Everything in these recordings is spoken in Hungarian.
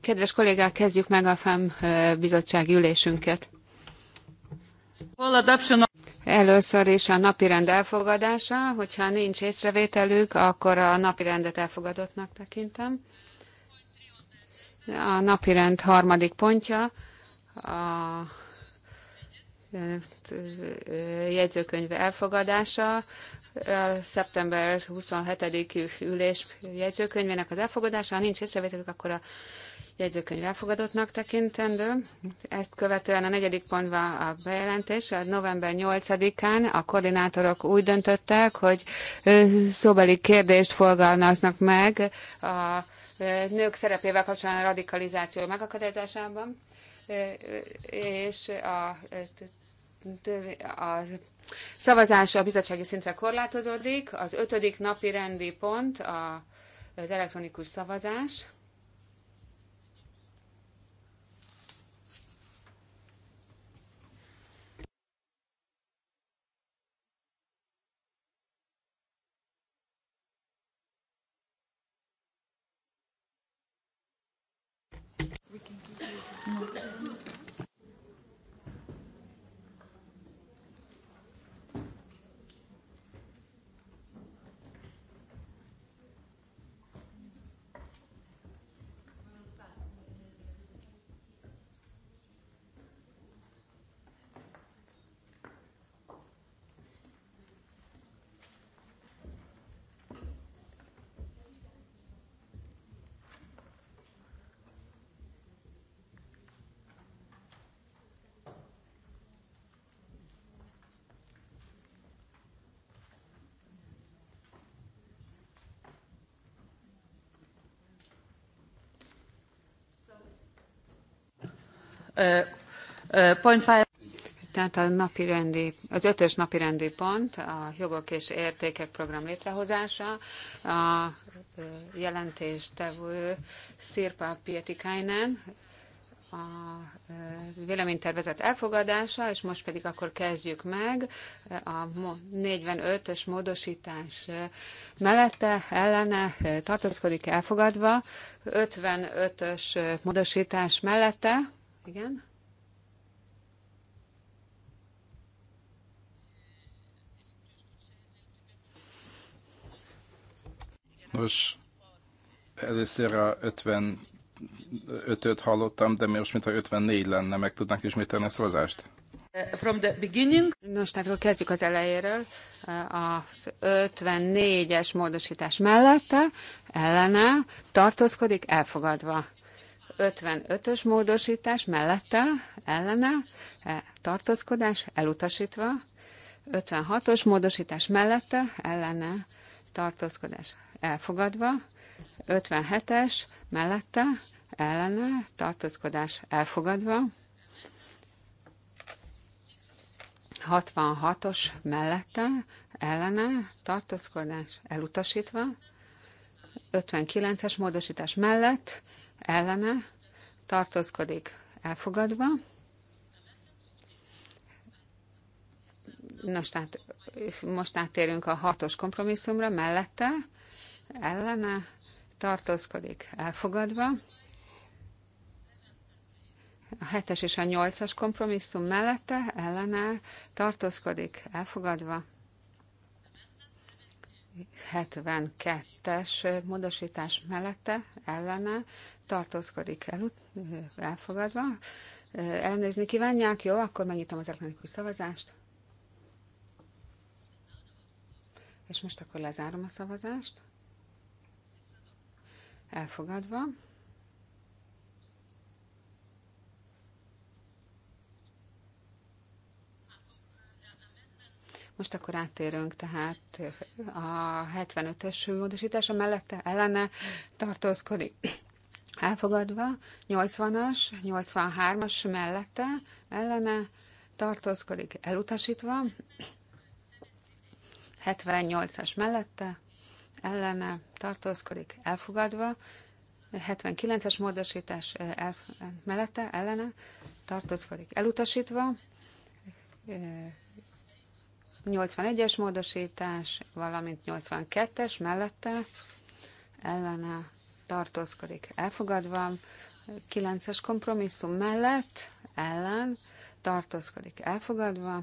Kedves kollégák, kezdjük meg a FEM bizottsági ülésünket. Először is a napirend elfogadása, hogyha nincs észrevételük, akkor a napirendet elfogadottnak tekintem. A napirend harmadik pontja a jegyzőkönyv elfogadása, szeptember 27-i ülés jegyzőkönyvének az elfogadása. Ha nincs észrevételük, akkor a jegyzőkönyv elfogadottnak tekintendő. Ezt követően a negyedik pontban a bejelentés. A november 8-án a koordinátorok úgy döntöttek, hogy szóbeli kérdést forgalmaznak meg a nők szerepével kapcsolatban a radikalizáció megakadályozásában és a a szavazás a bizottsági szintre korlátozódik. Az ötödik napi rendi pont a, az elektronikus szavazás. Tehát a napi rendi, az ötös napi rendi pont, a jogok és értékek program létrehozása, a jelentéstevő Szirpa Pietikainen, a véleménytervezet elfogadása, és most pedig akkor kezdjük meg a 45-ös módosítás mellette, ellene tartozkodik elfogadva, 55-ös módosítás mellette, igen. Nos, először a 55 öt hallottam, de most mintha 54 lenne, meg tudnánk ismételni a szavazást? From the beginning. Nos, tehát akkor kezdjük az elejéről. A 54-es módosítás mellette, ellene, tartózkodik, elfogadva. 55-ös módosítás mellette, ellene, e, tartózkodás elutasítva, 56-os módosítás mellette, ellene, tartózkodás elfogadva, 57-es mellette, ellene, tartózkodás elfogadva, 66-os mellette, ellene, tartózkodás elutasítva, 59-es módosítás mellett, ellene tartózkodik elfogadva. Nos, tehát most áttérünk a hatos kompromisszumra, mellette ellene tartózkodik elfogadva. A hetes és a nyolcas kompromisszum mellette ellene tartózkodik elfogadva. 72-es módosítás mellette, ellene tartózkodik el elfogadva. Elnézni kívánják? Jó, akkor megnyitom az elektronikus szavazást. És most akkor lezárom a szavazást. Elfogadva. Most akkor áttérünk tehát a 75-ös módosítása mellette ellene tartózkodik. Elfogadva 80-as, 83-as mellette ellene tartózkodik, elutasítva 78-as mellette ellene tartózkodik, elfogadva 79-es módosítás eh, el, mellette ellene tartózkodik, elutasítva eh, 81-es módosítás, valamint 82-es mellette ellene tartózkodik elfogadva, 9-es kompromisszum mellett ellen tartózkodik elfogadva,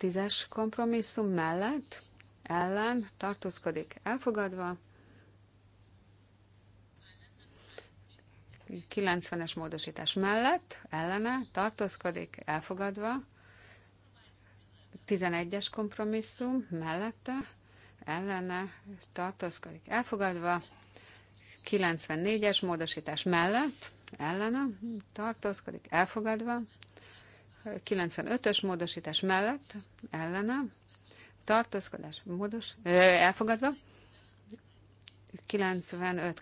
10-es kompromisszum mellett ellen tartózkodik elfogadva, 90-es módosítás mellett ellene tartózkodik elfogadva, 11-es kompromisszum mellette ellene tartózkodik elfogadva, 94-es módosítás mellett ellene tartózkodik elfogadva, 95-ös módosítás mellett ellene tartózkodás módos, elfogadva, 95,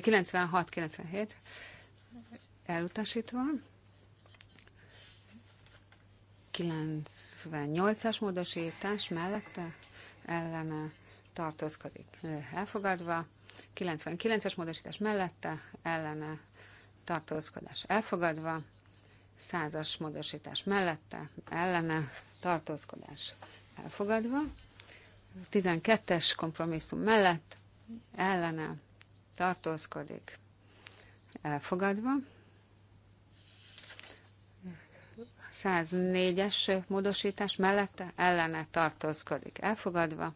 96, 97 elutasítva, 98-as módosítás mellette ellene tartózkodik elfogadva, 99-es módosítás mellette ellene tartózkodás elfogadva, 100-as módosítás mellette ellene tartózkodás elfogadva, 12-es kompromisszum mellett ellene tartózkodik elfogadva, 104-es módosítás mellette ellene tartózkodik. Elfogadva.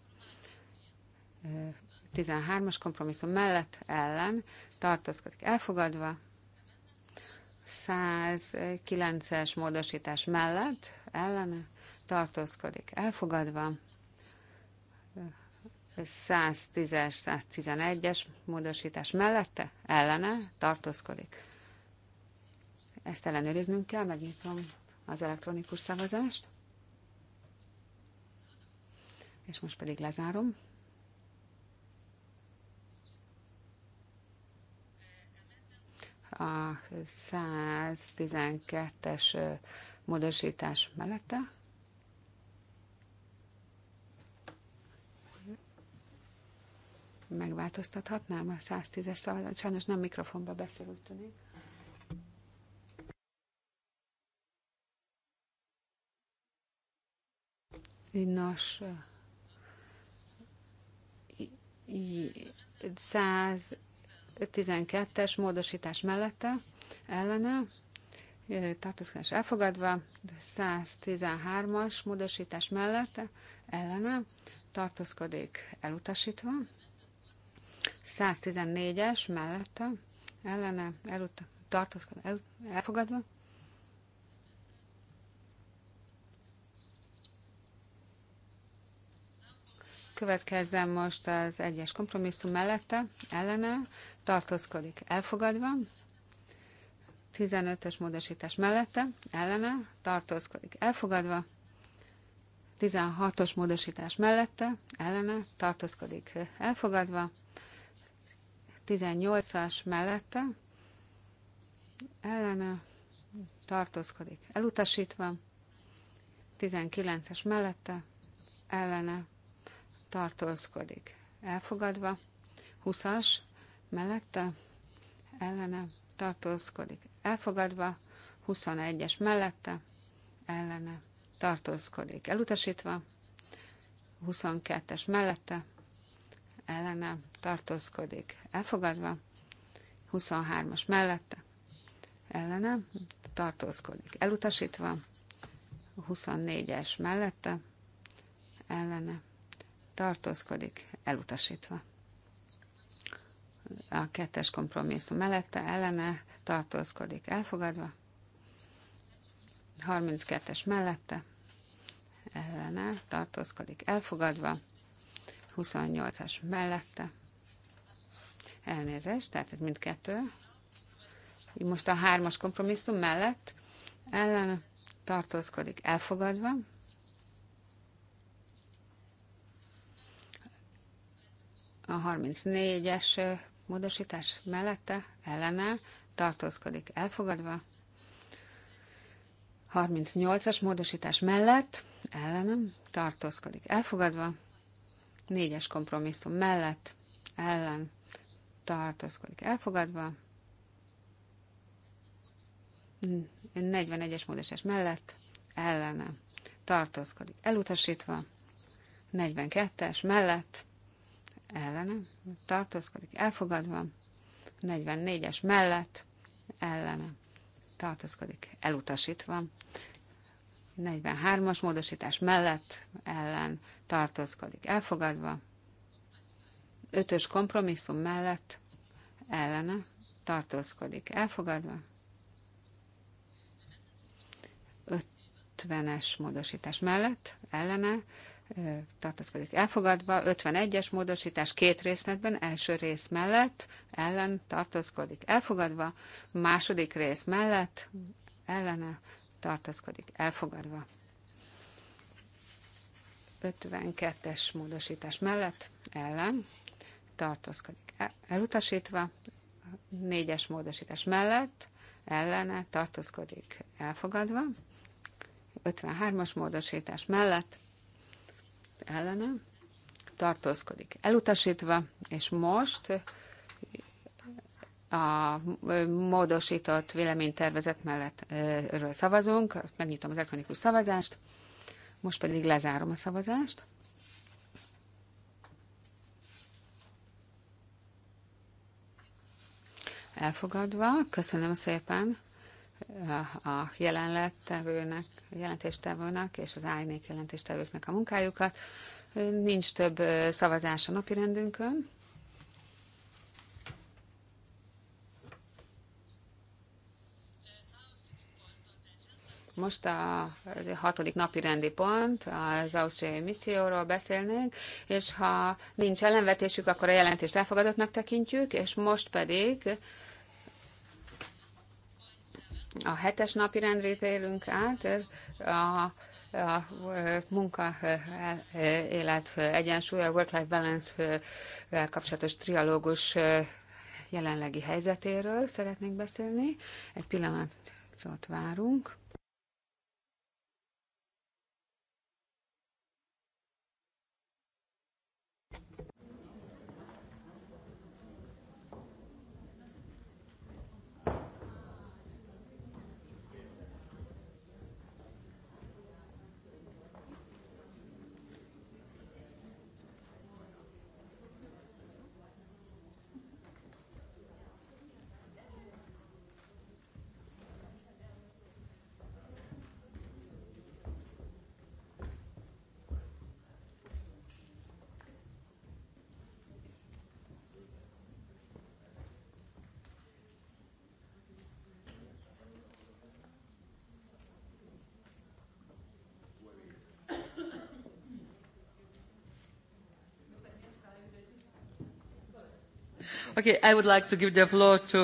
13-as kompromisszum mellett ellen tartózkodik. Elfogadva. 109-es módosítás mellett ellene tartózkodik. Elfogadva. 110-es, 111-es módosítás mellette ellene tartózkodik. Ezt ellenőriznünk kell, megnyitom az elektronikus szavazást. És most pedig lezárom. A 112-es módosítás mellette. Megváltoztathatnám a 110-es szavazat. Sajnos nem mikrofonba beszél, úgy tűnik. Nos, 112-es módosítás mellette, ellene, tartózkodás elfogadva, 113-as módosítás mellette, ellene, tartózkodik elutasítva, 114-es mellette, ellene, elut- tartózkodás el- elfogadva, Következzen most az egyes kompromisszum mellette, ellene, tartózkodik elfogadva, 15-ös módosítás mellette, ellene, tartózkodik elfogadva, 16-os módosítás mellette, ellene, tartózkodik elfogadva, 18-as mellette, ellene, tartózkodik elutasítva, 19-es mellette, ellene, tartózkodik. Elfogadva. 20-as mellette ellene tartózkodik. Elfogadva. 21-es mellette ellene tartózkodik. Elutasítva. 22-es mellette ellene tartózkodik. Elfogadva. 23-as mellette ellene tartózkodik. Elutasítva. 24-es mellette ellene tartózkodik, elutasítva. A kettes kompromisszum mellette, ellene, tartózkodik, elfogadva. 32-es mellette, ellene, tartózkodik, elfogadva. 28-as mellette, elnézést, tehát ez mindkettő. Most a hármas kompromisszum mellett, ellen tartózkodik, elfogadva. A 34-es módosítás mellette, ellene tartózkodik elfogadva. 38-as módosítás mellett, ellenem tartózkodik elfogadva. 4-es kompromisszum mellett, ellen tartózkodik elfogadva. 41-es módosítás mellett, ellene tartózkodik elutasítva. 42-es mellett, ellene, tartózkodik, elfogadva, 44-es mellett, ellene, tartózkodik, elutasítva, 43-as módosítás mellett, ellen, tartózkodik, elfogadva, 5-ös kompromisszum mellett, ellene, tartózkodik, elfogadva, 50-es módosítás mellett, ellene, tartozkodik elfogadva, 51-es módosítás két részletben, első rész mellett, ellen tartozkodik elfogadva, második rész mellett, ellene tartozkodik elfogadva. 52-es módosítás mellett, ellen tartozkodik elutasítva, 4-es módosítás mellett, ellene tartozkodik elfogadva, 53-as módosítás mellett, ellene tartózkodik. Elutasítva, és most a módosított véleménytervezet mellett erről szavazunk. Megnyitom az elektronikus szavazást, most pedig lezárom a szavazást. Elfogadva, köszönöm szépen a jelenlettevőnek, jelentéstevőnek és az árnyék jelentéstevőknek a munkájukat. Nincs több szavazás a napirendünkön. Most a hatodik napi rendi pont, az ausztriai misszióról beszélnénk, és ha nincs ellenvetésük, akkor a jelentést elfogadottnak tekintjük, és most pedig a hetes napi rendre élünk át, a, a munka e, e, élet egyensúly, a work-life balance e, kapcsolatos trialógus jelenlegi helyzetéről szeretnénk beszélni. Egy pillanatot várunk. Okay, I would like to give the floor to...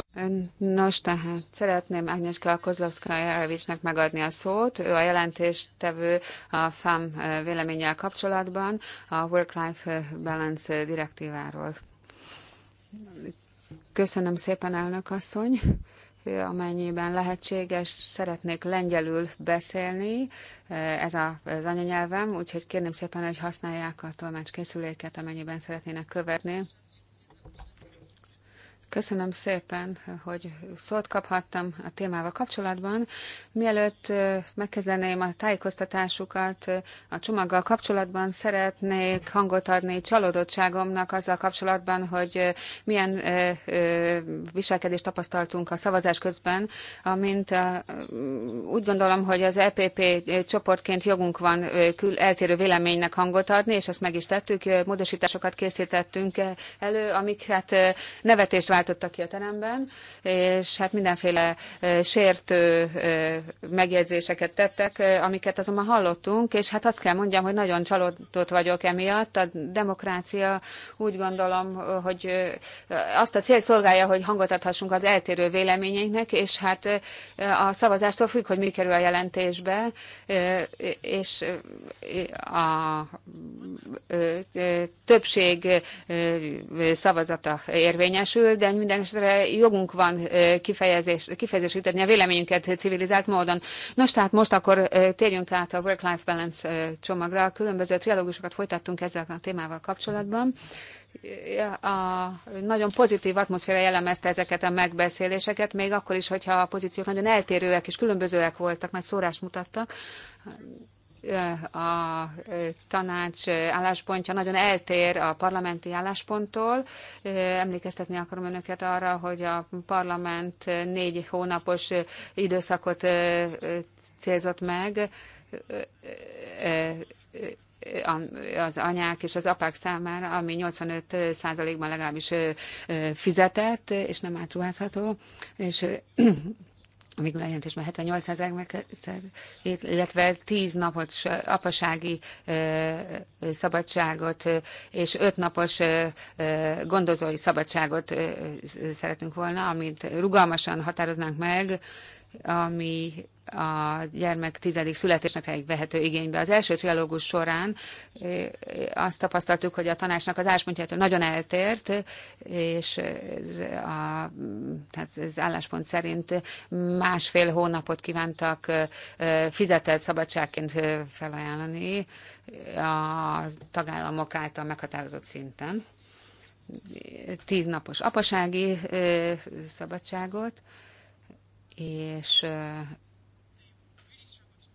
Nos, tehát szeretném Agnieszka Kozlovszkajevicsnek megadni a szót. Ő a jelentéstevő a FAM eh, véleménnyel kapcsolatban a Work-Life Balance direktíváról. Köszönöm szépen, elnök asszony amennyiben lehetséges, szeretnék lengyelül beszélni, eh, ez a, az anyanyelvem, úgyhogy kérném szépen, hogy használják a tolmácskészüléket, amennyiben szeretnének követni. Köszönöm szépen, hogy szót kaphattam a témával kapcsolatban. Mielőtt megkezdeném a tájékoztatásukat a csomaggal kapcsolatban, szeretnék hangot adni csalódottságomnak azzal kapcsolatban, hogy milyen viselkedést tapasztaltunk a szavazás közben, amint úgy gondolom, hogy az EPP csoportként jogunk van kül eltérő véleménynek hangot adni, és ezt meg is tettük, módosításokat készítettünk elő, amiket hát, nevetést váltottak ki a teremben, és hát mindenféle sértő megjegyzéseket tettek, amiket azonban hallottunk, és hát azt kell mondjam, hogy nagyon csalódott vagyok emiatt. A demokrácia úgy gondolom, hogy azt a célt szolgálja, hogy hangot adhassunk az eltérő véleményeinknek, és hát a szavazástól függ, hogy mi kerül a jelentésbe, és a többség szavazata érvényesül, de de minden esetre jogunk van kifejezés, kifejezés ütetni a véleményünket civilizált módon. Nos, tehát most akkor térjünk át a Work-Life Balance csomagra. Különböző trialógusokat folytattunk ezzel a témával kapcsolatban a nagyon pozitív atmoszféra jellemezte ezeket a megbeszéléseket, még akkor is, hogyha a pozíciók nagyon eltérőek és különbözőek voltak, mert szórás mutattak a tanács álláspontja nagyon eltér a parlamenti állásponttól. Emlékeztetni akarom önöket arra, hogy a parlament négy hónapos időszakot célzott meg az anyák és az apák számára, ami 85%-ban legalábbis fizetett, és nem átruházható, és végül a már 78 meg, illetve 10 napot apasági szabadságot és 5 napos gondozói szabadságot szeretünk volna, amit rugalmasan határoznánk meg, ami a gyermek tizedik születésnapjáig vehető igénybe. Az első trialógus során eh, eh, azt tapasztaltuk, hogy a tanácsnak az álláspontjától nagyon eltért, és a, tehát az álláspont szerint másfél hónapot kívántak eh, fizetett szabadságként felajánlani a tagállamok által meghatározott szinten. Tíz napos apasági szabadságot, és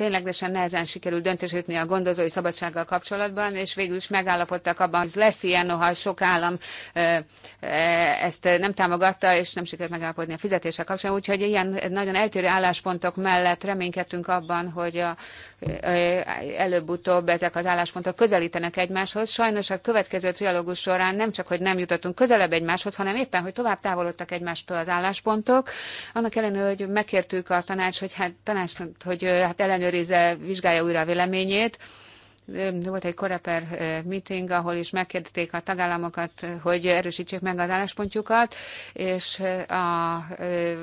ténylegesen nehezen sikerült döntés jutni a gondozói szabadsággal kapcsolatban, és végül is megállapodtak abban, hogy lesz ilyen, noha sok állam ezt nem támogatta, és nem sikerült megállapodni a fizetéssel kapcsolatban. Úgyhogy ilyen nagyon eltérő álláspontok mellett reménykedtünk abban, hogy a, előbb-utóbb ezek az álláspontok közelítenek egymáshoz. Sajnos a következő trialógus során nem csak, hogy nem jutottunk közelebb egymáshoz, hanem éppen, hogy tovább távolodtak egymástól az álláspontok. Annak ellenőre, hogy megkértük a tanács, hogy hát, tanács, hogy hát ellenőr ellenőrize, vizsgálja újra a véleményét. Volt egy koreper eh, meeting, ahol is megkérdezték a tagállamokat, hogy erősítsék meg az álláspontjukat, és eh, a eh,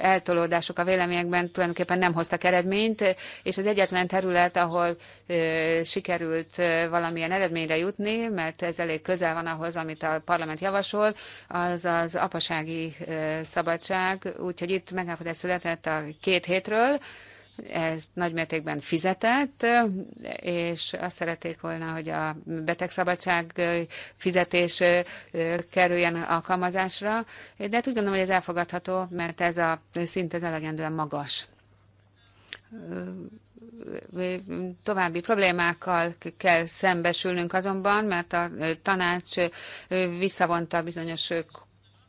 eltolódások a véleményekben tulajdonképpen nem hoztak eredményt, és az egyetlen terület, ahol sikerült valamilyen eredményre jutni, mert ez elég közel van ahhoz, amit a parlament javasol, az az apasági szabadság, úgyhogy itt megállapodás született a két hétről, ezt nagymértékben fizetett, és azt szerették volna, hogy a betegszabadság fizetés kerüljen alkalmazásra, de hát úgy gondolom, hogy ez elfogadható, mert ez a szint ez elegendően magas további problémákkal kell szembesülnünk azonban, mert a tanács visszavonta bizonyos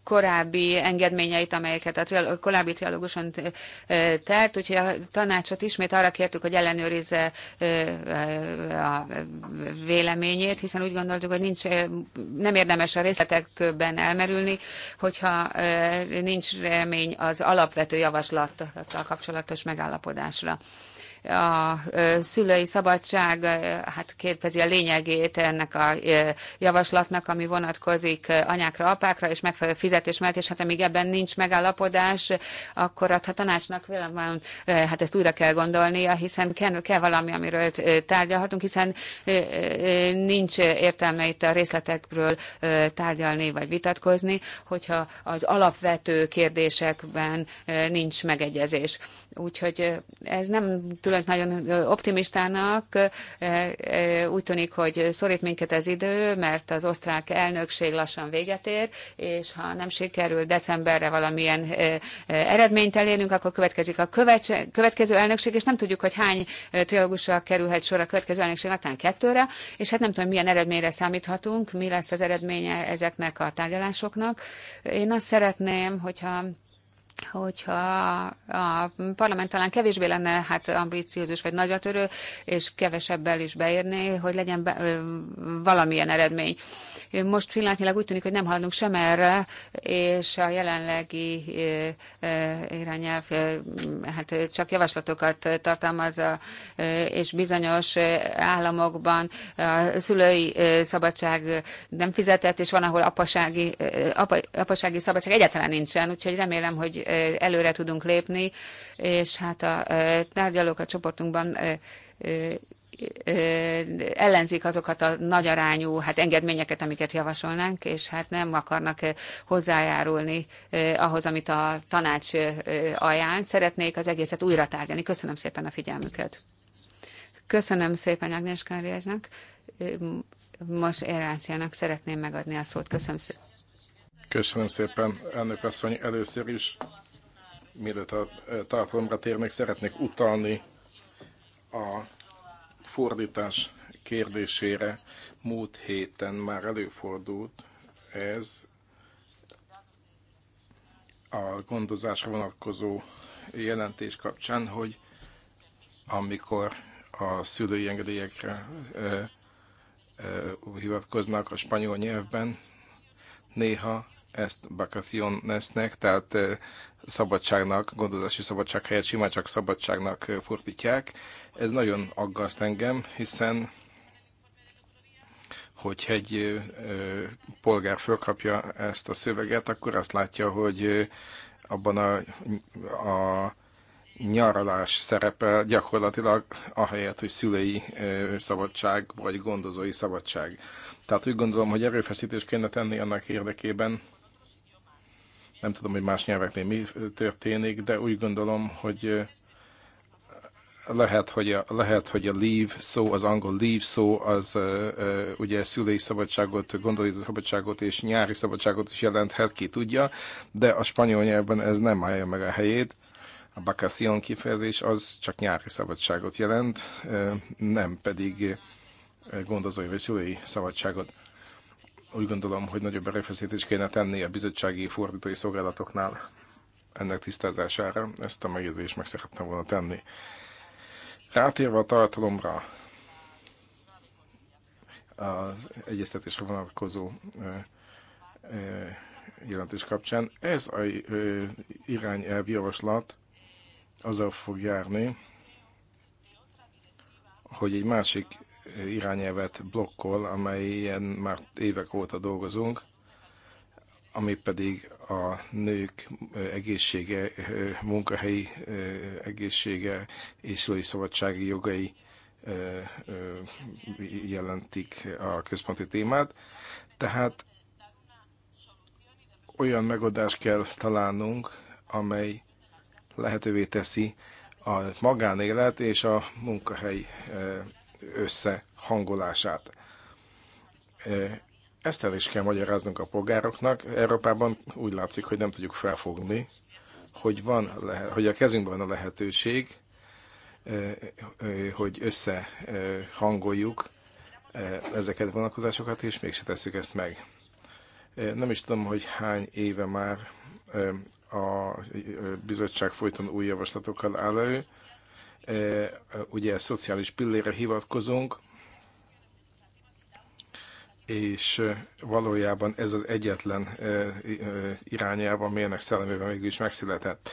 korábbi engedményeit, amelyeket a korábbi trialóguson eh, eh, telt, úgyhogy a tanácsot ismét arra kértük, hogy ellenőrizze eh, a véleményét, hiszen úgy gondoltuk, hogy nincs, nem érdemes a részletekben elmerülni, hogyha nincs remény az alapvető javaslattal kapcsolatos megállapodásra a szülői szabadság hát képezi a lényegét ennek a e, javaslatnak, ami vonatkozik anyákra, apákra, és megfelelő fizetés mellett, és hát amíg ebben nincs megállapodás, akkor a tanácsnak van, e, hát ezt újra kell gondolnia, hiszen kell, kell valami, amiről e, tárgyalhatunk, hiszen nincs értelme itt a részletekről tárgyalni vagy vitatkozni, hogyha az alapvető kérdésekben nincs megegyezés. Úgyhogy ez nem tulajdonképpen örülök nagyon optimistának. Úgy tűnik, hogy szorít minket ez idő, mert az osztrák elnökség lassan véget ér, és ha nem sikerül decemberre valamilyen eredményt elérnünk, akkor következik a következő elnökség, és nem tudjuk, hogy hány trilógusra kerülhet sor a következő elnökség, aztán kettőre, és hát nem tudom, milyen eredményre számíthatunk, mi lesz az eredménye ezeknek a tárgyalásoknak. Én azt szeretném, hogyha hogyha a parlament talán kevésbé lenne hát ambiciózus vagy nagyatörő, és kevesebbel is beérné, hogy legyen be, ö, valamilyen eredmény. Most pillanatnyilag úgy tűnik, hogy nem haladunk sem erre, és a jelenlegi irányelv hát csak javaslatokat tartalmaz, és bizonyos államokban a szülői szabadság nem fizetett, és van, ahol apasági, apa, apasági szabadság egyáltalán nincsen, úgyhogy remélem, hogy előre tudunk lépni, és hát a tárgyalók a csoportunkban ellenzik azokat a nagyarányú hát engedményeket, amiket javasolnánk, és hát nem akarnak hozzájárulni ahhoz, amit a tanács ajánl. Szeretnék az egészet újra tárgyalni. Köszönöm szépen a figyelmüket. Köszönöm szépen Agnes Káriásnak. Most Eráciának szeretném megadni a szót. Köszönöm szépen. Köszönöm szépen, elnök asszony. Először is, mielőtt a e, tartalomra térnék, szeretnék utalni a fordítás kérdésére. Múlt héten már előfordult ez a gondozásra vonatkozó jelentés kapcsán, hogy amikor a szülői engedélyekre e, e, hivatkoznak a spanyol nyelvben, néha ezt vacacionesnek, tehát szabadságnak, gondozási szabadság helyett simán csak szabadságnak fordítják. Ez nagyon aggaszt engem, hiszen hogy egy polgár fölkapja ezt a szöveget, akkor azt látja, hogy abban a, a nyaralás szerepel gyakorlatilag ahelyett, hogy szülei szabadság vagy gondozói szabadság. Tehát úgy gondolom, hogy erőfeszítést kéne tenni annak érdekében, nem tudom, hogy más nyelveknél mi történik, de úgy gondolom, hogy lehet, hogy a, lehet, hogy a leave szó, az angol leave szó, az uh, uh, ugye szülői szabadságot, gondolói szabadságot és nyári szabadságot is jelenthet, ki tudja, de a spanyol nyelven ez nem állja meg a helyét. A vacación kifejezés az csak nyári szabadságot jelent, uh, nem pedig gondozói vagy szülői szabadságot úgy gondolom, hogy nagyobb erőfeszítés kéne tenni a bizottsági fordítói szolgálatoknál ennek tisztázására. Ezt a megjegyzést meg szerettem volna tenni. Rátérve a tartalomra, az egyeztetésre vonatkozó jelentés kapcsán. Ez a irányelv javaslat azzal fog járni, hogy egy másik irányelvet blokkol, amelyen már évek óta dolgozunk, ami pedig a nők egészsége, munkahelyi egészsége és szülői szabadsági jogai jelentik a központi témát. Tehát olyan megoldást kell találnunk, amely lehetővé teszi a magánélet és a munkahely összehangolását. Ezt el is kell magyaráznunk a polgároknak. Európában úgy látszik, hogy nem tudjuk felfogni, hogy, van, hogy a kezünkben van a lehetőség, hogy összehangoljuk ezeket a vonatkozásokat, és mégse tesszük ezt meg. Nem is tudom, hogy hány éve már a bizottság folyton új javaslatokkal áll elő, E, ugye a szociális pillére hivatkozunk, és e, valójában ez az egyetlen e, irányelv, amelynek szellemében végül is megszületett.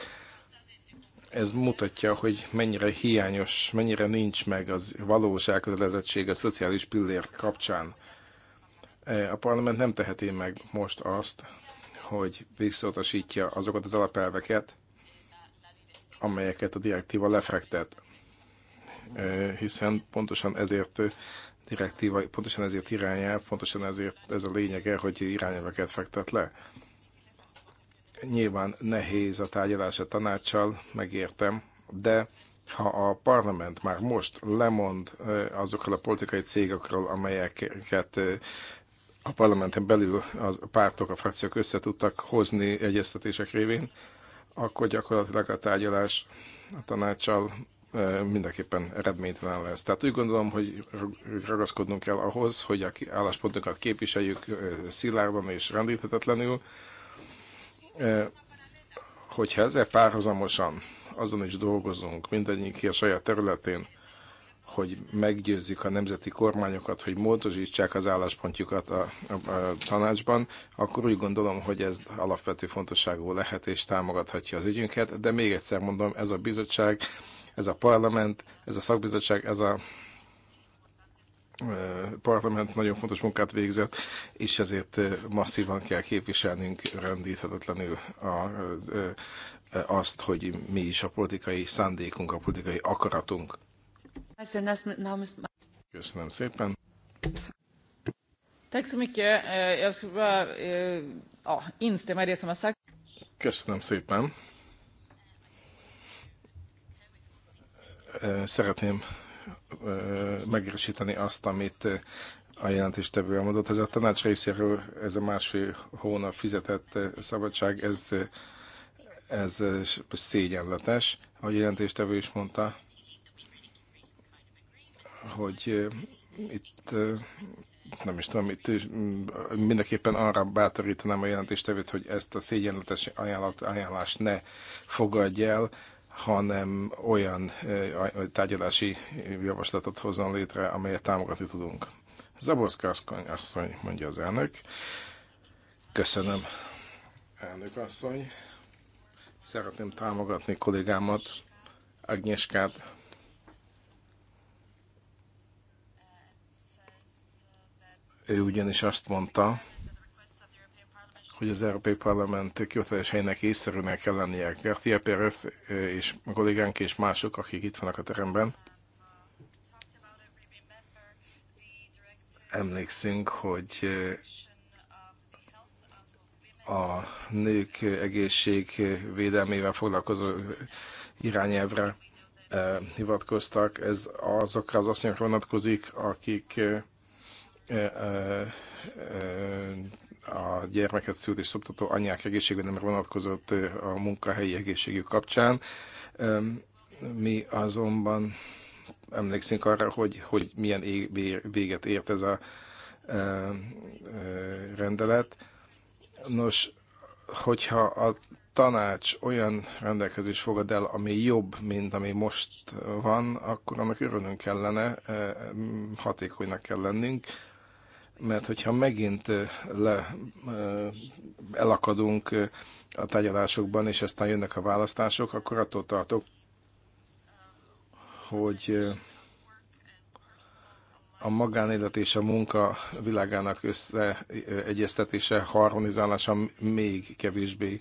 Ez mutatja, hogy mennyire hiányos, mennyire nincs meg az valós elkötelezettség a szociális pillér kapcsán. A parlament nem teheti meg most azt, hogy visszautasítja azokat az alapelveket, amelyeket a direktíva lefektet. Eh, hiszen pontosan ezért eh, direktíva, pontosan ezért irányelv, pontosan ezért ez a lényege, hogy irányelveket fektet le. Nyilván nehéz a tárgyalás a tanácssal, megértem, de ha a parlament már most lemond eh, azokról a politikai cégekről, amelyeket a parlamenten belül a pártok, a frakciók össze tudtak hozni egyeztetések révén, akkor gyakorlatilag a tárgyalás a tanácssal mindenképpen eredménytelen lesz. Tehát úgy gondolom, hogy ragaszkodnunk kell ahhoz, hogy a álláspontokat képviseljük szilárdan és rendíthetetlenül, hogyha ezzel párhuzamosan azon is dolgozunk, mindegyik a saját területén, hogy meggyőzzük a nemzeti kormányokat, hogy módosítsák az álláspontjukat a, a, a tanácsban, akkor úgy gondolom, hogy ez alapvető fontosságú lehet és támogathatja az ügyünket, de még egyszer mondom, ez a bizottság ez a parlament, ez a szakbizottság, ez a parlament nagyon fontos munkát végzett, és ezért masszívan kell képviselnünk rendíthetetlenül a, azt, hogy mi is a politikai szándékunk, a politikai akaratunk. Köszönöm szépen. Eh, eh, som Köszönöm szépen. szeretném megerősíteni azt, amit a jelentéstevő elmondott. Ez a tanács részéről, ez a másfél hónap fizetett szabadság, ez, ez szégyenletes, ahogy a jelentéstevő is mondta, hogy itt nem is tudom, itt mindenképpen arra bátorítanám a jelentéstevőt, hogy ezt a szégyenletes ajánlást ne fogadj el, hanem olyan tárgyalási javaslatot hozzon létre, amelyet támogatni tudunk. Zaborszka asszony, mondja az elnök. Köszönöm, elnök asszony. Szeretném támogatni kollégámat, Agnieszkát. Ő ugyanis azt mondta, hogy az Európai Parlament követeléseinek észszerűnek kell lennie. Gertia Pérez és kollégánk és mások, akik itt vannak a teremben, emlékszünk, hogy a nők védelmével foglalkozó irányelvre hivatkoztak. Ez azokra az asszonyokra vonatkozik, akik a gyermeket szült és szoptató anyák egészségvédelemre vonatkozott a munkahelyi egészségük kapcsán. Mi azonban emlékszünk arra, hogy, hogy milyen véget ért ez a rendelet. Nos, hogyha a tanács olyan rendelkezés fogad el, ami jobb, mint ami most van, akkor annak örülnünk kellene, hatékonynak kell lennünk, mert hogyha megint le, elakadunk a tárgyalásokban, és aztán jönnek a választások, akkor attól tartok, hogy a magánélet és a munka világának összeegyeztetése, harmonizálása még kevésbé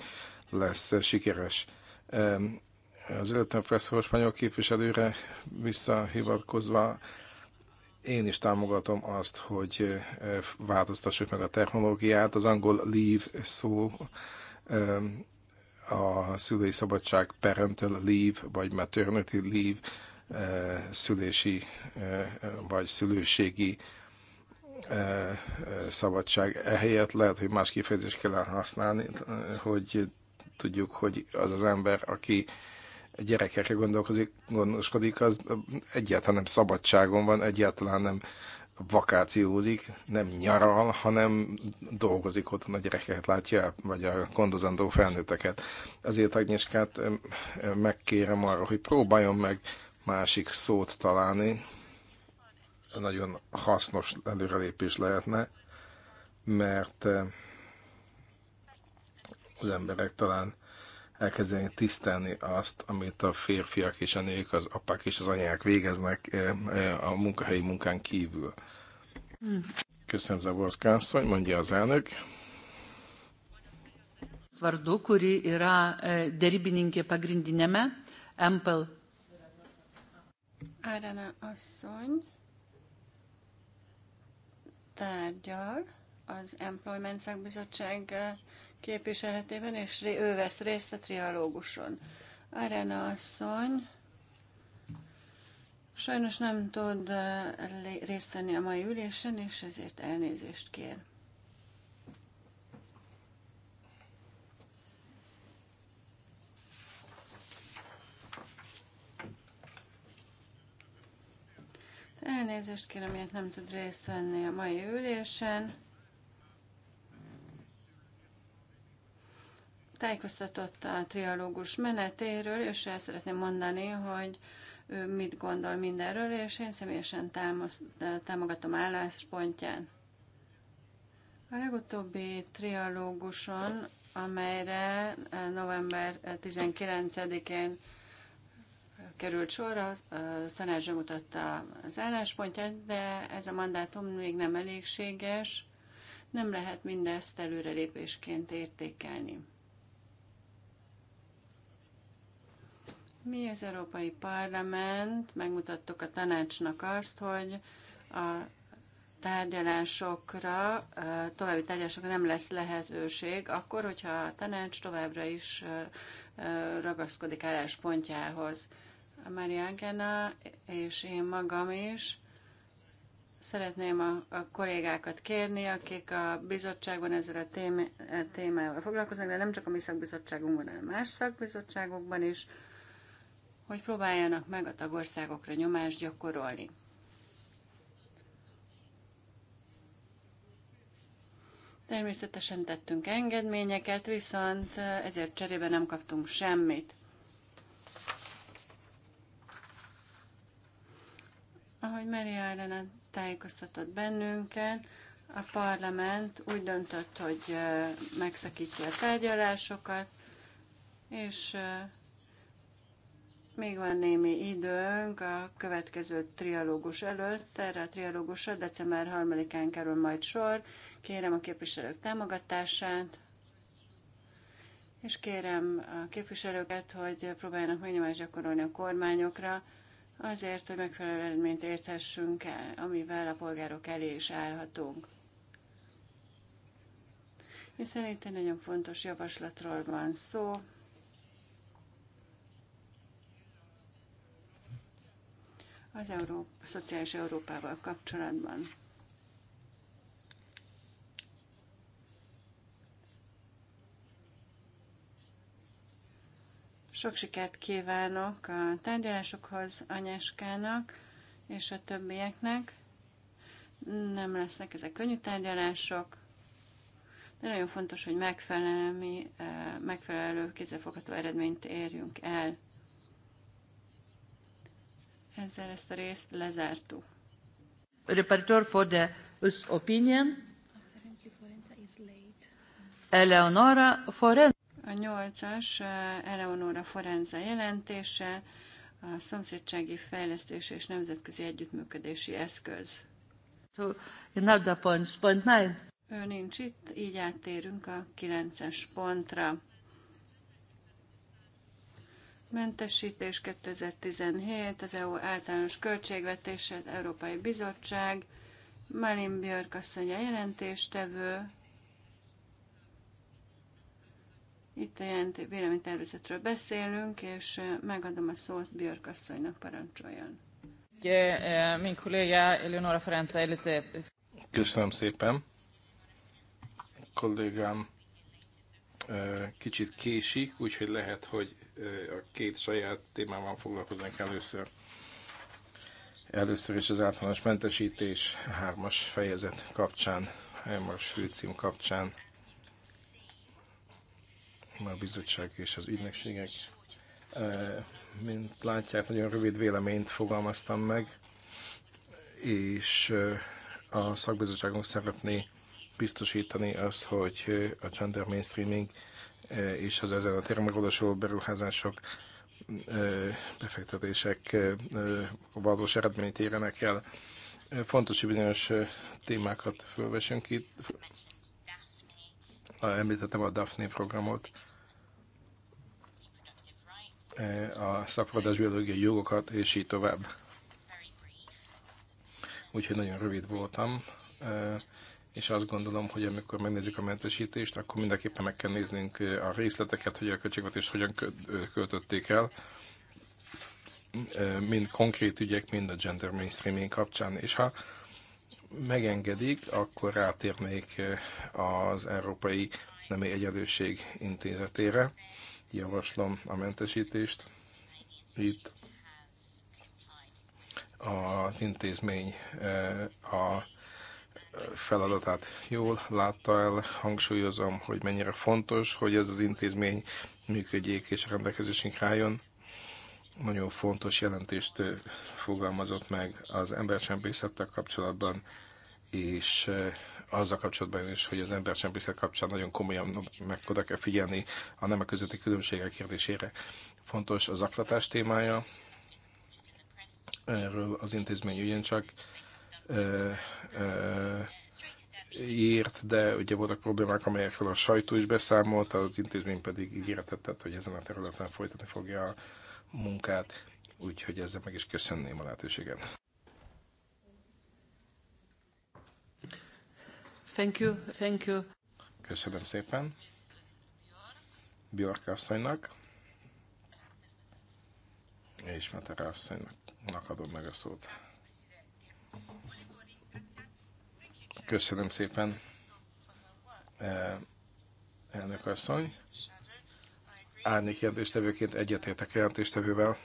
lesz sikeres. Az előttem felszóló spanyol képviselőre visszahivatkozva én is támogatom azt, hogy változtassuk meg a technológiát. Az angol leave szó a szülői szabadság parental leave, vagy maternity leave, szülési vagy szülőségi szabadság. Ehelyett lehet, hogy más kifejezést kellene használni, hogy tudjuk, hogy az az ember, aki gyerekekre gondolkozik, gondoskodik, az egyáltalán nem szabadságon van, egyáltalán nem vakációzik, nem nyaral, hanem dolgozik ott, a gyerekeket látja vagy a gondozandó felnőtteket. Azért Agnieszkát megkérem arra, hogy próbáljon meg másik szót találni, nagyon hasznos előrelépés lehetne, mert az emberek talán elkezdeni tisztelni azt, amit a férfiak és a nők, az apák és az anyák végeznek eh, eh, a munkahelyi munkán kívül. Köszönöm, Zaborszka asszony, mondja az elnök. Vardu, kuri yra eh, derybininkė pagrindinėme, Empel. Arana asszony tárgyal az Employment Szakbizottság képviseletében, és ő vesz részt a trialóguson. Arena asszony sajnos nem tud eh, részt venni a mai ülésen, és ezért elnézést kér. Elnézést kérem, miért nem tud részt venni a mai ülésen. tájékoztatott a trialógus menetéről, és el szeretném mondani, hogy ő mit gondol mindenről, és én személyesen támasz, támogatom álláspontján. A legutóbbi trialóguson, amelyre eh, november 19-én eh, került sorra a tanács mutatta az álláspontját, de ez a mandátum még nem elégséges, nem lehet mindezt előrelépésként értékelni. Mi az Európai Parlament megmutattuk a tanácsnak azt, hogy a tárgyalásokra, további tárgyalásokra nem lesz lehetőség, akkor, hogyha a tanács továbbra is ragaszkodik álláspontjához. A Mariangena és én magam is szeretném a, a kollégákat kérni, akik a bizottságban ezzel a e témával foglalkoznak, de nem csak a mi szakbizottságunkban, hanem más szakbizottságokban is, hogy próbáljanak meg a tagországokra nyomást gyakorolni. Természetesen tettünk engedményeket, viszont ezért cserébe nem kaptunk semmit. Ahogy Maria Arena tájékoztatott bennünket, a parlament úgy döntött, hogy megszakítja a tárgyalásokat, és még van némi időnk a következő trialógus előtt, erre a trialógusra december 3-án kerül majd sor. Kérem a képviselők támogatását, és kérem a képviselőket, hogy próbáljanak minimális gyakorolni a kormányokra, azért, hogy megfelelő eredményt érthessünk el, amivel a polgárok elé is állhatunk. És szerintem nagyon fontos javaslatról van szó, az Európa, szociális Európával kapcsolatban. Sok sikert kívánok a tárgyalásokhoz Anyáskának és a többieknek. Nem lesznek ezek könnyű tárgyalások, de nagyon fontos, hogy megfelelő, eh, megfelelő kézzelfogható eredményt érjünk el. Ezzel ezt a részt lezártuk. Repertor for the opinion. Eleonora Forenza. A nyolcas eh, Eleonora Forenza jelentése a szomszédsági fejlesztés és nemzetközi együttműködési eszköz. So, another point, point nine. Ő nincs itt, így áttérünk a kilences pontra. Mentesítés 2017, az EU általános költségvetése, Európai Bizottság, Malin Björk asszony a jelentéstevő. Itt a jelent, véleménytervezetről beszélünk, és megadom a szót Björk asszonynak parancsoljon. Eh, Eleonora Köszönöm szépen. Kollégám kicsit késik, úgyhogy lehet, hogy a két saját témával foglalkozunk először. Először is az általános mentesítés hármas fejezet kapcsán, hármas főcím kapcsán a bizottság és az ügynökségek. Mint látják, nagyon rövid véleményt fogalmaztam meg, és a szakbizottságunk szeretné biztosítani azt, hogy a gender mainstreaming eh, és az ezen a téren megvalósuló beruházások, eh, befektetések eh, valós eredményt érjenek el. Fontos, hogy bizonyos témákat fölvessünk itt. Említettem a Daphne programot, a szaporodás biológiai jogokat, és így tovább. Úgyhogy nagyon rövid voltam és azt gondolom, hogy amikor megnézzük a mentesítést, akkor mindenképpen meg kell néznünk eh, a részleteket, hogy a költségvetést hogyan eh, költötték el, eh, mind konkrét ügyek, mind a gender mainstreaming kapcsán. És ha megengedik, akkor rátérnék az Európai Nemi Egyenlőség Intézetére. Javaslom a mentesítést. Itt az intézmény a feladatát jól látta el. Hangsúlyozom, hogy mennyire fontos, hogy ez az intézmény működjék és a rendelkezésünk rájön. Nagyon fontos jelentést fogalmazott meg az embercsempészettel kapcsolatban, és azzal kapcsolatban is, hogy az embercsempészet kapcsán nagyon komolyan meg oda kell figyelni a nemek közötti különbségek kérdésére. Fontos az aklatás témája, erről az intézmény ugyancsak írt, de ugye voltak problémák, amelyekről a sajtó is beszámolt, az intézmény pedig ígéretet tett, hogy ezen a területen folytatni fogja a munkát, úgyhogy ezzel meg is köszönném a lehetőséget. Thank you, thank you. Köszönöm szépen. Björk asszonynak. És Mater asszonynak adom meg a szót. Köszönöm szépen, e, elnök asszony. Árnyi kérdéstevőként egyetértek jelentéstevővel.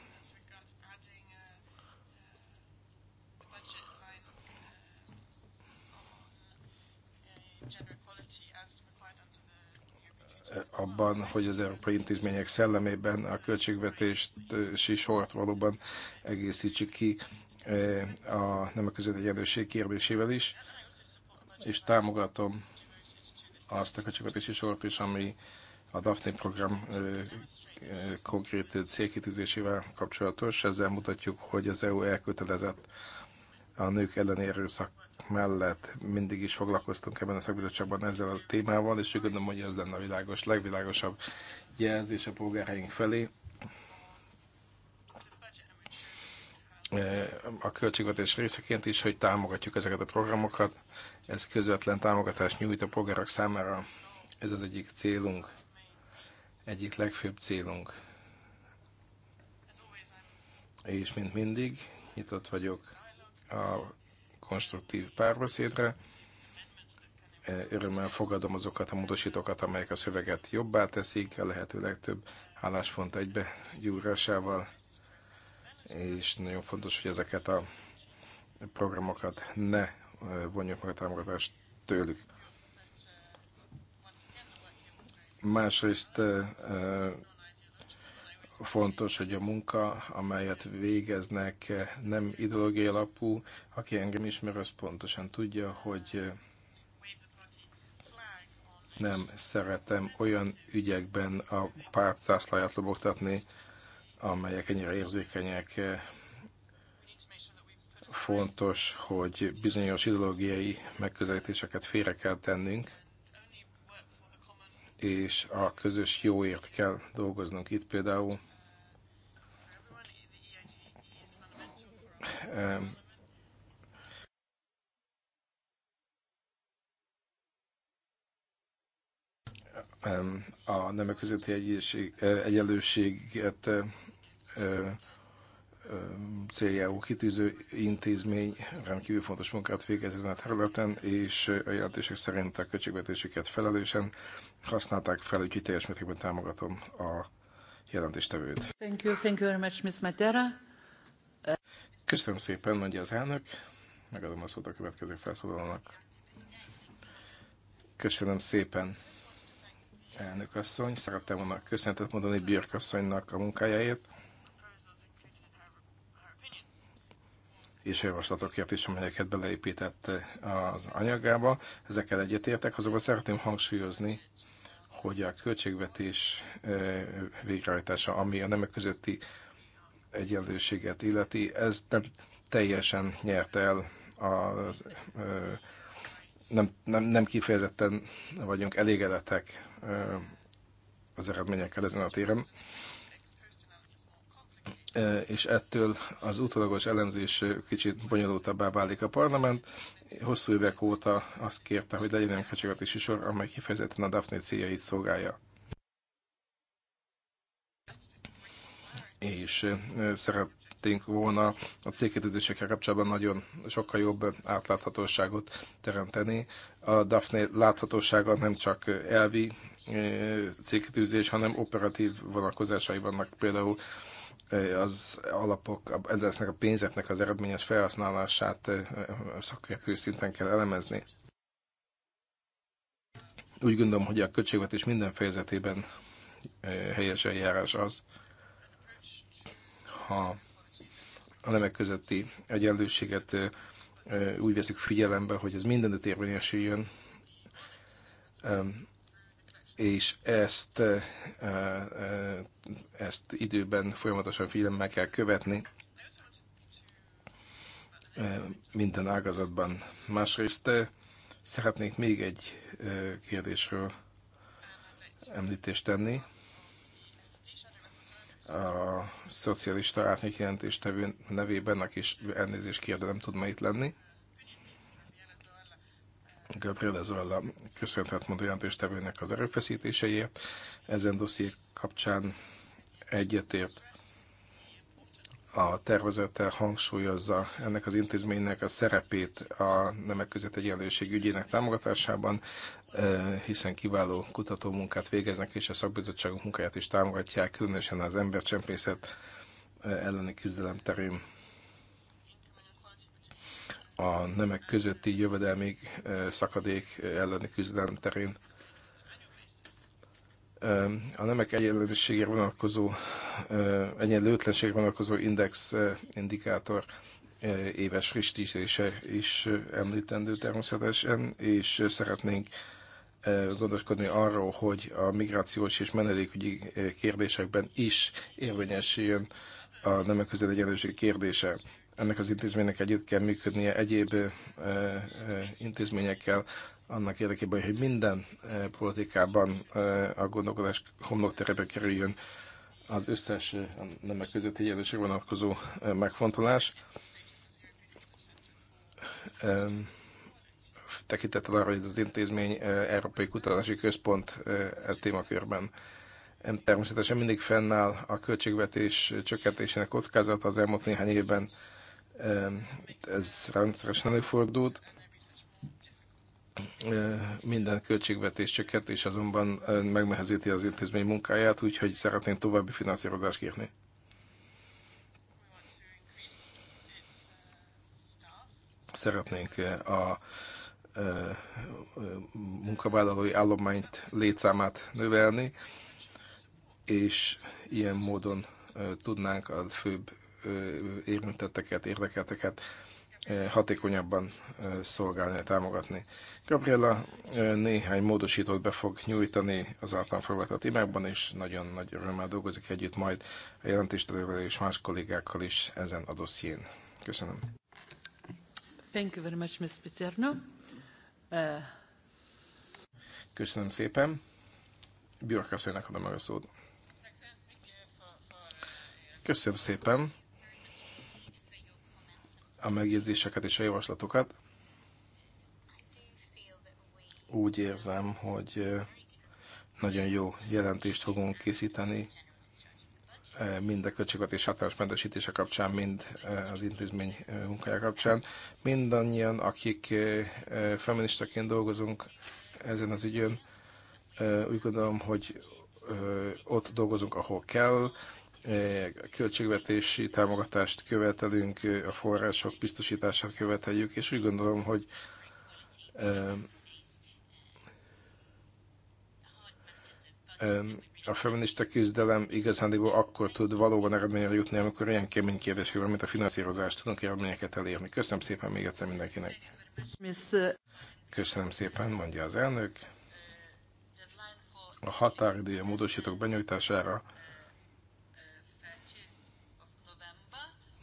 abban, hogy az európai intézmények szellemében a költségvetési sort valóban egészítsük ki e, a nemek között egyenlőség kérdésével is és támogatom azt a költségvetési sort is, ami a Daphne program konkrét célkitűzésével kapcsolatos. Ezzel mutatjuk, hogy az EU elkötelezett a nők elleni erőszak mellett mindig is foglalkoztunk ebben a szakbizottságban ezzel a témával, és úgy gondolom, hogy ez lenne a világos, legvilágosabb jelzés a polgárhelyünk felé. A költségvetés részeként is, hogy támogatjuk ezeket a programokat, ez közvetlen támogatást nyújt a polgárok számára. Ez az egyik célunk, egyik legfőbb célunk. És mint mindig, nyitott vagyok a konstruktív párbeszédre. E, örömmel fogadom azokat a módosítókat, amelyek a szöveget jobbá teszik, a lehető legtöbb álláspont egybe gyúrásával, és nagyon fontos, hogy ezeket a programokat ne vonjuk meg a támogatást tőlük. Másrészt fontos, hogy a munka, amelyet végeznek, nem ideológiai alapú. Aki engem ismer, az pontosan tudja, hogy nem szeretem olyan ügyekben a párt zászláját lobogtatni, amelyek ennyire érzékenyek fontos, hogy bizonyos ideológiai megközelítéseket félre kell tennünk, és a közös jóért kell dolgoznunk itt például. a nemek közötti eh, egyenlőséget eh, céljául kitűző intézmény rendkívül fontos munkát végez ezen a területen, és a jelentések szerint a költségvetésüket felelősen használták fel, úgyhogy teljes mértékben támogatom a jelentéstevőt. Thank you, thank you very much, Ms. Matera. Köszönöm szépen, mondja az elnök. Megadom a szót a következő felszólalónak. Köszönöm szépen, elnök asszony. Szerettem volna köszönetet mondani Björk asszonynak a munkájáért és javaslatokért is, amelyeket beleépített eh, az anyagába. Ezekkel egyetértek, azokban szeretném hangsúlyozni, hogy a költségvetés eh, végrehajtása, ami a nemek közötti egyenlőséget illeti, ez nem teljesen nyert el az eh, nem, nem, nem kifejezetten vagyunk elégedettek az eredményekkel ezen a téren és ettől az utolagos elemzés kicsit bonyolultabbá válik a parlament. Hosszú évek óta azt kérte, hogy legyen egy kacsagatési sor, amely kifejezetten a Daphne céljait szolgálja. És szeret volna a célkérdezésekkel kapcsolatban nagyon sokkal jobb átláthatóságot teremteni. A Daphne láthatósága nem csak elvi célkérdezés, hanem operatív vonalkozásai vannak például az alapok, ezeknek a pénzeknek az eredményes felhasználását szakértő szinten kell elemezni. Úgy gondolom, hogy a költségvetés minden fejezetében helyes eljárás az, ha a nemek közötti egyenlőséget úgy veszük figyelembe, hogy ez mindenütt érvényesüljön, és ezt, ezt időben folyamatosan figyelemmel kell követni minden ágazatban. Másrészt szeretnék még egy kérdésről említést tenni. A szocialista árnyékjelentéstevő nevében, aki elnézést kérde, nem tud ma itt lenni például a köszönhet mondó jelentéstevőnek az erőfeszítéseiért. Ezen dossziék kapcsán egyetért a tervezete hangsúlyozza ennek az intézménynek a szerepét a nemek között egyenlőség ügyének támogatásában, eh, hiszen kiváló kutatómunkát végeznek, és a szakbizottságunk munkáját is támogatják, különösen az embercsempészet eh, elleni küzdelem terén a nemek közötti jövedelmi szakadék elleni küzdelem terén. A nemek egyenlőségére vonatkozó, egyenlőtlenségre vonatkozó index indikátor éves frissítése is említendő természetesen, és szeretnénk gondoskodni arról, hogy a migrációs és menedékügyi kérdésekben is érvényesüljön a nemek között egyenlőség kérdése ennek az intézménynek együtt kell működnie egyéb intézményekkel, annak érdekében, hogy minden politikában a gondolkodás homlokterébe kerüljön az összes nemek közötti egyenlőség vonatkozó megfontolás. Tekintettel arra, hogy ez az intézmény Európai Kutatási Központ e témakörben. Természetesen mindig fennáll a költségvetés csökkentésének kockázata az elmúlt néhány évben ez rendszeresen előfordult. Minden költségvetés és azonban megnehezíti az intézmény munkáját, úgyhogy szeretném további finanszírozást kérni. Szeretnénk eh, a eh, munkavállalói állományt, létszámát növelni, és ilyen módon eh, tudnánk a főbb érintetteket, érdekelteket hatékonyabban szolgálni, támogatni. Gabriela néhány módosítót be fog nyújtani az általán felvetett imákban, és nagyon nagy örömmel dolgozik együtt majd a jelentéstelővel és más kollégákkal is ezen a dosszién. Köszönöm. Thank you very much, Ms. Pizzerno. Uh... Köszönöm szépen. Bjorka asszonynak adom meg a szót. Köszönöm szépen a megjegyzéseket és a javaslatokat. Úgy érzem, hogy nagyon jó jelentést fogunk készíteni mind a költséget és hatás mentesítése kapcsán, mind az intézmény munkája kapcsán. Mindannyian, akik feministaként dolgozunk ezen az ügyön, úgy gondolom, hogy ott dolgozunk, ahol kell, E, költségvetési támogatást követelünk, e, a források biztosítását követeljük, és úgy gondolom, hogy e, a feminista küzdelem igazándiból akkor tud valóban eredményre jutni, amikor ilyen kemény kérdésével, mint a finanszírozás, tudunk eredményeket elérni. Köszönöm szépen még egyszer mindenkinek. Uh, Köszönöm szépen, mondja az elnök. A határidő a módosítók benyújtására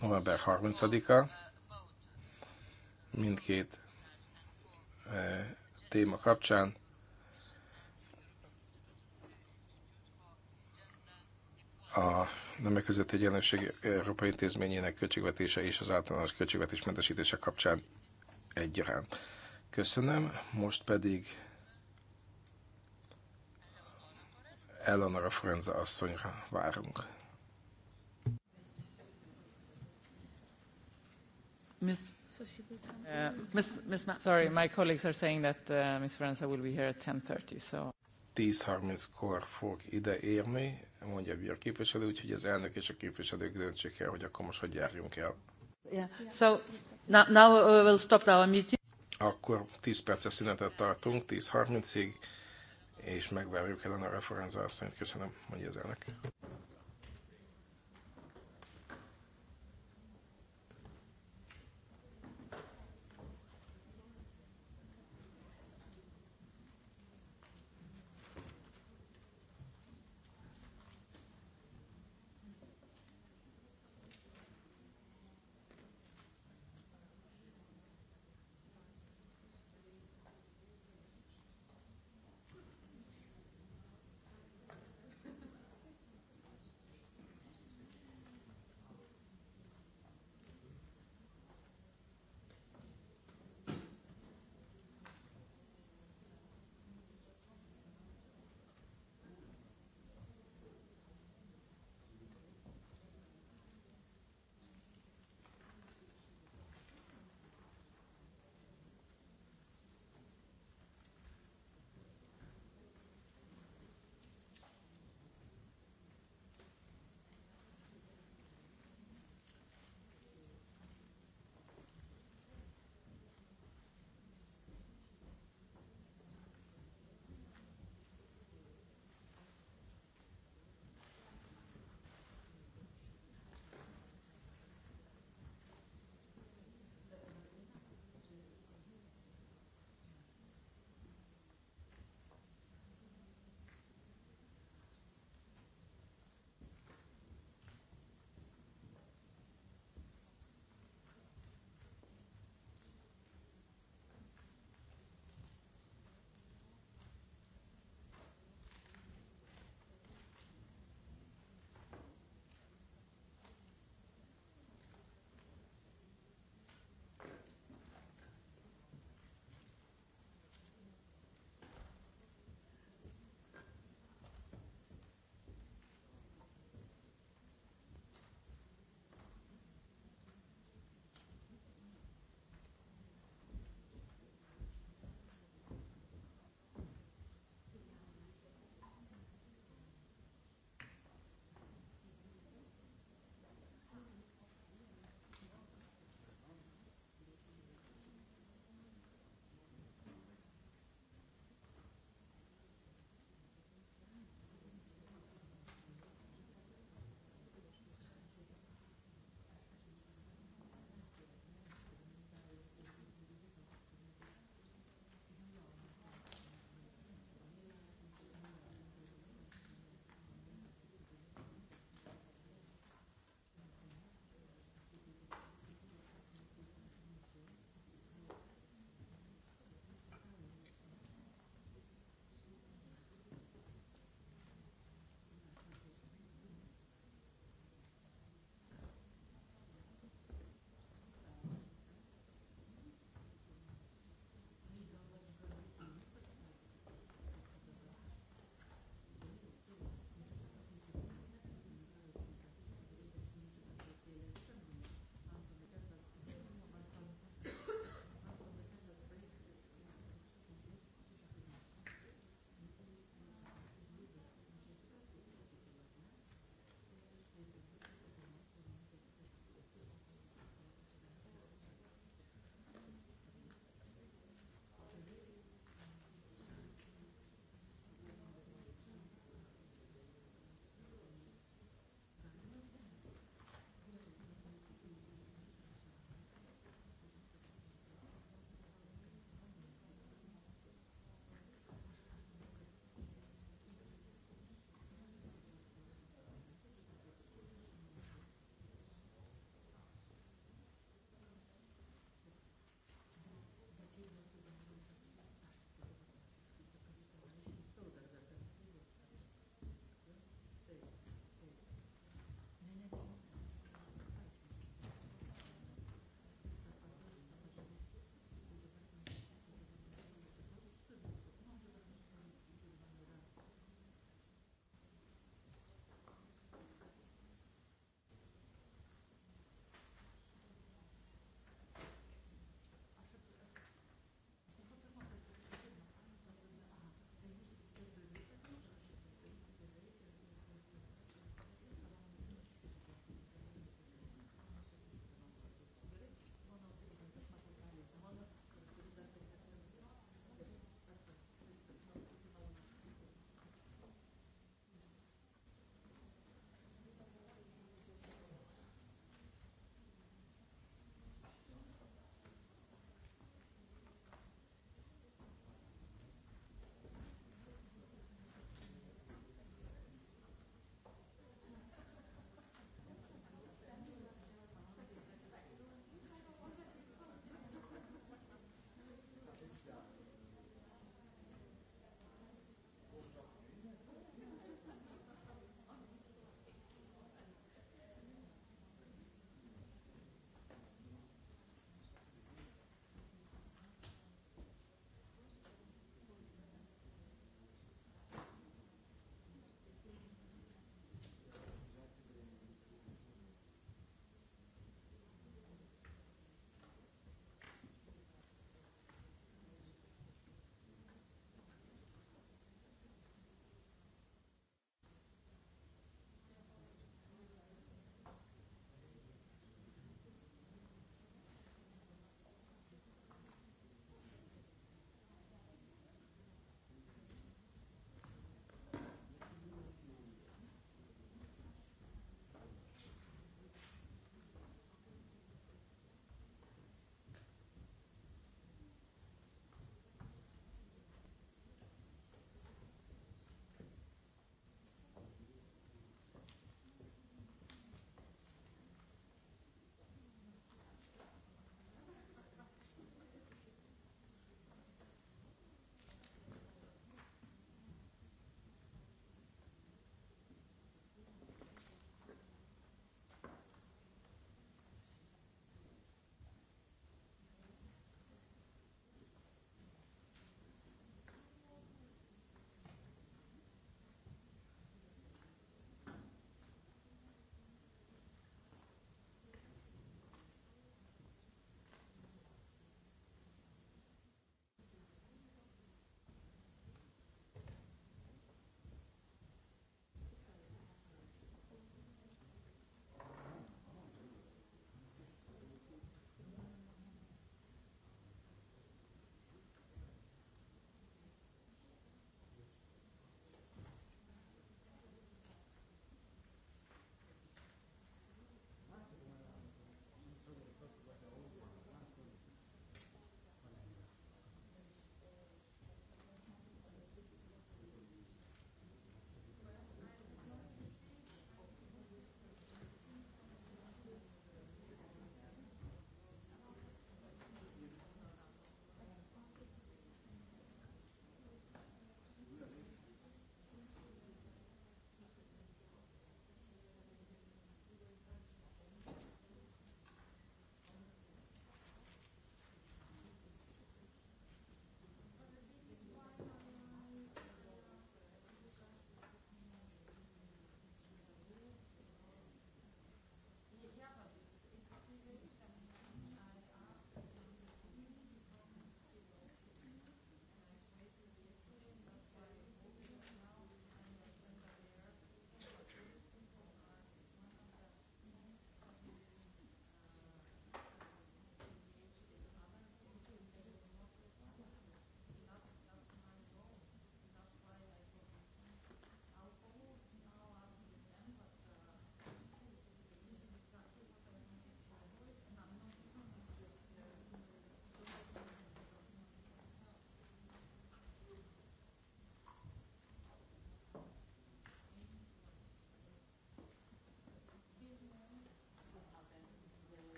november 30-a mindkét eh, téma kapcsán. a nemek közötti egyenlőség Európai Intézményének költségvetése és az általános költségvetés mentesítése kapcsán egyaránt. Köszönöm, most pedig Eleonora Forenza asszonyra várunk. Ms. Uh, Ms. Ms. Sorry, my colleagues are saying that uh, Ms. Ferenza will be here at 10.30, so... 10.30-kor fog ide érni, mondja a bír képviselő, úgyhogy az elnök és a képviselők döntsék el, hogy akkor most hogy járjunk el. Yeah. So, now, now uh, we'll stop our meeting. Akkor 10 perces szünetet tartunk, 10.30-ig, és megvárjuk a Referenza asszonyt. Köszönöm, mondja az elnök.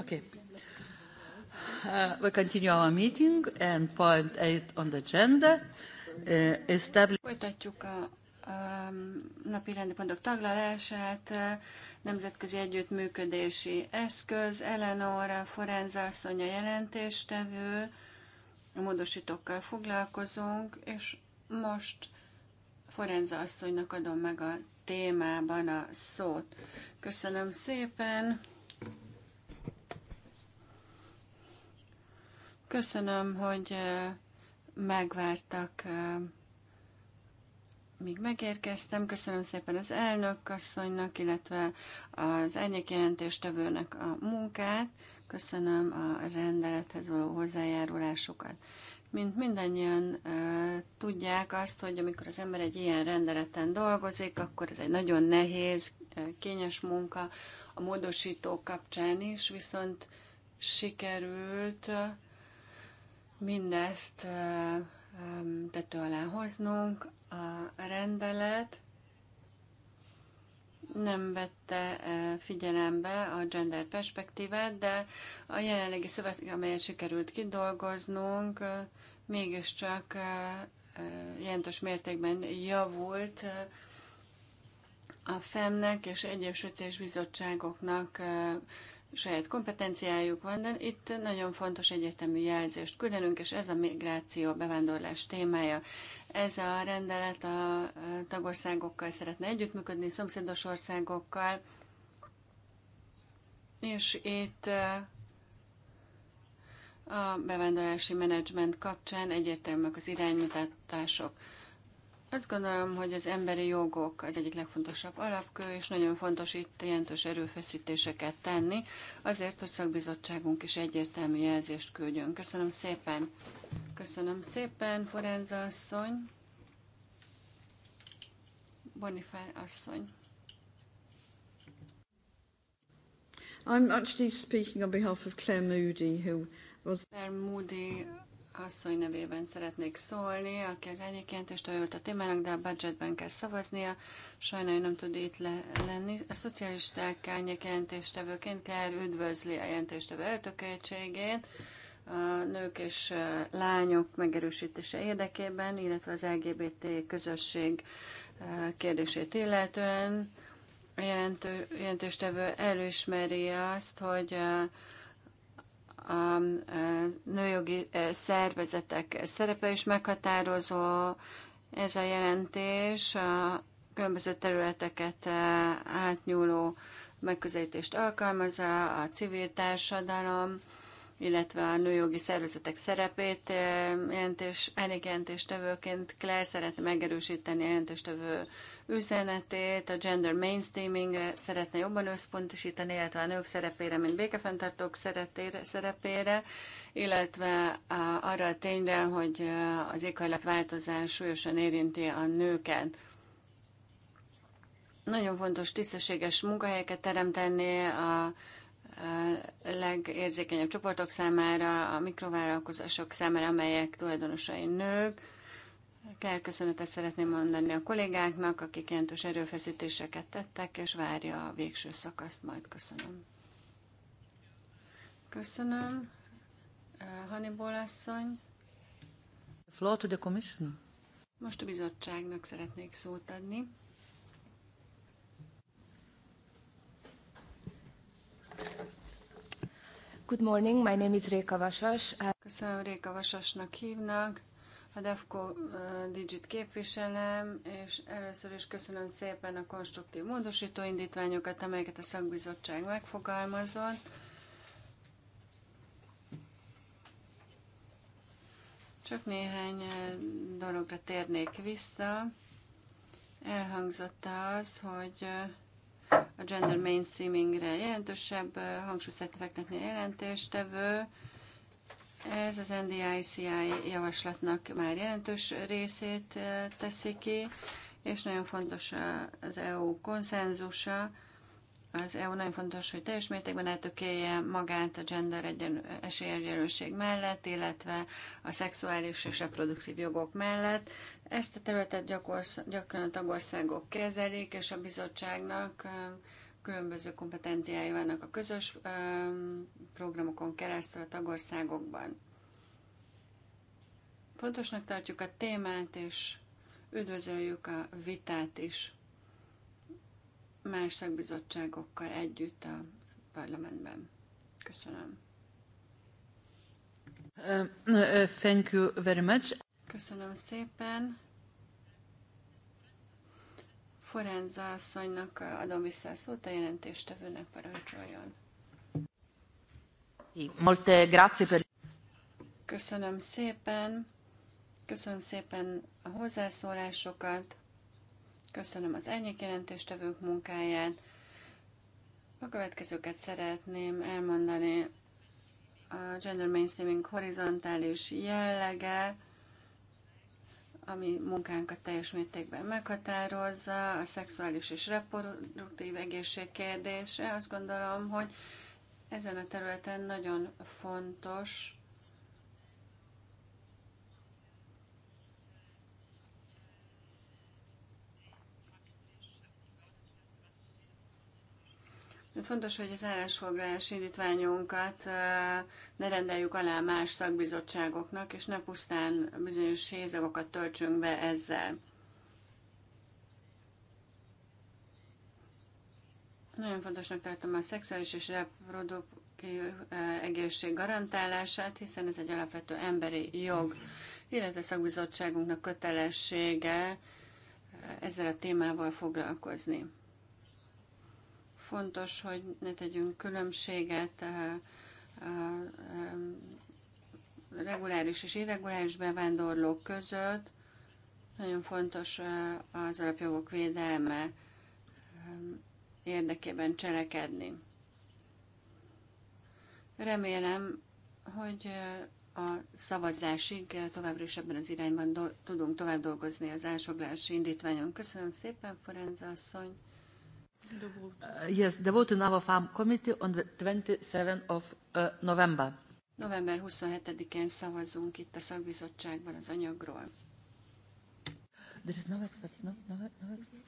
okay. Uh, we continue our meeting and point eight on the agenda. Uh, establish... Folytatjuk a, um, napi rendi pontok taglalását, uh, nemzetközi együttműködési eszköz, Eleonora Forenza asszony jelentéstevő, a módosítókkal foglalkozunk, és most Forenza asszonynak adom meg a témában a szót. Köszönöm szépen! Köszönöm, hogy megvártak, míg megérkeztem. Köszönöm szépen az elnök asszonynak, illetve az árnyék jelentéstevőnek a munkát. Köszönöm a rendelethez való hozzájárulásukat. Mint mindannyian tudják azt, hogy amikor az ember egy ilyen rendeleten dolgozik, akkor ez egy nagyon nehéz, kényes munka a módosító kapcsán is, viszont sikerült mindezt tető alá hoznunk. A rendelet nem vette figyelembe a gender perspektívát, de a jelenlegi szöveg, amelyet sikerült kidolgoznunk, mégiscsak jelentős mértékben javult a FEM-nek és egyéb sötétes bizottságoknak saját kompetenciájuk van, de itt nagyon fontos egyértelmű jelzést küldenünk, és ez a migráció, a bevándorlás témája. Ez a rendelet a tagországokkal szeretne együttműködni, szomszédos országokkal, és itt a bevándorlási menedzsment kapcsán egyértelműek az iránymutatások. Azt gondolom, hogy az emberi jogok az egyik legfontosabb alapkő, és nagyon fontos itt jelentős erőfeszítéseket tenni, azért, hogy szakbizottságunk is egyértelmű jelzést küldjön. Köszönöm szépen! Köszönöm szépen, Forenza asszony! Bonifá asszony! I'm actually speaking on behalf of Claire Moody, who was... Claire Moody asszony nevében szeretnék szólni, aki az egyik jelentéstől a témának, de a budgetben kell szavaznia. Sajnálom, nem tud itt le- lenni. A szocialisták árnyék jelentéstevőként kell üdvözli a jelentéstevő eltökéltségét a nők és lányok megerősítése érdekében, illetve az LGBT közösség kérdését illetően. A jelentő, jelentéstevő elismeri azt, hogy a nőjogi e, szervezetek szerepe is meghatározó. Ez a jelentés a különböző területeket e, átnyúló megközelítést alkalmazza, a civil társadalom, illetve a nőjogi szervezetek szerepét. Jelentés, elég jelentéstevőként Claire szeretne megerősíteni a jelentéstevő üzenetét, a gender mainstreamingre szeretne jobban összpontosítani, illetve a nők szerepére, mint békefenntartók szerepére, illetve arra a tényre, hogy az éghajlatváltozás súlyosan érinti a nőket nagyon fontos tisztességes munkahelyeket teremteni, a legérzékenyebb csoportok számára, a mikrovállalkozások számára, amelyek tulajdonosai nők. Kell köszönetet szeretném mondani a kollégáknak, akik jelentős erőfeszítéseket tettek, és várja a végső szakaszt, majd köszönöm. Köszönöm. Hannibal asszony. Floor to the commission. Most a bizottságnak szeretnék szót adni. Good morning, my name is Réka Vasas. Köszönöm, Réka Vasasnak hívnak. A DEFCO uh, Digit képviselem, és először is köszönöm szépen a konstruktív módosító indítványokat, amelyeket a szakbizottság megfogalmazott. Csak néhány uh, dologra térnék vissza. Elhangzott az, hogy uh, a gender mainstreamingre jelentősebb hangsúlyt fektetni a jelentéstevő. Ez az NDICI javaslatnak már jelentős részét teszi ki, és nagyon fontos az EU konszenzusa az EU nagyon fontos, hogy teljes mértékben eltökélje magát a gender egyen, esélyegyenlőség mellett, illetve a szexuális és reproduktív jogok mellett. Ezt a területet gyakran a tagországok kezelik, és a bizottságnak különböző kompetenciái vannak a közös programokon keresztül a tagországokban. Fontosnak tartjuk a témát, és üdvözöljük a vitát is más szakbizottságokkal együtt a parlamentben. Köszönöm. Uh, uh, thank you very much. Köszönöm szépen. Forenza asszonynak adom vissza a szót, a jelentéstevőnek parancsoljon. Molte grazie per... Köszönöm szépen. Köszönöm szépen a hozzászólásokat köszönöm az jelentéstevők munkáját. A következőket szeretném elmondani. A gender mainstreaming horizontális jellege, ami munkánkat teljes mértékben meghatározza, a szexuális és reproduktív egészség kérdése. Azt gondolom, hogy ezen a területen nagyon fontos Fontos, hogy az állásfoglalás indítványunkat ne rendeljük alá más szakbizottságoknak, és ne pusztán bizonyos hézagokat töltsünk be ezzel. Nagyon fontosnak tartom a szexuális és reproduktív egészség garantálását, hiszen ez egy alapvető emberi jog, illetve szakbizottságunknak kötelessége ezzel a témával foglalkozni. Fontos, hogy ne tegyünk különbséget a eh, eh, eh, reguláris és irreguláris bevándorlók között. Nagyon fontos az alapjogok védelme érdekében cselekedni. Remélem, hogy a szavazásig továbbra is ebben az irányban do- tudunk tovább dolgozni az elsoglási indítványon. Köszönöm szépen, Forenza asszony! yes, the vote in our farm committee on the 27th of uh, November. November 27-én szavazunk itt a szakbizottságban az anyagról. There is no expert, no, no, no expert.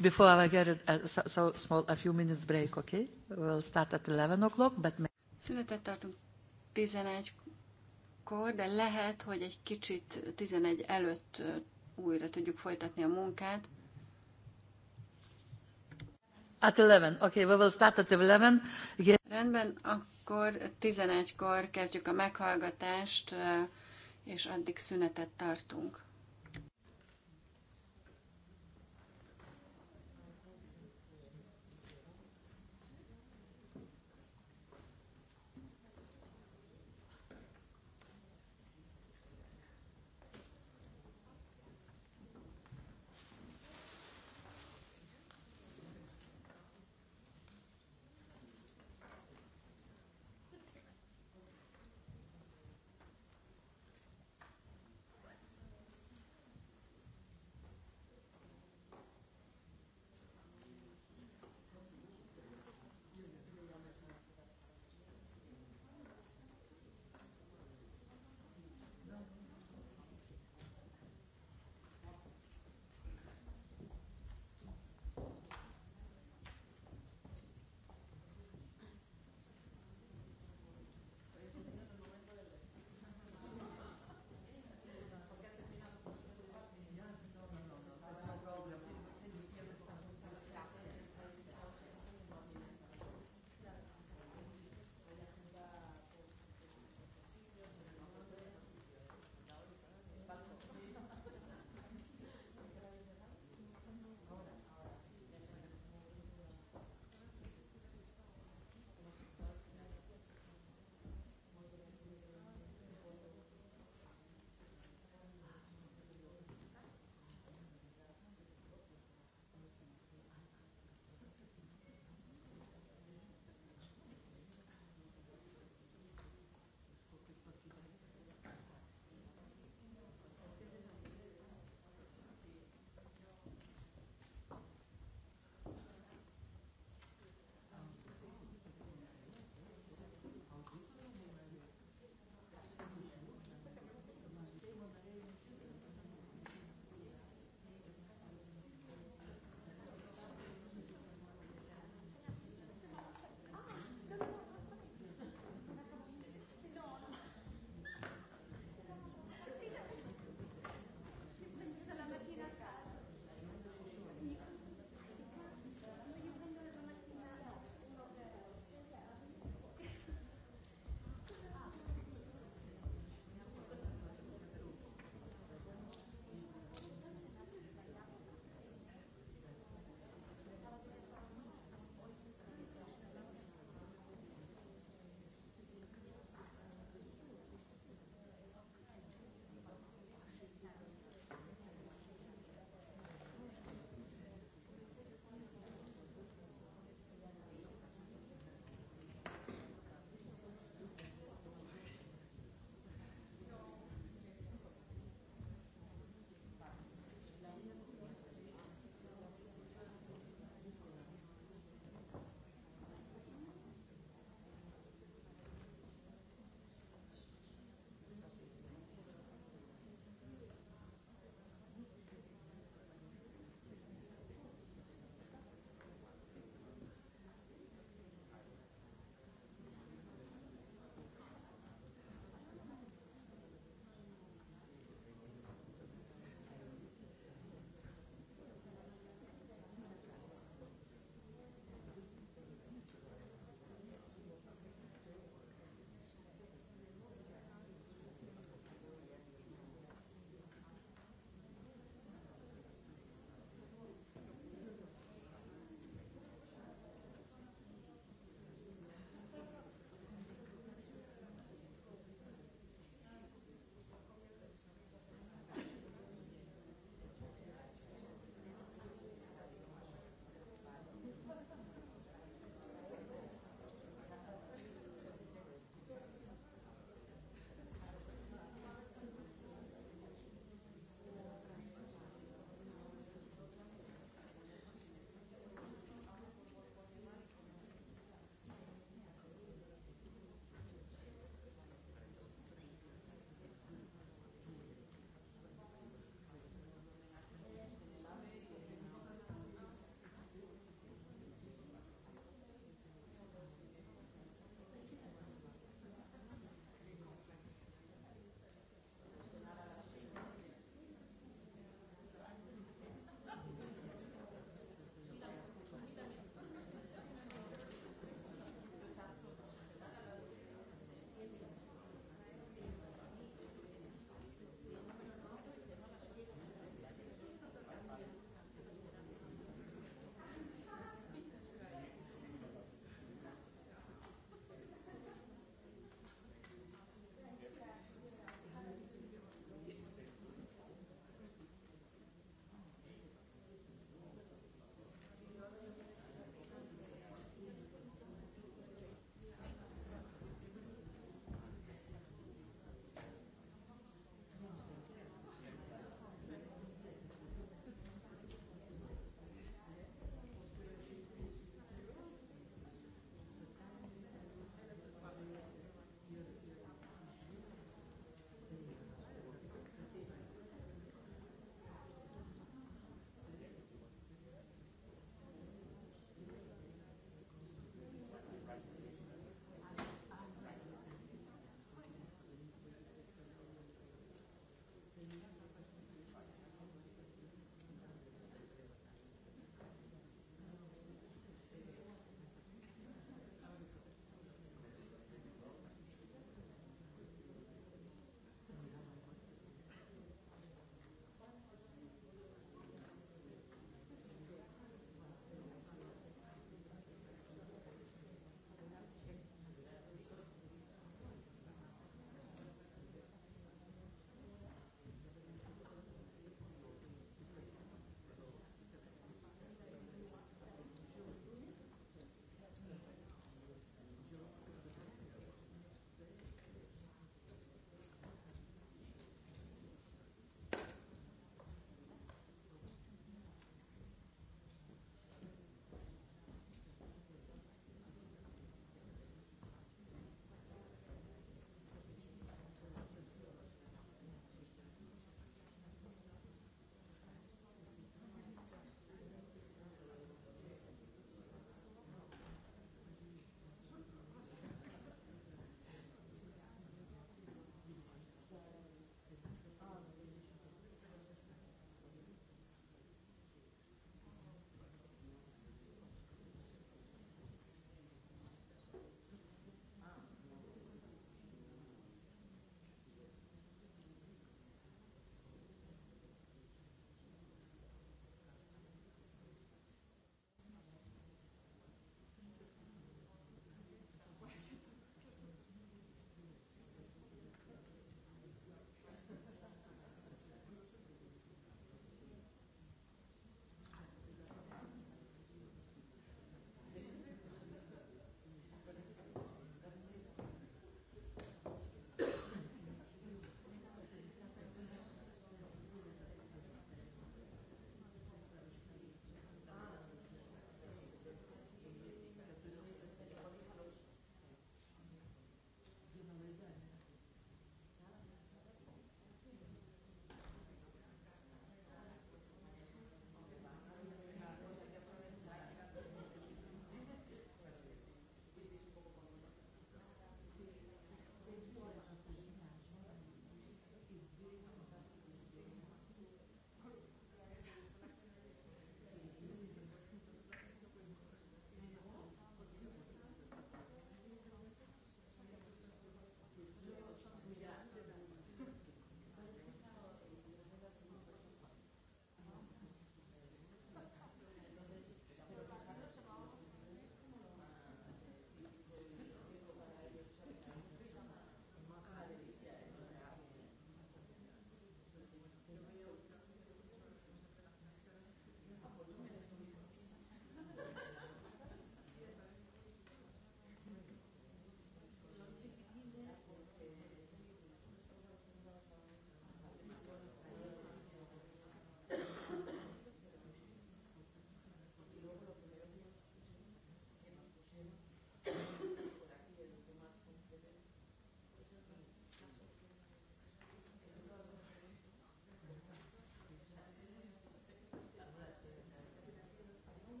Before I get it, uh, so, so small, a few minutes break, okay? We'll start at 11 o'clock, but... Szünetet tartunk 11-kor, de lehet, hogy egy kicsit 11 előtt újra tudjuk folytatni a munkát. At 11, okay, we will start at 11. Yeah. Rendben, akkor 11-kor kezdjük a meghallgatást, és addig szünetet tartunk.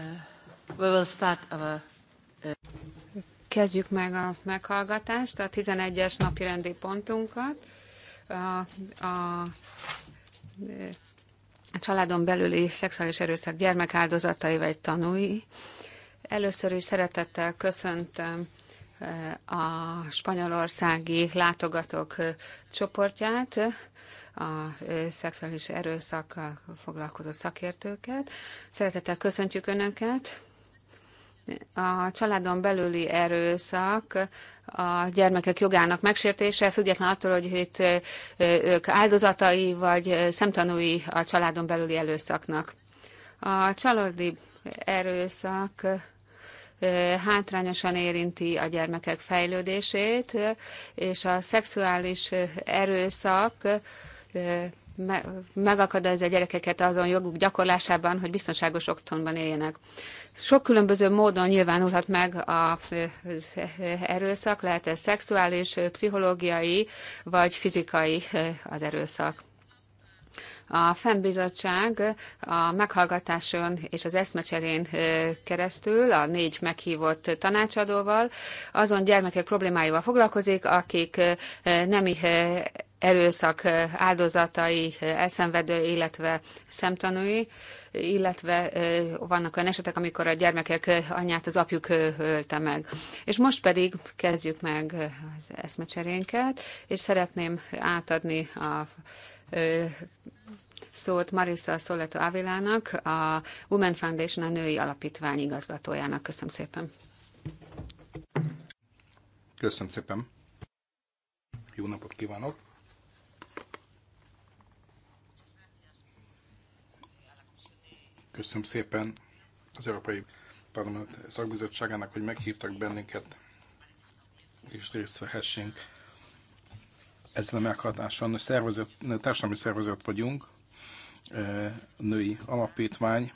Uh, we will start our... Uh, Kezdjük meg a meghallgatást, a 11-es napi rendi pontunkat. A, a, a családon belüli szexuális erőszak gyermekáldozataival vagy tanúi. Először is szeretettel köszöntöm a spanyolországi látogatók csoportját, a szexuális erőszakkal foglalkozó szakértőket. Szeretettel köszöntjük Önöket! A családon belüli erőszak a gyermekek jogának megsértése, független attól, hogy itt ők áldozatai vagy szemtanúi a családon belüli erőszaknak. A családi erőszak hátrányosan érinti a gyermekek fejlődését, és a szexuális erőszak megakadályozza a gyerekeket azon joguk gyakorlásában, hogy biztonságos otthonban éljenek. Sok különböző módon nyilvánulhat meg az erőszak, lehet ez szexuális, pszichológiai vagy fizikai az erőszak. A Fennbizottság a meghallgatáson és az eszmecserén keresztül a négy meghívott tanácsadóval azon gyermekek problémáival foglalkozik, akik nemi erőszak áldozatai, elszenvedő, illetve szemtanúi, illetve vannak olyan esetek, amikor a gyermekek anyát az apjuk ölte meg. És most pedig kezdjük meg az eszmecserénket, és szeretném átadni a szót Marisa Soleto Avilának, a Women Foundation a női alapítvány igazgatójának. Köszönöm szépen. Köszönöm szépen. Jó napot kívánok. Köszönöm szépen az Európai Parlament szakbizottságának, hogy meghívtak bennünket, és részt vehessünk ezen a meghatáson. Szervezet, társadalmi szervezet vagyunk, e, női alapítvány,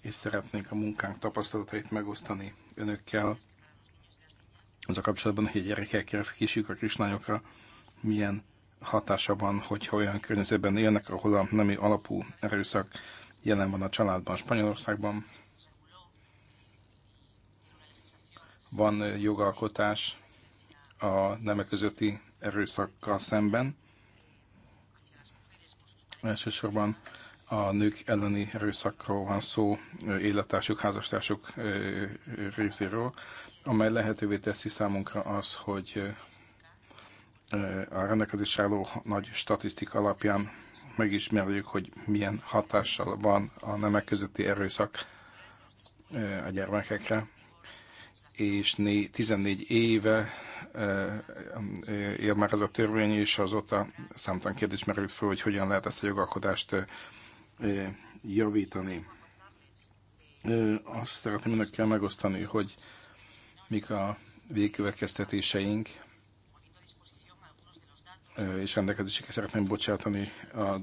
és szeretnénk a munkánk tapasztalatait megosztani önökkel. Az a kapcsolatban, hogy a gyerekekre, a kislányokra milyen hatása van, hogyha olyan környezetben élnek, ahol a nemi alapú erőszak jelen van a családban, Spanyolországban. Van e, jogalkotás a nemek közötti erőszakkal szemben. Elsősorban a nők elleni erőszakról van szó élettársuk, házastársuk részéről, amely lehetővé teszi számunkra az, hogy a rendelkezés álló nagy statisztik alapján megismerjük, hogy milyen hatással van a nemek közötti erőszak a gyermekekre és 14 éve eh, eh, ér már ez a törvény, és azóta számtalan kérdés merült föl, hogy hogyan lehet ezt a jogalkotást eh, javítani. Azt szeretném önökkel megosztani, hogy mik a végkövetkeztetéseink, és rendelkezésre szeretném bocsátani a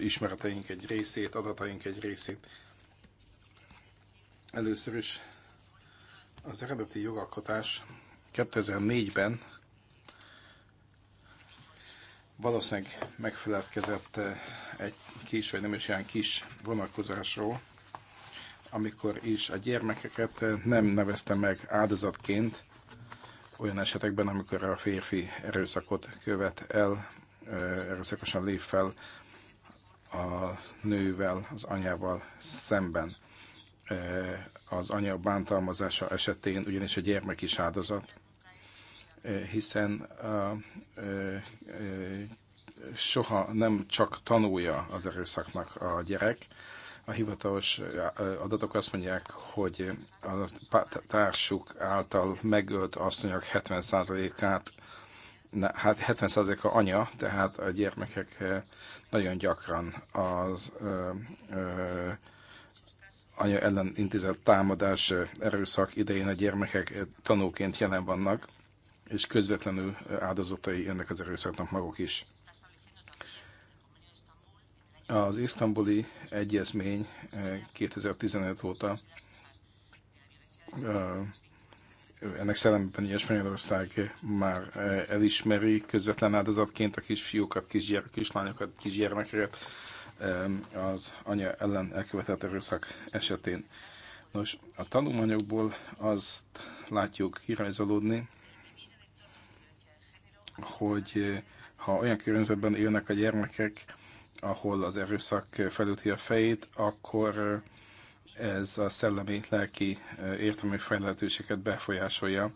ismereteink egy részét, adataink egy részét. Először is az eredeti jogalkotás 2004-ben valószínűleg megfeledkezett eh, egy kis, vagy nem is ilyen kis vonalkozásról, amikor is a gyermekeket eh, nem nevezte meg áldozatként olyan esetekben, amikor a férfi erőszakot követ el, eh, erőszakosan lép fel a nővel, az anyával szemben az anya bántalmazása esetén ugyanis a gyermek is áldozat, hiszen a, soha nem csak tanulja az erőszaknak a gyerek. A hivatalos adatok azt mondják, hogy a társuk által megölt asszonyok 70%-át hát 70%-a anya, tehát a gyermekek nagyon gyakran az ö, ö, anya ellen intézett támadás, eh, erőszak idején a gyermekek eh, tanúként jelen vannak, és közvetlenül eh, áldozatai ennek az erőszaknak maguk is. Az isztambuli egyezmény 2015 óta ennek szellemben is Spanyolország már elismeri közvetlen áldozatként a kisfiúkat, kisgyermek, kislányokat, kisgyermekeket, az anya ellen elkövetett erőszak esetén. Nos, a tanulmányokból azt látjuk kirajzolódni, hogy eh, ha olyan környezetben élnek a gyermekek, ahol az erőszak felüti a fejét, akkor eh, ez a szellemi, lelki, eh, értelmi fejlehetőséget befolyásolja,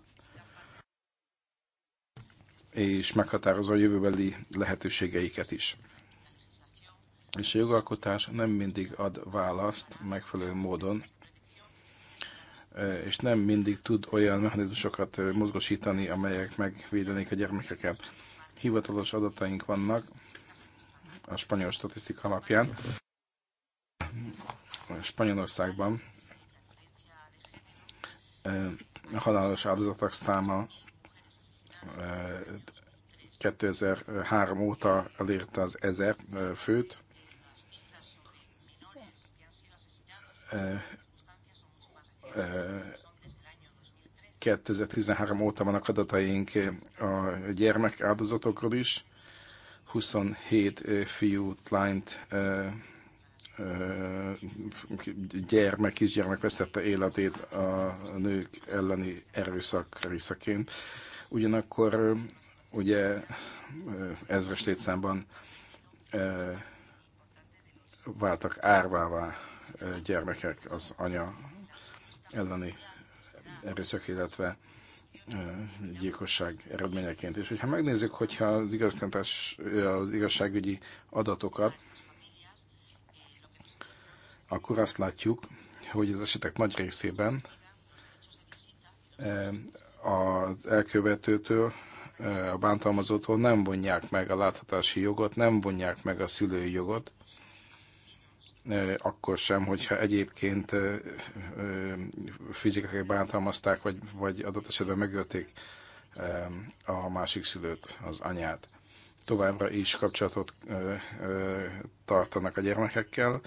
és meghatározza a jövőbeli lehetőségeiket is és a jogalkotás nem mindig ad választ megfelelő módon, e, és nem mindig tud olyan mechanizmusokat e, mozgosítani, amelyek megvédenék a gyermekeket. Hivatalos adataink vannak a spanyol statisztika alapján. Spanyolországban e, a halálos áldozatok száma 2003 óta elérte az 1000 főt, 2013 óta vannak adataink a gyermek áldozatokról is. 27 fiút, lányt, gyermek, kisgyermek veszette életét a nők elleni erőszak részeként. Ugyanakkor ugye ezres létszámban váltak árvává gyermekek az anya elleni erőszak, illetve gyilkosság eredményeként. És hogyha megnézzük, hogyha az, igazgatás, az igazságügyi adatokat, akkor azt látjuk, hogy az esetek nagy részében az elkövetőtől, a bántalmazótól nem vonják meg a láthatási jogot, nem vonják meg a szülői jogot, akkor sem, hogyha egyébként fizikai bántalmazták, vagy, vagy adott esetben megölték a másik szülőt, az anyát. Továbbra is kapcsolatot tartanak a gyermekekkel,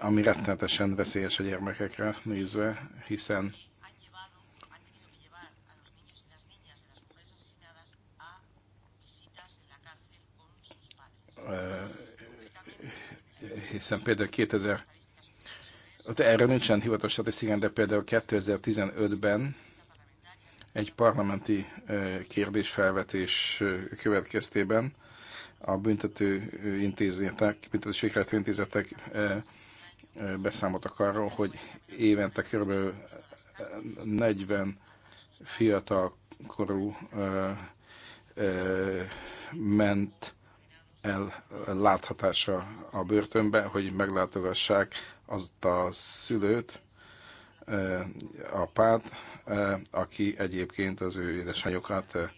ami rettenetesen veszélyes a gyermekekre nézve, hiszen hiszen például 2000, ott erre nincsen hivatalos statisztikán, de például 2015-ben egy parlamenti kérdésfelvetés következtében a büntető intézetek, büntetőségrető intézetek beszámoltak arról, hogy évente kb. 40 fiatal korú ment elláthatása a börtönbe, hogy meglátogassák azt a szülőt, e, apát, e, aki egyébként az ő édesanyjukat e,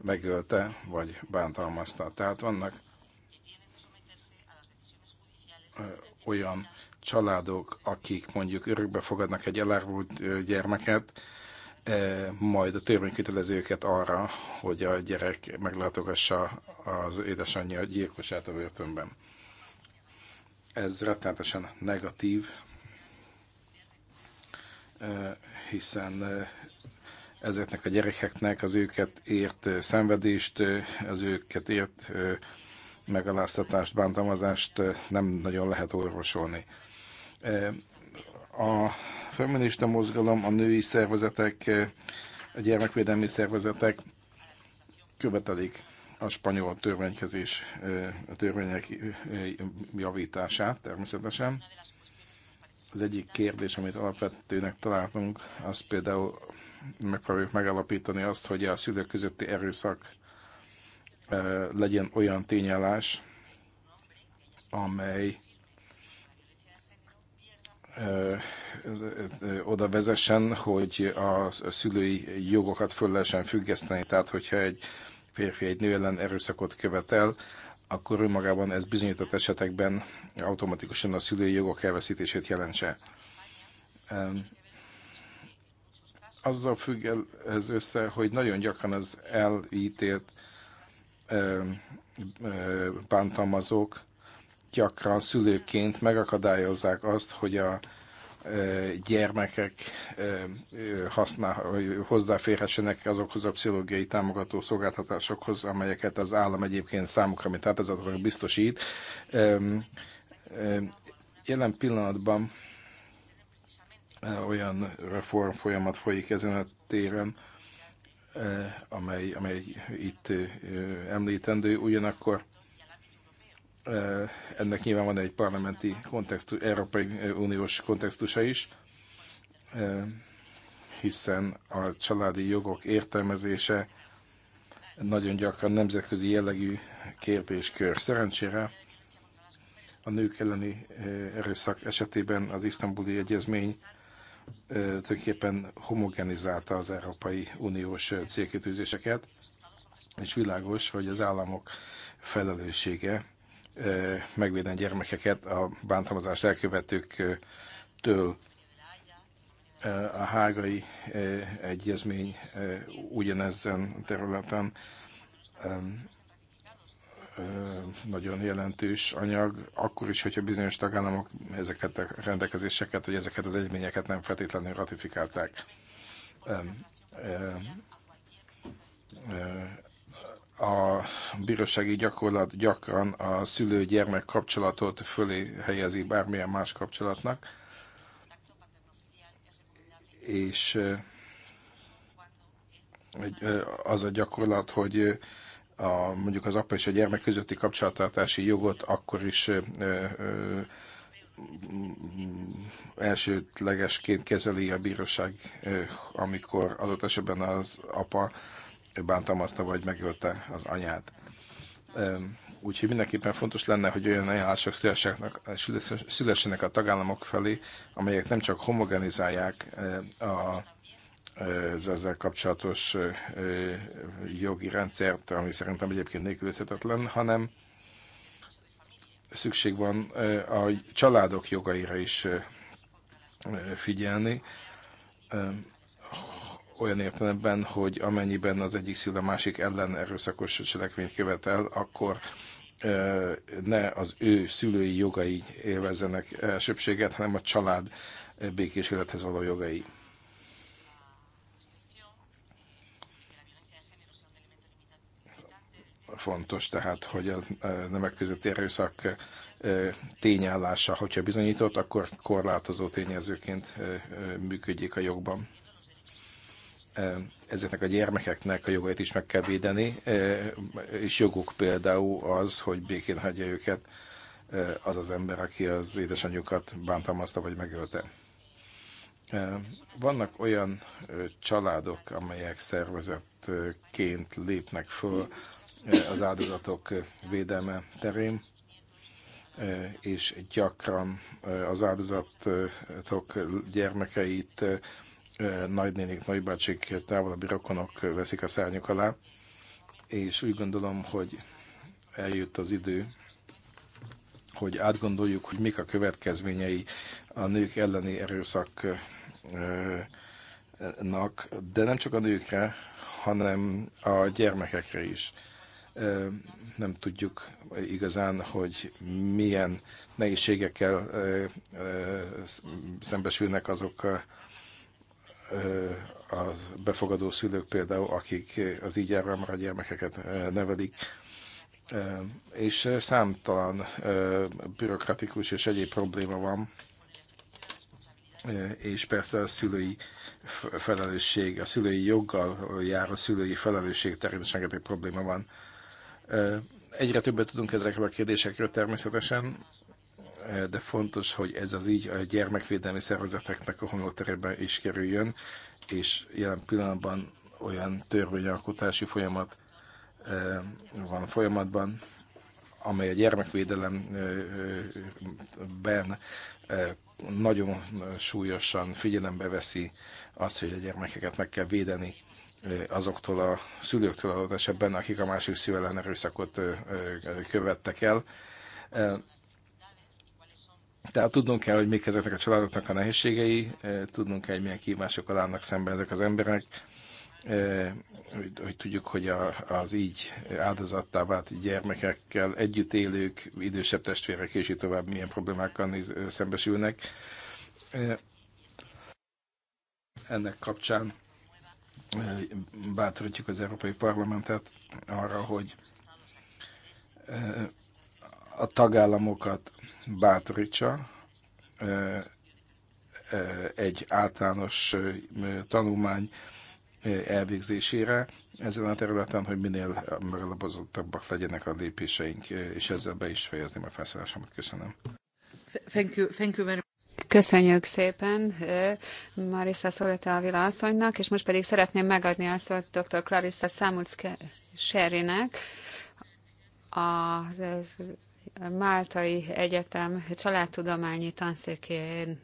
megölte, vagy bántalmazta. Tehát vannak olyan családok, akik mondjuk örökbe fogadnak egy elárvult gyermeket, majd a törvénykötelezőket arra, hogy a gyerek meglátogassa az édesanyja gyilkosát a börtönben. Ez rettenetesen negatív, hiszen ezeknek a gyerekeknek az őket ért szenvedést, az őket ért megaláztatást, bántalmazást nem nagyon lehet orvosolni. A feminista mozgalom, a női szervezetek, eh, a gyermekvédelmi szervezetek követelik a spanyol törvénykezés, eh, a törvények eh, javítását természetesen. Az egyik kérdés, amit alapvetőnek találtunk, az például megpróbáljuk megalapítani azt, hogy a szülők közötti erőszak legyen olyan tényállás, amely oda vezessen, hogy a szülői jogokat föl lehessen függeszteni. Tehát, hogyha egy férfi egy nő ellen erőszakot követel, akkor önmagában ez bizonyított esetekben automatikusan a szülői jogok elveszítését jelentse. Azzal függ el ez össze, hogy nagyon gyakran az elítélt bántalmazók gyakran szülőként megakadályozzák azt, hogy a e, gyermekek e, e, használ, hozzáférhessenek azokhoz a pszichológiai támogató szolgáltatásokhoz, amelyeket az állam egyébként számukra, mint áldozatokra biztosít. Jelen pillanatban olyan reform folyamat folyik ezen a téren, amely, amely itt említendő, ugyanakkor Eh, ennek nyilván van egy parlamenti kontextus, Európai Uniós kontextusa is, eh, hiszen a családi jogok értelmezése nagyon gyakran nemzetközi jellegű kérdéskör. Szerencsére a nők elleni eh, erőszak esetében az isztambuli egyezmény tulajdonképpen homogenizálta az Európai Uniós célkitűzéseket, és világos, hogy az államok felelőssége megvédeni gyermekeket a bántalmazást elkövetőktől. A hágai egyezmény ugyanezen területen nagyon jelentős anyag, akkor is, hogyha bizonyos tagállamok ezeket a rendelkezéseket, vagy ezeket az egyezményeket nem feltétlenül ratifikálták a bírósági gyakorlat gyakran a szülő-gyermek kapcsolatot fölé helyezi bármilyen más kapcsolatnak, és az a gyakorlat, hogy a, mondjuk az apa és a gyermek közötti kapcsolatartási jogot akkor is ö, ö, elsődlegesként kezeli a bíróság, amikor adott esetben az apa bántalmazta vagy megölte az anyát. Úgyhogy mindenképpen fontos lenne, hogy olyan ajánlások szülessenek a tagállamok felé, amelyek nem csak homogenizálják eh, a eh, az ezzel kapcsolatos eh, jogi rendszert, ami szerintem egyébként nélkülözhetetlen, hanem szükség van a családok jogaira is figyelni olyan értelemben, hogy amennyiben az egyik szül a másik ellen erőszakos cselekményt követel, akkor ne az ő szülői jogai élvezzenek elsőbséget, hanem a család békés élethez való jogai. Fontos tehát, hogy a nemek között erőszak tényállása, hogyha bizonyított, akkor korlátozó tényezőként működjék a jogban ezeknek a gyermekeknek a jogait is meg kell védeni, és joguk például az, hogy békén hagyja őket az az ember, aki az édesanyjukat bántalmazta vagy megölte. Vannak olyan családok, amelyek szervezetként lépnek föl az áldozatok védelme terén, és gyakran az áldozatok gyermekeit nagynénik, nagybácsik, távolabbi rokonok veszik a szárnyuk alá, és úgy gondolom, hogy eljött az idő, hogy átgondoljuk, hogy mik a következményei a nők elleni erőszaknak, de nem csak a nőkre, hanem a gyermekekre is. Nem tudjuk igazán, hogy milyen nehézségekkel szembesülnek azok a befogadó szülők például, akik az így elrámra gyermekeket nevelik, és számtalan bürokratikus és egyéb probléma van, és persze a szülői felelősség, a szülői joggal jár, a szülői felelősség természetesen is probléma van. Egyre többet tudunk ezekről a kérdésekről természetesen, de fontos, hogy ez az így a gyermekvédelmi szervezeteknek a honlóterében is kerüljön, és jelen pillanatban olyan törvényalkotási folyamat van folyamatban, amely a gyermekvédelemben nagyon súlyosan figyelembe veszi azt, hogy a gyermekeket meg kell védeni azoktól a szülőktől adott esetben, akik a másik szülelen erőszakot követtek el. Tehát tudnunk kell, hogy mik ezeknek a családoknak a nehézségei, eh, tudnunk kell, hogy milyen kívásokkal állnak szemben ezek az emberek, eh, hogy, hogy tudjuk, hogy a, az így áldozattá vált gyermekekkel együtt élők, idősebb testvérek és így tovább milyen problémákkal néz, eh, szembesülnek. Ennek kapcsán bátorítjuk az Európai Parlamentet arra, hogy a tagállamokat bátorítsa egy általános tanulmány elvégzésére ezen a területen, hogy minél megalapozottabbak legyenek a lépéseink, és ezzel be is fejezném a felszállásomat. Köszönöm. Thank you, thank you very Köszönjük szépen Marissa Szoleta a világasszonynak, és most pedig szeretném megadni a szót dr. Clarissa Samuels Sherrynek, az, az Máltai Egyetem családtudományi tanszékén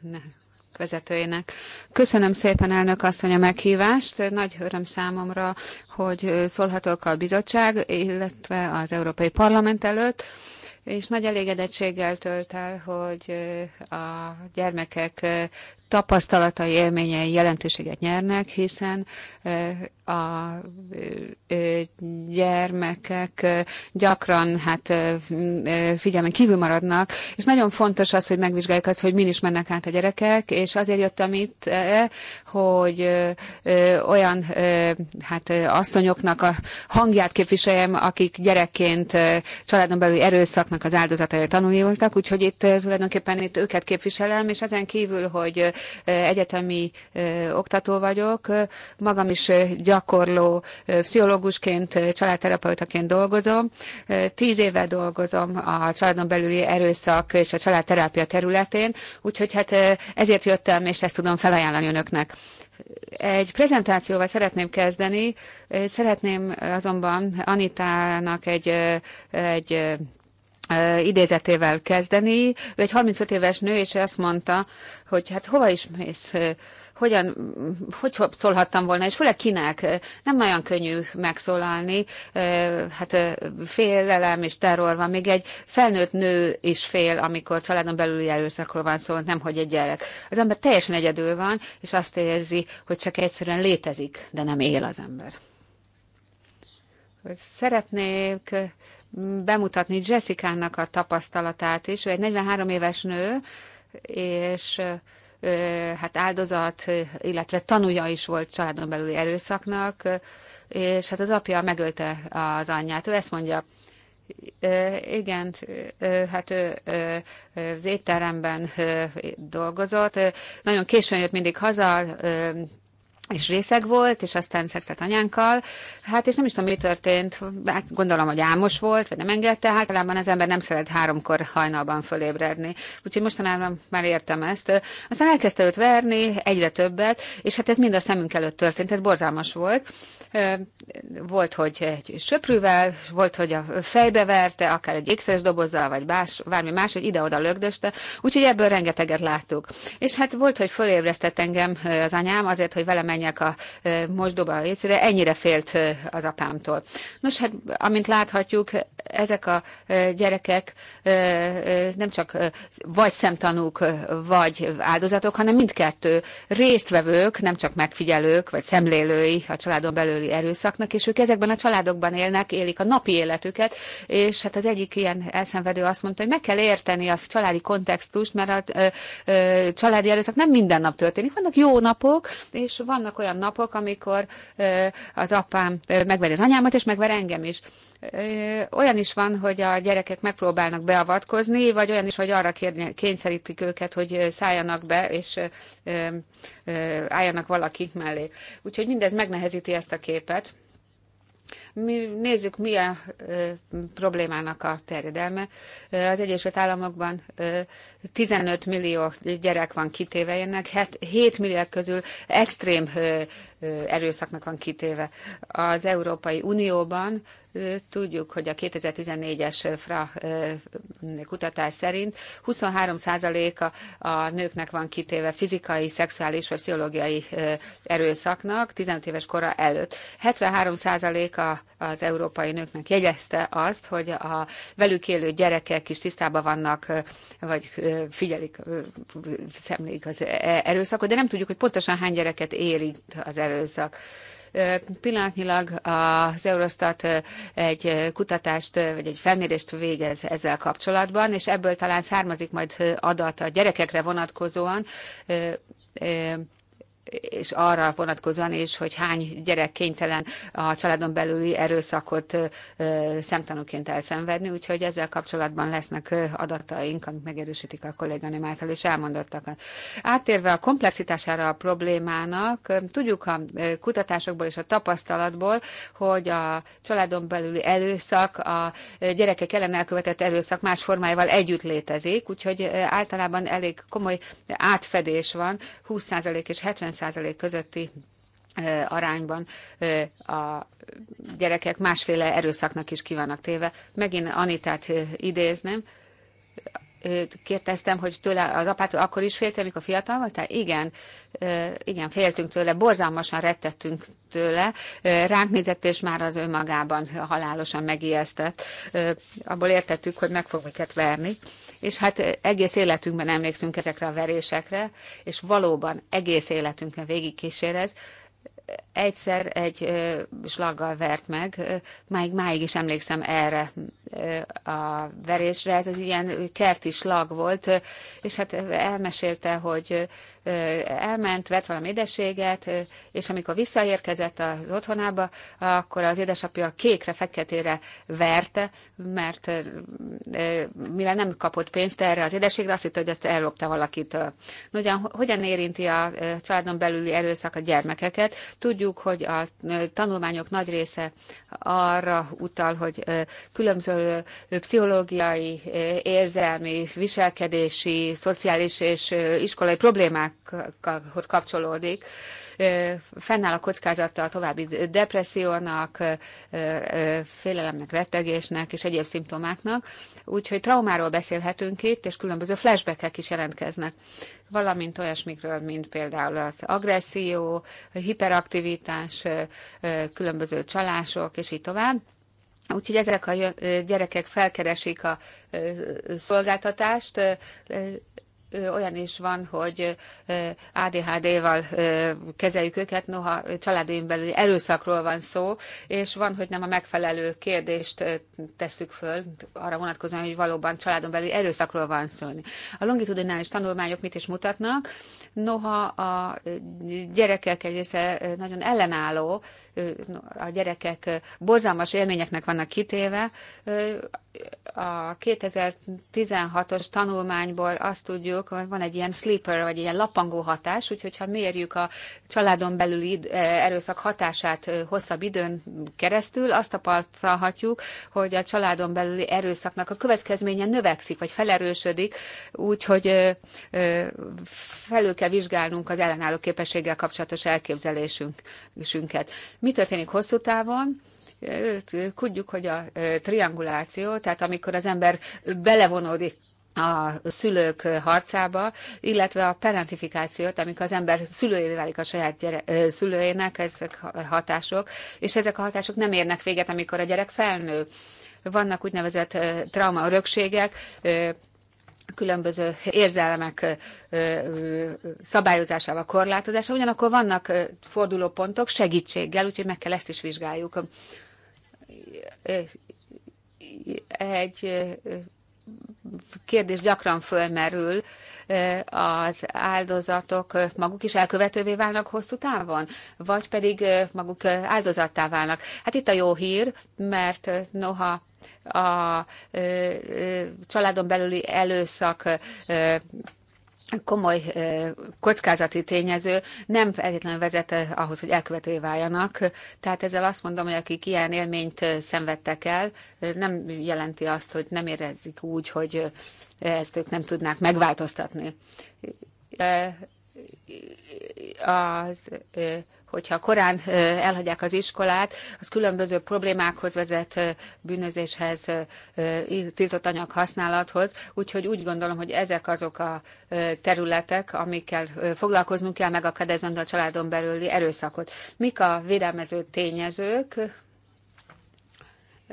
vezetőjének. Köszönöm szépen, elnök asszony, a meghívást. Nagy öröm számomra, hogy szólhatok a bizottság, illetve az Európai Parlament előtt és nagy elégedettséggel tölt el, hogy a gyermekek tapasztalatai, élményei jelentőséget nyernek, hiszen a gyermekek gyakran hát figyelmen kívül maradnak, és nagyon fontos az, hogy megvizsgáljuk azt, hogy min is mennek át a gyerekek, és azért jöttem itt, hogy olyan hát asszonyoknak a hangját képviseljem, akik gyerekként családon belül erőszaknak az áldozatai tanulni voltak, úgyhogy itt tulajdonképpen itt őket képviselem, és ezen kívül, hogy egyetemi oktató vagyok, magam is gyakorló pszichológusként, családterapeutaként dolgozom. Tíz éve dolgozom a családon belüli erőszak és a családterápia területén, úgyhogy hát ezért jöttem, és ezt tudom felajánlani önöknek. Egy prezentációval szeretném kezdeni, szeretném azonban Anitának egy, egy idézetével kezdeni. Ő egy 35 éves nő, és azt mondta, hogy hát hova is mész, hogyan, hogy szólhattam volna, és főleg kinek nem olyan könnyű megszólalni, hát félelem és terror van, még egy felnőtt nő is fél, amikor családon belüli erőszakról van szó, nem hogy egy gyerek. Az ember teljesen egyedül van, és azt érzi, hogy csak egyszerűen létezik, de nem él az ember. Szeretnék bemutatni Jessica-nak a tapasztalatát is. Ő egy 43 éves nő, és hát áldozat, illetve tanúja is volt családon belüli erőszaknak, és hát az apja megölte az anyját. Ő ezt mondja, igen, hát ő az étteremben dolgozott. Nagyon későn jött mindig haza, és részeg volt, és aztán szexelt anyánkkal. Hát, és nem is tudom, mi történt. Hát, gondolom, hogy álmos volt, vagy nem engedte. Hát, általában az ember nem szeret háromkor hajnalban fölébredni. Úgyhogy mostanában már értem ezt. Aztán elkezdte őt verni, egyre többet, és hát ez mind a szemünk előtt történt. Ez borzalmas volt. Volt, hogy egy söprűvel, volt, hogy a fejbe verte, akár egy ékszeres dobozzal, vagy más, bármi más, hogy ide-oda lögdöste. Úgyhogy ebből rengeteget láttuk. És hát volt, hogy fölébresztett engem az anyám azért, hogy vele menjek a mosdóba, a étszére. Ennyire félt az apámtól. Nos, hát amint láthatjuk, ezek a gyerekek nem csak vagy szemtanúk, vagy áldozatok, hanem mindkettő résztvevők, nem csak megfigyelők, vagy szemlélői a családon belül körüli erőszaknak, és ők ezekben a családokban élnek, élik a napi életüket, és hát az egyik ilyen elszenvedő azt mondta, hogy meg kell érteni a családi kontextust, mert a családi erőszak nem minden nap történik. Vannak jó napok, és vannak olyan napok, amikor az apám megveri az anyámat, és megver engem is olyan is van, hogy a gyerekek megpróbálnak beavatkozni, vagy olyan is, hogy arra kényszerítik őket, hogy szálljanak be, és álljanak valakik mellé. Úgyhogy mindez megnehezíti ezt a képet. Mi nézzük, mi a problémának a terjedelme. Az Egyesült Államokban 15 millió gyerek van kitéve ennek, 7 millió közül extrém erőszaknak van kitéve. Az Európai Unióban tudjuk, hogy a 2014-es FRA kutatás szerint 23%-a a nőknek van kitéve fizikai, szexuális vagy pszichológiai erőszaknak 15 éves kora előtt. 73%-a az európai nőknek jegyezte azt, hogy a velük élő gyerekek is tisztában vannak, vagy figyelik, szemlélik az e-, erőszakot, de nem tudjuk, hogy pontosan hány gyereket érint az erőszak. Pillanatnyilag az Eurostat egy kutatást, vagy egy felmérést végez ezzel kapcsolatban, és ebből talán származik majd adat a gyerekekre vonatkozóan és arra vonatkozóan is, hogy hány gyerek kénytelen a családon belüli erőszakot szemtanúként elszenvedni, úgyhogy ezzel kapcsolatban lesznek adataink, amik megerősítik a kolléganőm által és elmondottakat. Áttérve a komplexitására a problémának, tudjuk a kutatásokból és a tapasztalatból, hogy a családon belüli erőszak a gyerekek ellen elkövetett erőszak más formájával együtt létezik, úgyhogy általában elég komoly átfedés van, 20% és 70 90% közötti arányban a gyerekek másféle erőszaknak is kívánnak téve. Megint Anitát idézném, kérdeztem, hogy tőle az apát akkor is féltél, mikor fiatal voltál? Igen, igen, féltünk tőle, borzalmasan rettettünk tőle, ránk nézett, és már az önmagában halálosan megijesztett. Abból értettük, hogy meg fog minket verni és hát egész életünkben emlékszünk ezekre a verésekre, és valóban egész életünkön végig kísérez, egyszer egy slaggal vert meg, máig, máig is emlékszem erre, a verésre, ez az ilyen kerti slag volt, és hát elmesélte, hogy elment, vett valami édeséget, és amikor visszaérkezett az otthonába, akkor az édesapja kékre, feketére verte, mert mivel nem kapott pénzt erre az édeségre, azt hitt, hogy ezt ellopta valakitől. Ugyan, hogyan érinti a családon belüli erőszak a gyermekeket? Tudjuk, hogy a tanulmányok nagy része arra utal, hogy különböző megfelelő pszichológiai, érzelmi, viselkedési, szociális és iskolai problémákhoz kapcsolódik, fennáll a kockázata a további depressziónak, félelemnek, rettegésnek és egyéb szimptomáknak. Úgyhogy traumáról beszélhetünk itt, és különböző flashbackek is jelentkeznek, valamint olyasmikről, mint például az agresszió, hiperaktivitás, különböző csalások, és így tovább. Úgyhogy ezek a gyerekek felkeresik a szolgáltatást, olyan is van, hogy ADHD-val kezeljük őket, noha családon belül erőszakról van szó, és van, hogy nem a megfelelő kérdést tesszük föl, arra vonatkozóan, hogy valóban családon belül erőszakról van szó. A longitudinális tanulmányok mit is mutatnak? Noha a gyerekek egy része nagyon ellenálló, a gyerekek borzalmas élményeknek vannak kitéve. A 2016-os tanulmányból azt tudjuk, sok, van egy ilyen sleeper, vagy ilyen lapangó hatás, úgyhogy ha mérjük a családon belüli e, erőszak hatását e, hosszabb időn keresztül, azt tapasztalhatjuk, hogy a családon belüli erőszaknak a következménye növekszik, vagy felerősödik, úgyhogy e, felül kell vizsgálnunk az ellenálló képességgel kapcsolatos elképzelésünket. Mi történik hosszú távon? tudjuk, hogy a trianguláció, tehát amikor az ember belevonódik a szülők harcába, illetve a parentifikációt, amikor az ember szülőjévé válik a saját gyere, szülőjének, ezek hatások, és ezek a hatások nem érnek véget, amikor a gyerek felnő. Vannak úgynevezett trauma örökségek, különböző érzelmek szabályozásával, korlátozása, ugyanakkor vannak fordulópontok segítséggel, úgyhogy meg kell ezt is vizsgáljuk. Egy kérdés gyakran fölmerül, az áldozatok maguk is elkövetővé válnak hosszú távon, vagy pedig maguk áldozattá válnak. Hát itt a jó hír, mert noha a családon belüli előszak komoly kockázati tényező nem feltétlenül vezet ahhoz, hogy elkövetői váljanak. Tehát ezzel azt mondom, hogy akik ilyen élményt szenvedtek el, nem jelenti azt, hogy nem érezik úgy, hogy ezt ők nem tudnák megváltoztatni. Az hogyha korán elhagyják az iskolát, az különböző problémákhoz vezet, bűnözéshez, tiltott anyag használathoz. Úgyhogy úgy gondolom, hogy ezek azok a területek, amikkel foglalkoznunk kell megakadályozni a családon belüli erőszakot. Mik a védelmező tényezők?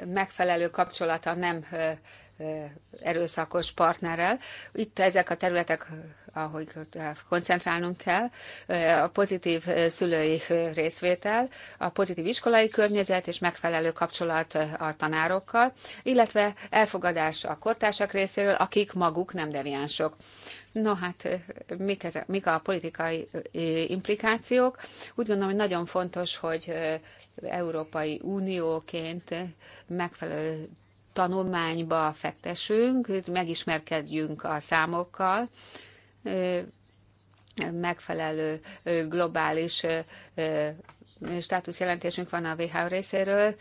Megfelelő kapcsolata nem erőszakos partnerrel. Itt ezek a területek ahogy koncentrálnunk kell, a pozitív szülői részvétel, a pozitív iskolai környezet és megfelelő kapcsolat a tanárokkal, illetve elfogadás a kortársak részéről, akik maguk nem deviánsok. No hát, mik, ezek, mik a politikai implikációk? Úgy gondolom, hogy nagyon fontos, hogy Európai Unióként megfelelő tanulmányba fektessünk, megismerkedjünk a számokkal, megfelelő globális státuszjelentésünk van a WHO részéről,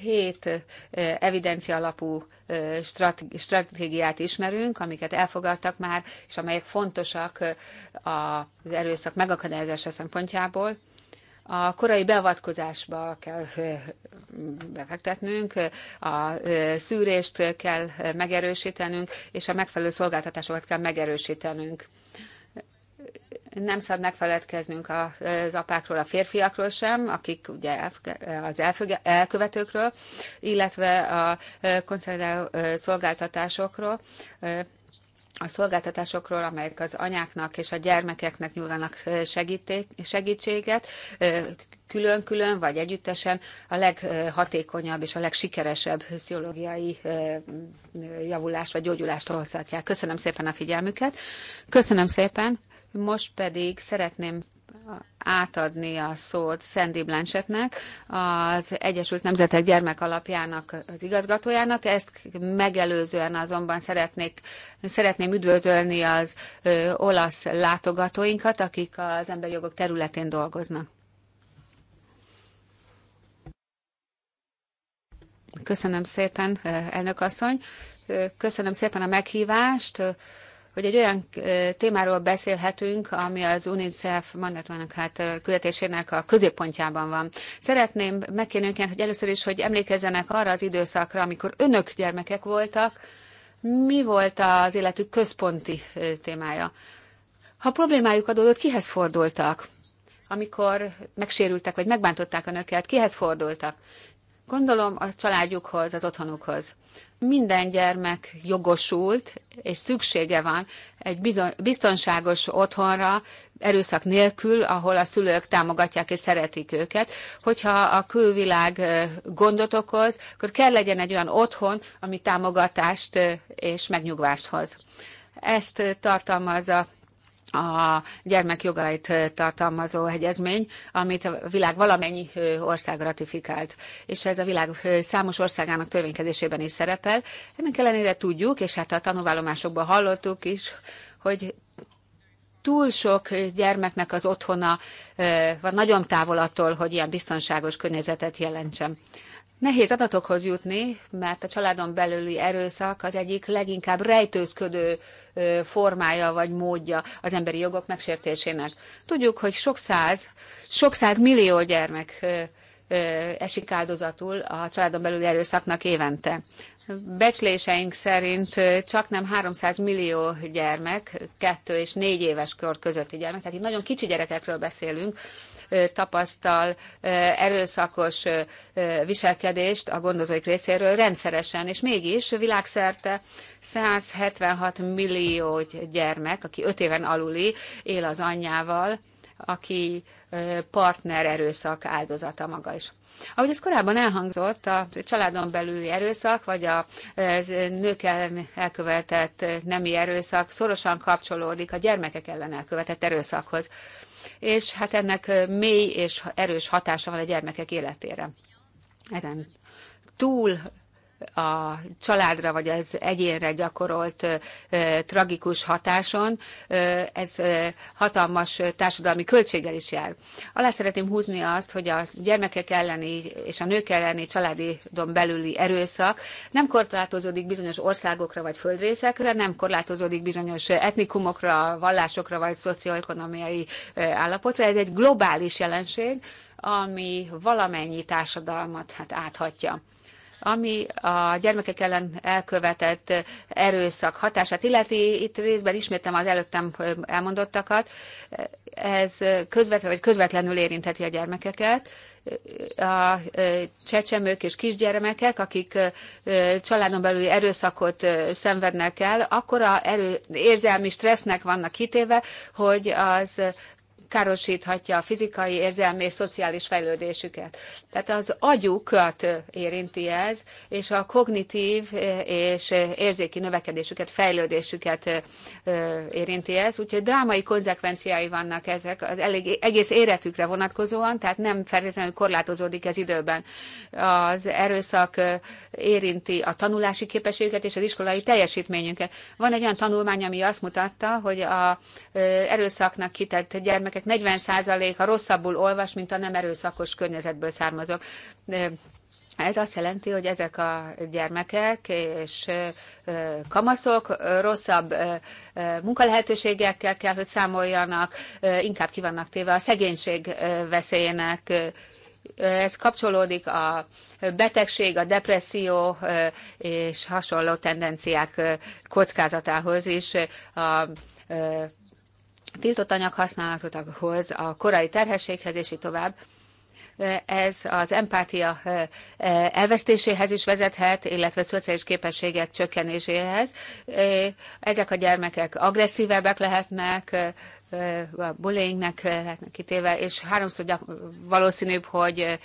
hét evidencia alapú stratégiát ismerünk, amiket elfogadtak már, és amelyek fontosak az erőszak megakadályozása szempontjából a korai beavatkozásba kell befektetnünk, a szűrést kell megerősítenünk, és a megfelelő szolgáltatásokat kell megerősítenünk nem szabad megfeledkeznünk az apákról, a férfiakról sem, akik ugye az elkövetőkről, illetve a konszolidáló szolgáltatásokról a szolgáltatásokról, amelyek az anyáknak és a gyermekeknek nyújtanak segítséget, külön-külön vagy együttesen a leghatékonyabb és a legsikeresebb pszichológiai javulást vagy gyógyulást hozhatják. Köszönöm szépen a figyelmüket. Köszönöm szépen. Most pedig szeretném átadni a szót Sandy Blanchettnek, az Egyesült Nemzetek Gyermek Alapjának az igazgatójának. Ezt megelőzően azonban szeretnék, szeretném üdvözölni az ö, olasz látogatóinkat, akik az emberi jogok területén dolgoznak. Köszönöm szépen, elnök asszony. Köszönöm szépen a meghívást hogy egy olyan témáról beszélhetünk, ami az UNICEF mandátumának hát küldetésének a középpontjában van. Szeretném megkérni önként, hogy először is, hogy emlékezzenek arra az időszakra, amikor önök gyermekek voltak, mi volt az életük központi témája? Ha problémájuk adódott, kihez fordultak? Amikor megsérültek, vagy megbántották önöket, kihez fordultak? Gondolom a családjukhoz, az otthonukhoz minden gyermek jogosult és szüksége van egy biztonságos otthonra, erőszak nélkül, ahol a szülők támogatják és szeretik őket. Hogyha a külvilág gondot okoz, akkor kell legyen egy olyan otthon, ami támogatást és megnyugvást hoz. Ezt tartalmazza a gyermekjogait eh, tartalmazó egyezmény, amit a világ valamennyi eh, ország ratifikált, és ez a világ eh, számos országának törvénykezésében is szerepel. Ennek ellenére tudjuk, és hát a tanúvállomásokban hallottuk is, hogy túl sok gyermeknek az otthona van nagyon távol attól, hogy ilyen biztonságos környezetet jelentsen. Nehéz adatokhoz jutni, mert a családon belüli erőszak az egyik leginkább rejtőzködő formája vagy módja az emberi jogok megsértésének. Tudjuk, hogy sok száz, sok száz millió gyermek esik áldozatul a családon belüli erőszaknak évente. Becsléseink szerint csak nem 300 millió gyermek, kettő és négy éves kör közötti gyermek, tehát itt nagyon kicsi gyerekekről beszélünk, tapasztal erőszakos viselkedést a gondozóik részéről rendszeresen, és mégis világszerte 176 millió gyermek, aki 5 éven aluli él az anyjával, aki partner erőszak áldozata maga is. Ahogy ez korábban elhangzott, a családon belüli erőszak, vagy a nők ellen elkövetett nemi erőszak szorosan kapcsolódik a gyermekek ellen elkövetett erőszakhoz és hát ennek mély és erős hatása van a gyermekek életére. Ezen túl a családra vagy az egyénre gyakorolt tragikus hatáson, ez hatalmas társadalmi költséggel is jár. Alá szeretném húzni azt, hogy a gyermekek elleni és a nők elleni családon belüli erőszak nem korlátozódik bizonyos országokra vagy földrészekre, nem korlátozódik bizonyos etnikumokra, vallásokra vagy szocioekonomiai állapotra. Ez egy globális jelenség, ami valamennyi társadalmat hát áthatja. Ami a gyermekek ellen elkövetett erőszak hatását illeti, itt részben ismétem az előttem elmondottakat, ez közvetlenül vagy közvetlenül érintheti a gyermekeket, a e, csecsemők és kisgyermekek, akik e, családon belüli erőszakot e, szenvednek el, akkora erő, érzelmi stressznek vannak kitéve, hogy az károsíthatja a fizikai, érzelmi és szociális fejlődésüket. Tehát az agyukat érinti ez, és a kognitív és érzéki növekedésüket, fejlődésüket érinti ez, úgyhogy drámai konzekvenciái vannak ezek az elég, egész életükre vonatkozóan, tehát nem feltétlenül korlátozódik ez időben. Az erőszak érinti a tanulási képességüket és az iskolai teljesítményünket. Van egy olyan tanulmány, ami azt mutatta, hogy a erőszaknak kitett gyermek gyerekek 40%-a rosszabbul olvas, mint a nem erőszakos környezetből származók. Ez azt jelenti, hogy ezek a gyermekek és kamaszok rosszabb munkalehetőségekkel kell, hogy számoljanak, inkább kivannak téve a szegénység veszélyének. Ez kapcsolódik a betegség, a depresszió és hasonló tendenciák kockázatához is. A tiltott anyag használatokhoz, a korai terhességhez, és így tovább ez az empátia eh, eh, elvesztéséhez is vezethet, illetve szociális képességek csökkenéséhez. Eh, ezek a gyermekek agresszívebbek lehetnek, a bullyingnek lehetnek kitéve, és háromszor gyak, valószínűbb, hogy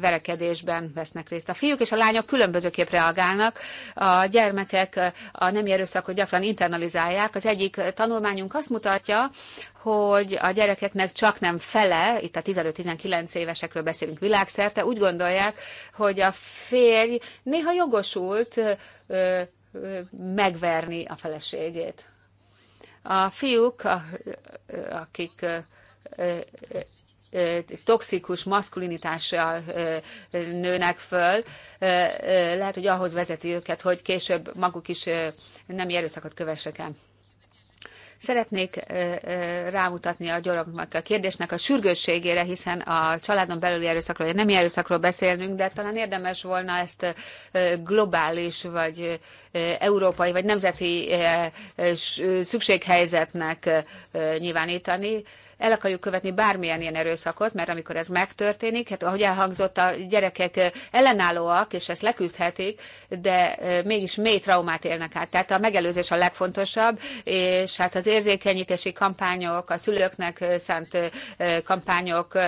verekedésben vesznek részt. A fiúk és a lányok különbözőképp reagálnak, a gyermekek a nem erőszakot gyakran internalizálják. Az egyik tanulmányunk azt mutatja, hogy a gyerekeknek csak nem fele, itt a 15-19 évesekről beszélünk világszerte, úgy gondolják, hogy a férj néha jogosult megverni a feleségét. A fiúk, akik toxikus maszkulinitással nőnek föl, lehet, hogy ahhoz vezeti őket, hogy később maguk is nem erőszakot kövessek el. Szeretnék rámutatni a gyakorlatnak a kérdésnek a sürgősségére, hiszen a családon belüli erőszakról, vagy nem erőszakról beszélnünk, de talán érdemes volna ezt globális, vagy európai, vagy nemzeti szükséghelyzetnek nyilvánítani, el akarjuk követni bármilyen ilyen erőszakot, mert amikor ez megtörténik, hát ahogy elhangzott, a gyerekek ellenállóak, és ezt leküzdhetik, de mégis mély traumát élnek át. Tehát a megelőzés a legfontosabb, és hát az érzékenyítési kampányok, a szülőknek szánt kampányok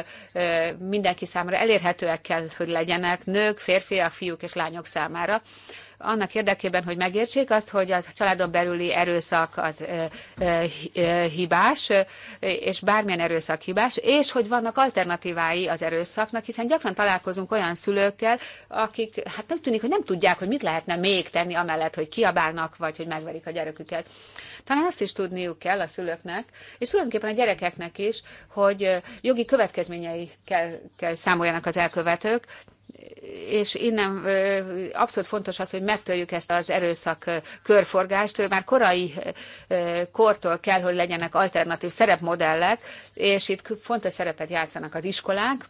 mindenki számára elérhetőek kell, hogy legyenek, nők, férfiak, fiúk és lányok számára annak érdekében, hogy megértsék azt, hogy a családon belüli erőszak az hibás, és bármilyen erőszak hibás, és hogy vannak alternatívái az erőszaknak, hiszen gyakran találkozunk olyan szülőkkel, akik hát nem tűnik, hogy nem tudják, hogy mit lehetne még tenni amellett, hogy kiabálnak, vagy hogy megverik a gyereküket. Talán azt is tudniuk kell a szülőknek, és tulajdonképpen a gyerekeknek is, hogy jogi következményei kell, kell számoljanak az elkövetők, és innen abszolút fontos az, hogy megtörjük ezt az erőszak körforgást. Már korai kortól kell, hogy legyenek alternatív szerepmodellek, és itt fontos szerepet játszanak az iskolák,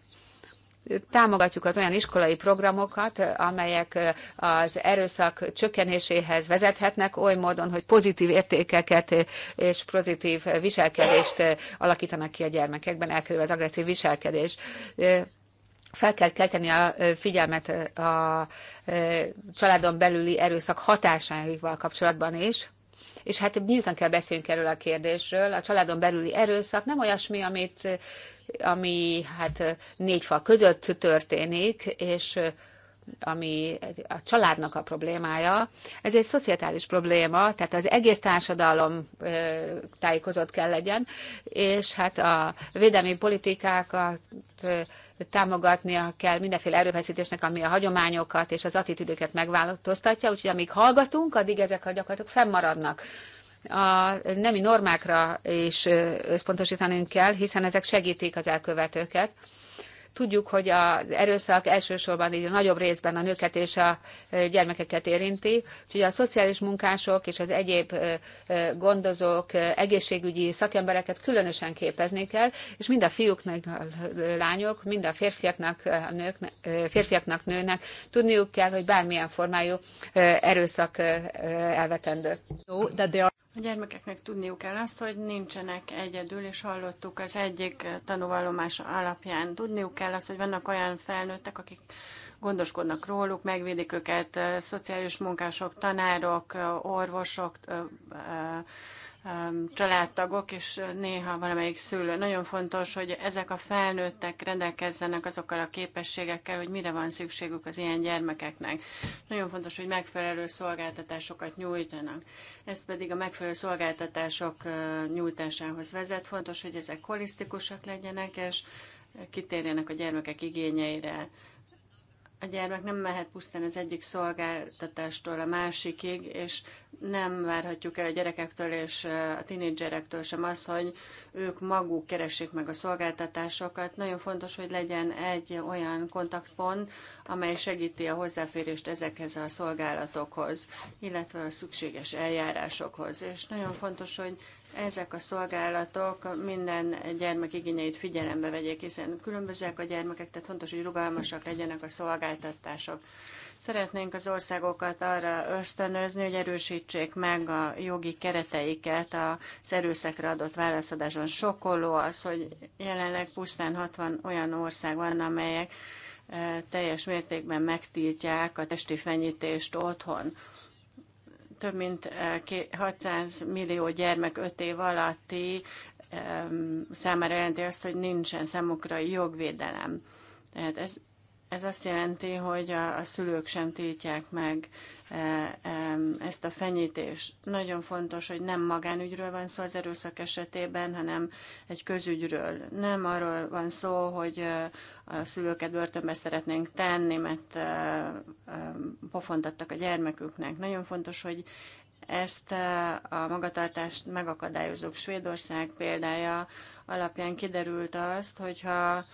támogatjuk az olyan iskolai programokat, amelyek az erőszak csökkenéséhez vezethetnek oly módon, hogy pozitív értékeket és pozitív viselkedést alakítanak ki a gyermekekben, elkerülve az agresszív viselkedés fel kell kelteni a figyelmet a családon belüli erőszak hatásaival kapcsolatban is, és hát nyíltan kell beszélnünk erről a kérdésről. A családon belüli erőszak nem olyasmi, amit, ami hát négy fal között történik, és ami a családnak a problémája. Ez egy szociális probléma, tehát az egész társadalom tájékozott kell legyen, és hát a védelmi politikákat támogatnia kell mindenféle erőfeszítésnek, ami a hagyományokat és az attitűdöket megváltoztatja, úgyhogy amíg hallgatunk, addig ezek a gyakorlatok fennmaradnak a nemi normákra is összpontosítanunk kell, hiszen ezek segítik az elkövetőket. Tudjuk, hogy az erőszak elsősorban így a nagyobb részben a nőket és a gyermekeket érinti, úgyhogy a szociális munkások és az egyéb gondozók, egészségügyi szakembereket különösen képezni kell, és mind a fiúknak, a lányok, mind a férfiaknak, a nők, férfiaknak, nőnek tudniuk kell, hogy bármilyen formájú erőszak elvetendő. A gyermekeknek tudniuk kell azt, hogy nincsenek egyedül, és hallottuk az egyik tanúvallomás alapján. Tudniuk kell azt, hogy vannak olyan felnőttek, akik gondoskodnak róluk, megvédik őket, szociális munkások, tanárok, orvosok, Um, családtagok, és néha valamelyik szülő. Nagyon fontos, hogy ezek a felnőttek rendelkezzenek azokkal a képességekkel, hogy mire van szükségük az ilyen gyermekeknek. Nagyon fontos, hogy megfelelő szolgáltatásokat nyújtanak. Ez pedig a megfelelő szolgáltatások uh, nyújtásához vezet. Fontos, hogy ezek holisztikusak legyenek, és kitérjenek a gyermekek igényeire a gyermek nem mehet pusztán az egyik szolgáltatástól a másikig, és nem várhatjuk el a gyerekektől és a tinédzserektől sem azt, hogy ők maguk keressék meg a szolgáltatásokat. Nagyon fontos, hogy legyen egy olyan kontaktpont, amely segíti a hozzáférést ezekhez a szolgálatokhoz, illetve a szükséges eljárásokhoz. És nagyon fontos, hogy ezek a szolgálatok minden gyermek igényeit figyelembe vegyék, hiszen különbözőek a gyermekek, tehát fontos, hogy rugalmasak legyenek a szolgáltatások. Szeretnénk az országokat arra ösztönözni, hogy erősítsék meg a jogi kereteiket az erőszakra adott válaszadáson. Sokoló az, hogy jelenleg pusztán 60 olyan ország van, amelyek eh, teljes mértékben megtiltják a testi fenyítést otthon több mint 600 eh, millió gyermek 5 év alatti számára jelenti azt, hogy nincsen számukra jogvédelem. Tehát ez ez azt jelenti, hogy a, a szülők sem tiltják meg e, e, ezt a fenyítést. Nagyon fontos, hogy nem magánügyről van szó az erőszak esetében, hanem egy közügyről. Nem arról van szó, hogy e, a szülőket börtönbe szeretnénk tenni, mert pofontattak a gyermeküknek. Nagyon fontos, hogy ezt a magatartást megakadályozók. Svédország példája alapján kiderült azt, hogyha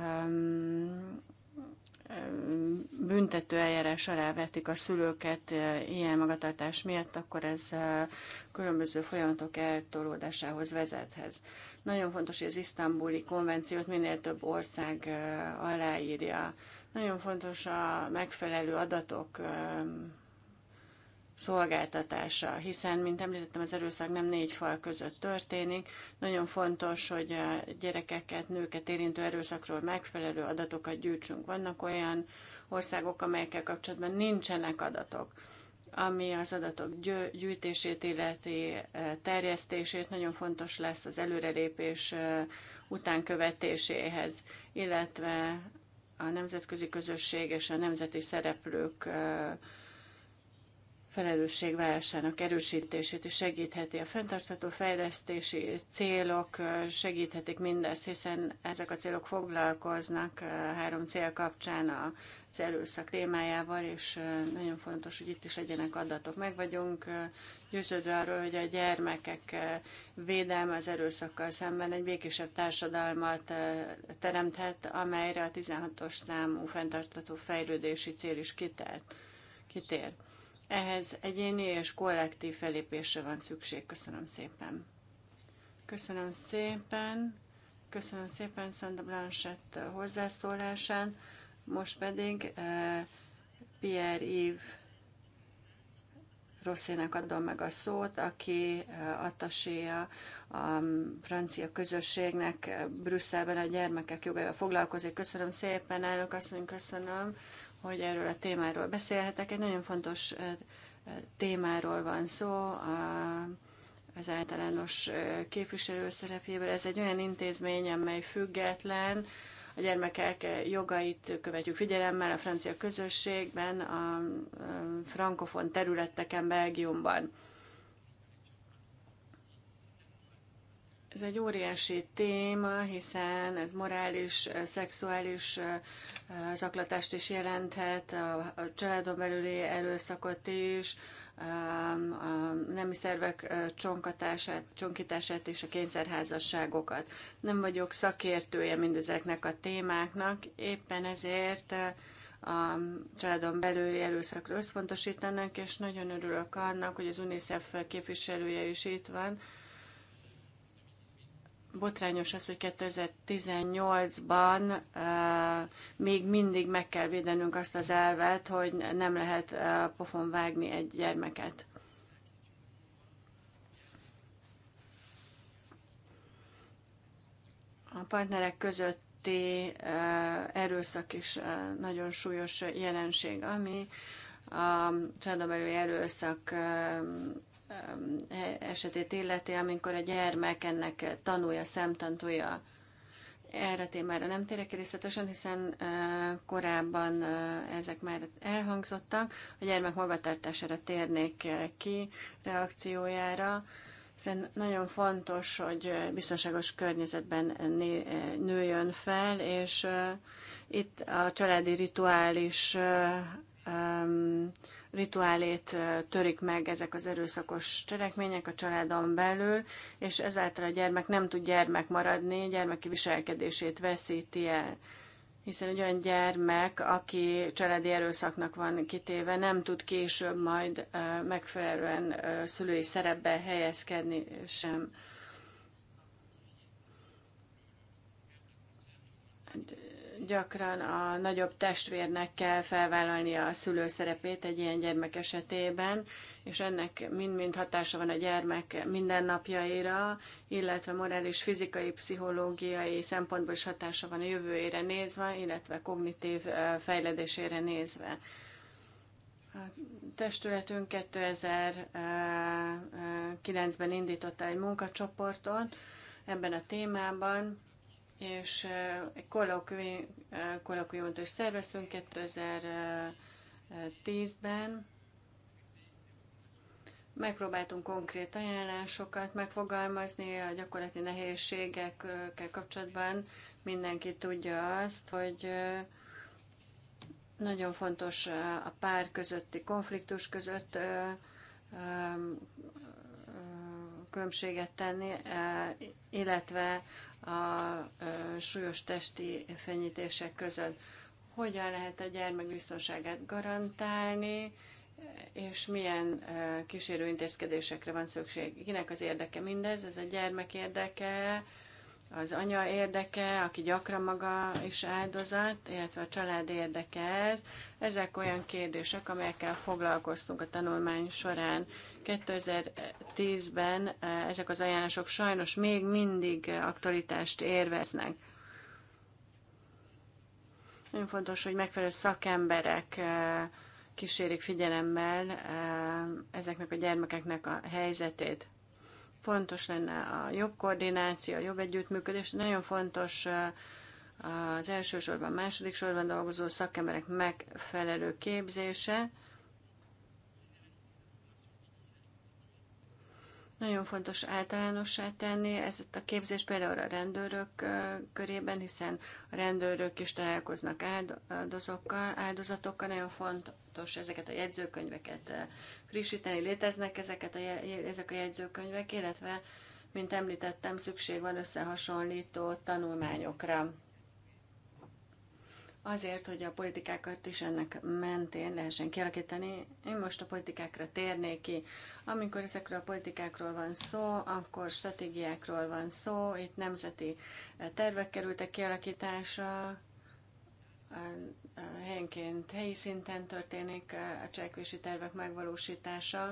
um, büntető eljárás alá vetik a szülőket ilyen magatartás miatt, akkor ez különböző folyamatok eltolódásához vezethez. Nagyon fontos, hogy az isztambuli konvenciót minél több ország aláírja. Nagyon fontos a megfelelő adatok szolgáltatása, hiszen, mint említettem, az erőszak nem négy fal között történik. Nagyon fontos, hogy a gyerekeket, nőket érintő erőszakról megfelelő adatokat gyűjtsünk. Vannak olyan országok, amelyekkel kapcsolatban nincsenek adatok ami az adatok gyűjtését illeti eh, terjesztését nagyon fontos lesz az előrelépés eh, utánkövetéséhez, illetve a nemzetközi közösség és a nemzeti szereplők eh, felelősségvállásának erősítését is segítheti. A fenntartható fejlesztési célok segíthetik mindezt, hiszen ezek a célok foglalkoznak három cél kapcsán a erőszak témájával, és nagyon fontos, hogy itt is legyenek adatok. Meg vagyunk győződve arról, hogy a gyermekek védelme az erőszakkal szemben egy békésebb társadalmat teremthet, amelyre a 16-os számú fenntartható fejlődési cél is kitér. kitér. Ehhez egyéni és kollektív felépésre van szükség. Köszönöm szépen. Köszönöm szépen. Köszönöm szépen Szent Blanchett hozzászólásán. Most pedig eh, Pierre-Yves Rosszének adom meg a szót, aki eh, attaséja a mm, francia közösségnek eh, Brüsszelben a gyermekek jogaival foglalkozik. Köszönöm szépen, elnök asszony, köszönöm hogy erről a témáról beszélhetek. Egy nagyon fontos témáról van szó az általános képviselő szerepjében. Ez egy olyan intézmény, amely független, a gyermekek jogait követjük figyelemmel a francia közösségben, a frankofon területeken, Belgiumban. Ez egy óriási téma, hiszen ez morális, szexuális zaklatást is jelenthet, a családon belüli erőszakot is, a nemi szervek csonkatását, csonkítását és a kényszerházasságokat. Nem vagyok szakértője mindezeknek a témáknak, éppen ezért a családon belüli erőszakra összfontosítanak, és nagyon örülök annak, hogy az UNICEF képviselője is itt van, botrányos az, hogy 2018-ban uh, még mindig meg kell védenünk azt az elvet, hogy nem lehet uh, pofon vágni egy gyermeket. A partnerek közötti uh, erőszak is uh, nagyon súlyos jelenség, ami a családomerő erőszak uh, Um, e, esetét illeti, amikor a gyermek ennek tanulja, szemtanúja. Erre a témára nem térek részletesen, hiszen e, korábban e, ezek már elhangzottak. A gyermek magatartására térnék ki reakciójára, hiszen nagyon fontos, hogy biztonságos környezetben nőjön fel, és itt a családi rituális um, rituálét törik meg ezek az erőszakos cselekmények a családon belül, és ezáltal a gyermek nem tud gyermek maradni, gyermeki viselkedését veszíti el. Hiszen egy olyan gyermek, aki családi erőszaknak van kitéve, nem tud később majd megfelelően szülői szerepbe helyezkedni sem. Hát, Gyakran a nagyobb testvérnek kell felvállalni a szülő szerepét egy ilyen gyermek esetében, és ennek mind-mind hatása van a gyermek mindennapjaira, illetve morális, fizikai, pszichológiai szempontból is hatása van a jövőjére nézve, illetve kognitív fejledésére nézve. A testületünk 2009-ben indította egy munkacsoportot ebben a témában, és egy kollokviumot is szerveztünk 2010-ben. Megpróbáltunk konkrét ajánlásokat megfogalmazni a gyakorlati nehézségekkel kapcsolatban. Mindenki tudja azt, hogy nagyon fontos a pár közötti konfliktus között különbséget tenni, illetve a súlyos testi fenyítések között. Hogyan lehet a gyermek biztonságát garantálni, és milyen kísérő intézkedésekre van szükség? Kinek az érdeke mindez? Ez a gyermek érdeke, az anya érdeke, aki gyakran maga is áldozat, illetve a család érdeke ez. Ezek olyan kérdések, amelyekkel foglalkoztunk a tanulmány során, 2010-ben eh, ezek az ajánlások sajnos még mindig eh, aktualitást érveznek. Nagyon fontos, hogy megfelelő szakemberek eh, kísérik figyelemmel ezeknek a gyermekeknek a helyzetét. Fontos lenne a jobb koordináció, a jobb együttműködés, nagyon fontos az első sorban, második sorban dolgozó szakemberek megfelelő képzése, Nagyon fontos általánossá tenni ezt a képzés például a rendőrök körében, hiszen a rendőrök is találkoznak áldozókkal, áldozatokkal, nagyon fontos ezeket a jegyzőkönyveket frissíteni. Léteznek ezeket a, ezek a jegyzőkönyvek, illetve, mint említettem, szükség van összehasonlító tanulmányokra azért, hogy a politikákat is ennek mentén lehessen kialakítani. Én most a politikákra térnék ki. Amikor ezekről a politikákról van szó, akkor stratégiákról van szó, itt nemzeti eh, tervek kerültek kialakításra, helyenként helyi szinten történik eh, a cselekvési tervek megvalósítása,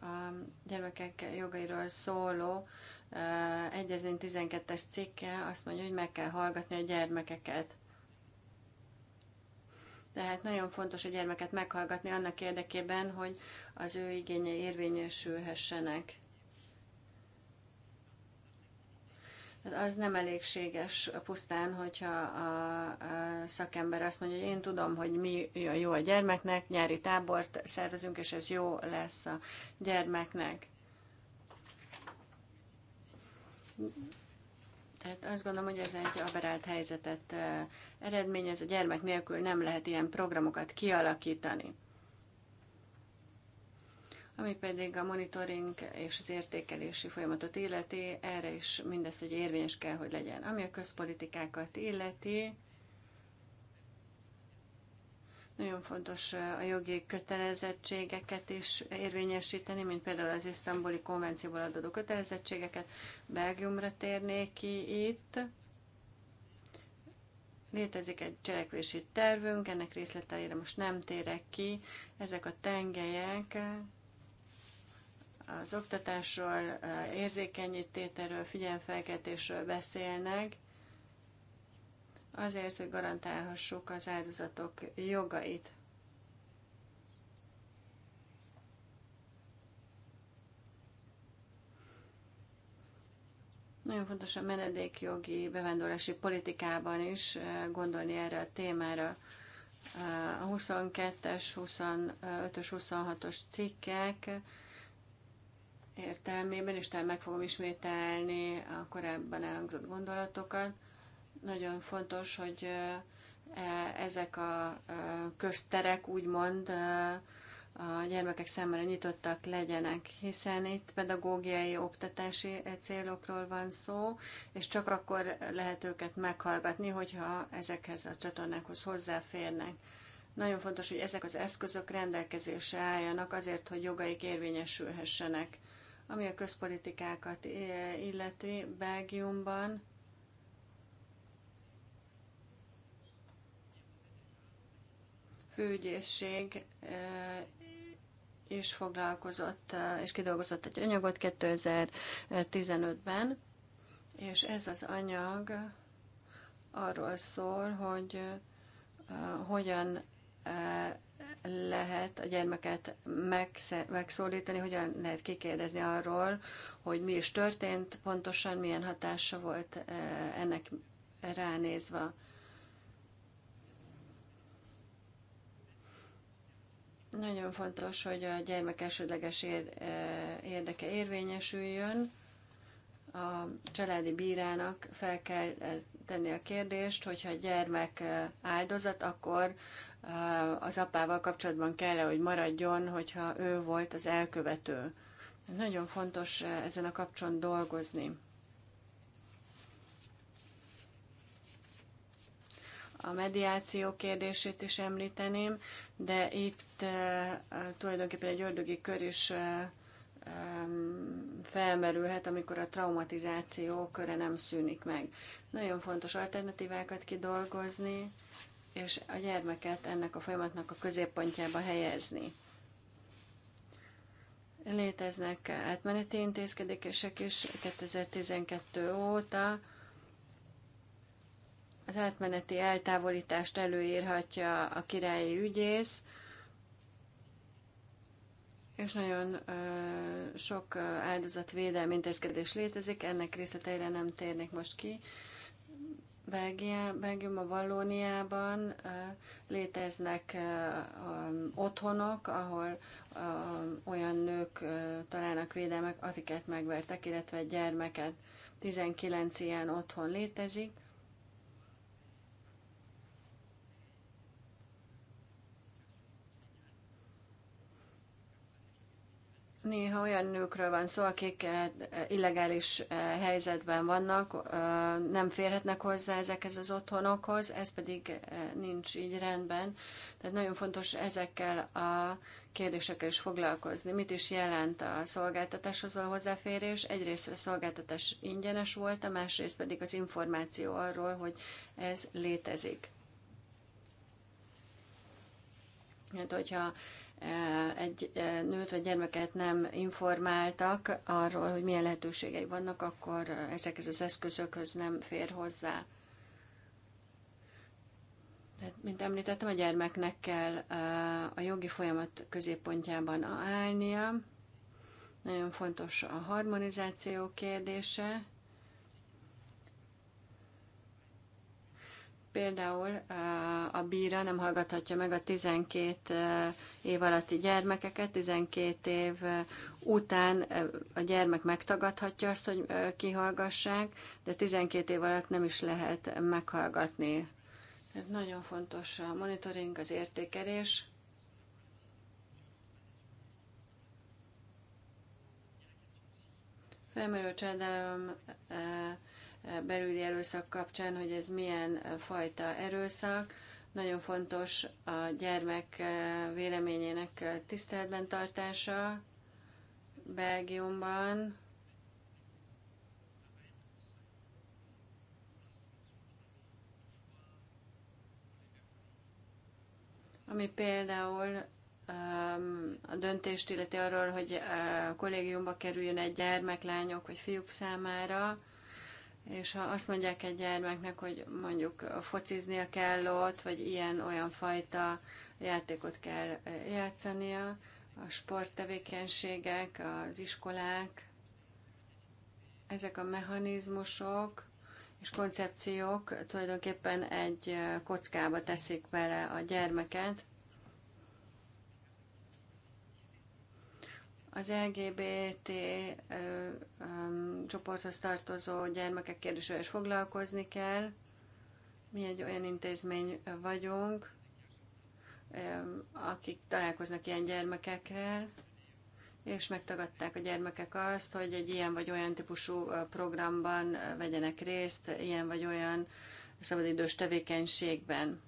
a gyermekek jogairól szóló eh, egyezmény 12-es cikke azt mondja, hogy meg kell hallgatni a gyermekeket. Tehát nagyon fontos a gyermeket meghallgatni annak érdekében, hogy az ő igénye érvényesülhessenek. Tehát az nem elégséges pusztán, hogyha a, a szakember azt mondja, hogy én tudom, hogy mi a jó a gyermeknek, nyári tábort szervezünk, és ez jó lesz a gyermeknek tehát azt gondolom, hogy ez egy aberált helyzetet eredményez. A gyermek nélkül nem lehet ilyen programokat kialakítani. Ami pedig a monitoring és az értékelési folyamatot illeti, erre is mindez, hogy érvényes kell, hogy legyen. Ami a közpolitikákat illeti, nagyon fontos a jogi kötelezettségeket is érvényesíteni, mint például az isztambuli konvencióból adódó kötelezettségeket. Belgiumra térnék ki itt. Létezik egy cselekvési tervünk, ennek részleteire most nem térek ki. Ezek a tengelyek az oktatásról, érzékenyítéterről, figyelmfelkeltésről beszélnek, azért, hogy garantálhassuk az áldozatok jogait. Nagyon fontos a menedékjogi bevándorlási politikában is eh, gondolni erre a témára. Eh, a 22-es, 25-ös, 26-os cikkek értelmében, és talán meg fogom ismételni a korábban elhangzott gondolatokat, nagyon fontos, hogy e, ezek a közterek úgymond a gyermekek számára nyitottak legyenek, hiszen itt pedagógiai, oktatási e, célokról van szó, és csak akkor lehet őket meghallgatni, hogyha ezekhez a csatornákhoz hozzáférnek. Nagyon fontos, hogy ezek az eszközök rendelkezésre álljanak azért, hogy jogaik érvényesülhessenek. Ami a közpolitikákat e, illeti Belgiumban, külügyészség eh, is foglalkozott eh, és kidolgozott egy anyagot 2015-ben, és ez az anyag arról szól, hogy eh, hogyan lehet a gyermeket megszólítani, hogyan lehet kikérdezni arról, hogy mi is történt, pontosan milyen hatása volt ennek ránézve. Nagyon fontos, hogy a gyermek elsődleges érdeke érvényesüljön. A családi bírának fel kell tenni a kérdést, hogyha a gyermek áldozat, akkor az apával kapcsolatban kell -e, hogy maradjon, hogyha ő volt az elkövető. Nagyon fontos ezen a kapcson dolgozni. a mediáció kérdését is említeném, de itt eh, tulajdonképpen egy ördögi kör is eh, felmerülhet, amikor a traumatizáció köre nem szűnik meg. Nagyon fontos alternatívákat kidolgozni, és a gyermeket ennek a folyamatnak a középpontjába helyezni. Léteznek átmeneti intézkedések is 2012 óta, az átmeneti eltávolítást előírhatja a királyi ügyész, és nagyon ö, sok áldozatvédelmi intézkedés létezik, ennek részleteire nem térnék most ki. Belgia, Belgium a Vallóniában ö, léteznek ö, ö, otthonok, ahol ö, olyan nők ö, találnak védelmek, akiket megvertek, illetve gyermeket. 19 ilyen otthon létezik. Néha olyan nőkről van szó, akik eh, illegális eh, helyzetben vannak, eh, nem férhetnek hozzá ezekhez az otthonokhoz, ez pedig nincs így rendben. Tehát nagyon fontos ezekkel a kérdésekkel is foglalkozni. Mit is jelent a szolgáltatáshoz való hozzáférés? Egyrészt a szolgáltatás ingyenes volt, a másrészt pedig az információ arról, hogy ez létezik. Hát, hogyha Eh, egy eh, nőt vagy gyermeket nem informáltak arról, hogy milyen lehetőségei vannak, akkor ezekhez az eszközökhöz nem fér hozzá. Tehát, mint említettem, a gyermeknek kell eh, a jogi folyamat középpontjában állnia. Nagyon fontos a harmonizáció kérdése. Például a bíra nem hallgathatja meg a 12 év alatti gyermekeket, 12 év után a gyermek megtagadhatja azt, hogy kihallgassák, de 12 év alatt nem is lehet meghallgatni. Ez nagyon fontos a monitoring, az értékelés. Felmerül a belüli erőszak kapcsán, hogy ez milyen fajta erőszak. Nagyon fontos a gyermek eh, véleményének eh, tiszteletben tartása Belgiumban. Ami például ehm, a döntést illeti arról, hogy a eh, kollégiumba kerüljön egy gyermek lányok vagy fiúk számára, és ha azt mondják egy gyermeknek, hogy mondjuk fociznia kell ott, vagy ilyen-olyan fajta játékot kell eh, játszania, a sporttevékenységek, az iskolák, ezek a mechanizmusok és koncepciók tulajdonképpen egy eh, kockába teszik bele a gyermeket, Az LGBT ö, ö, csoporthoz tartozó gyermekek kérdésével is foglalkozni kell. Mi egy olyan intézmény vagyunk, ö, akik találkoznak ilyen gyermekekkel, és megtagadták a gyermekek azt, hogy egy ilyen vagy olyan típusú programban vegyenek részt, ilyen vagy olyan szabadidős tevékenységben.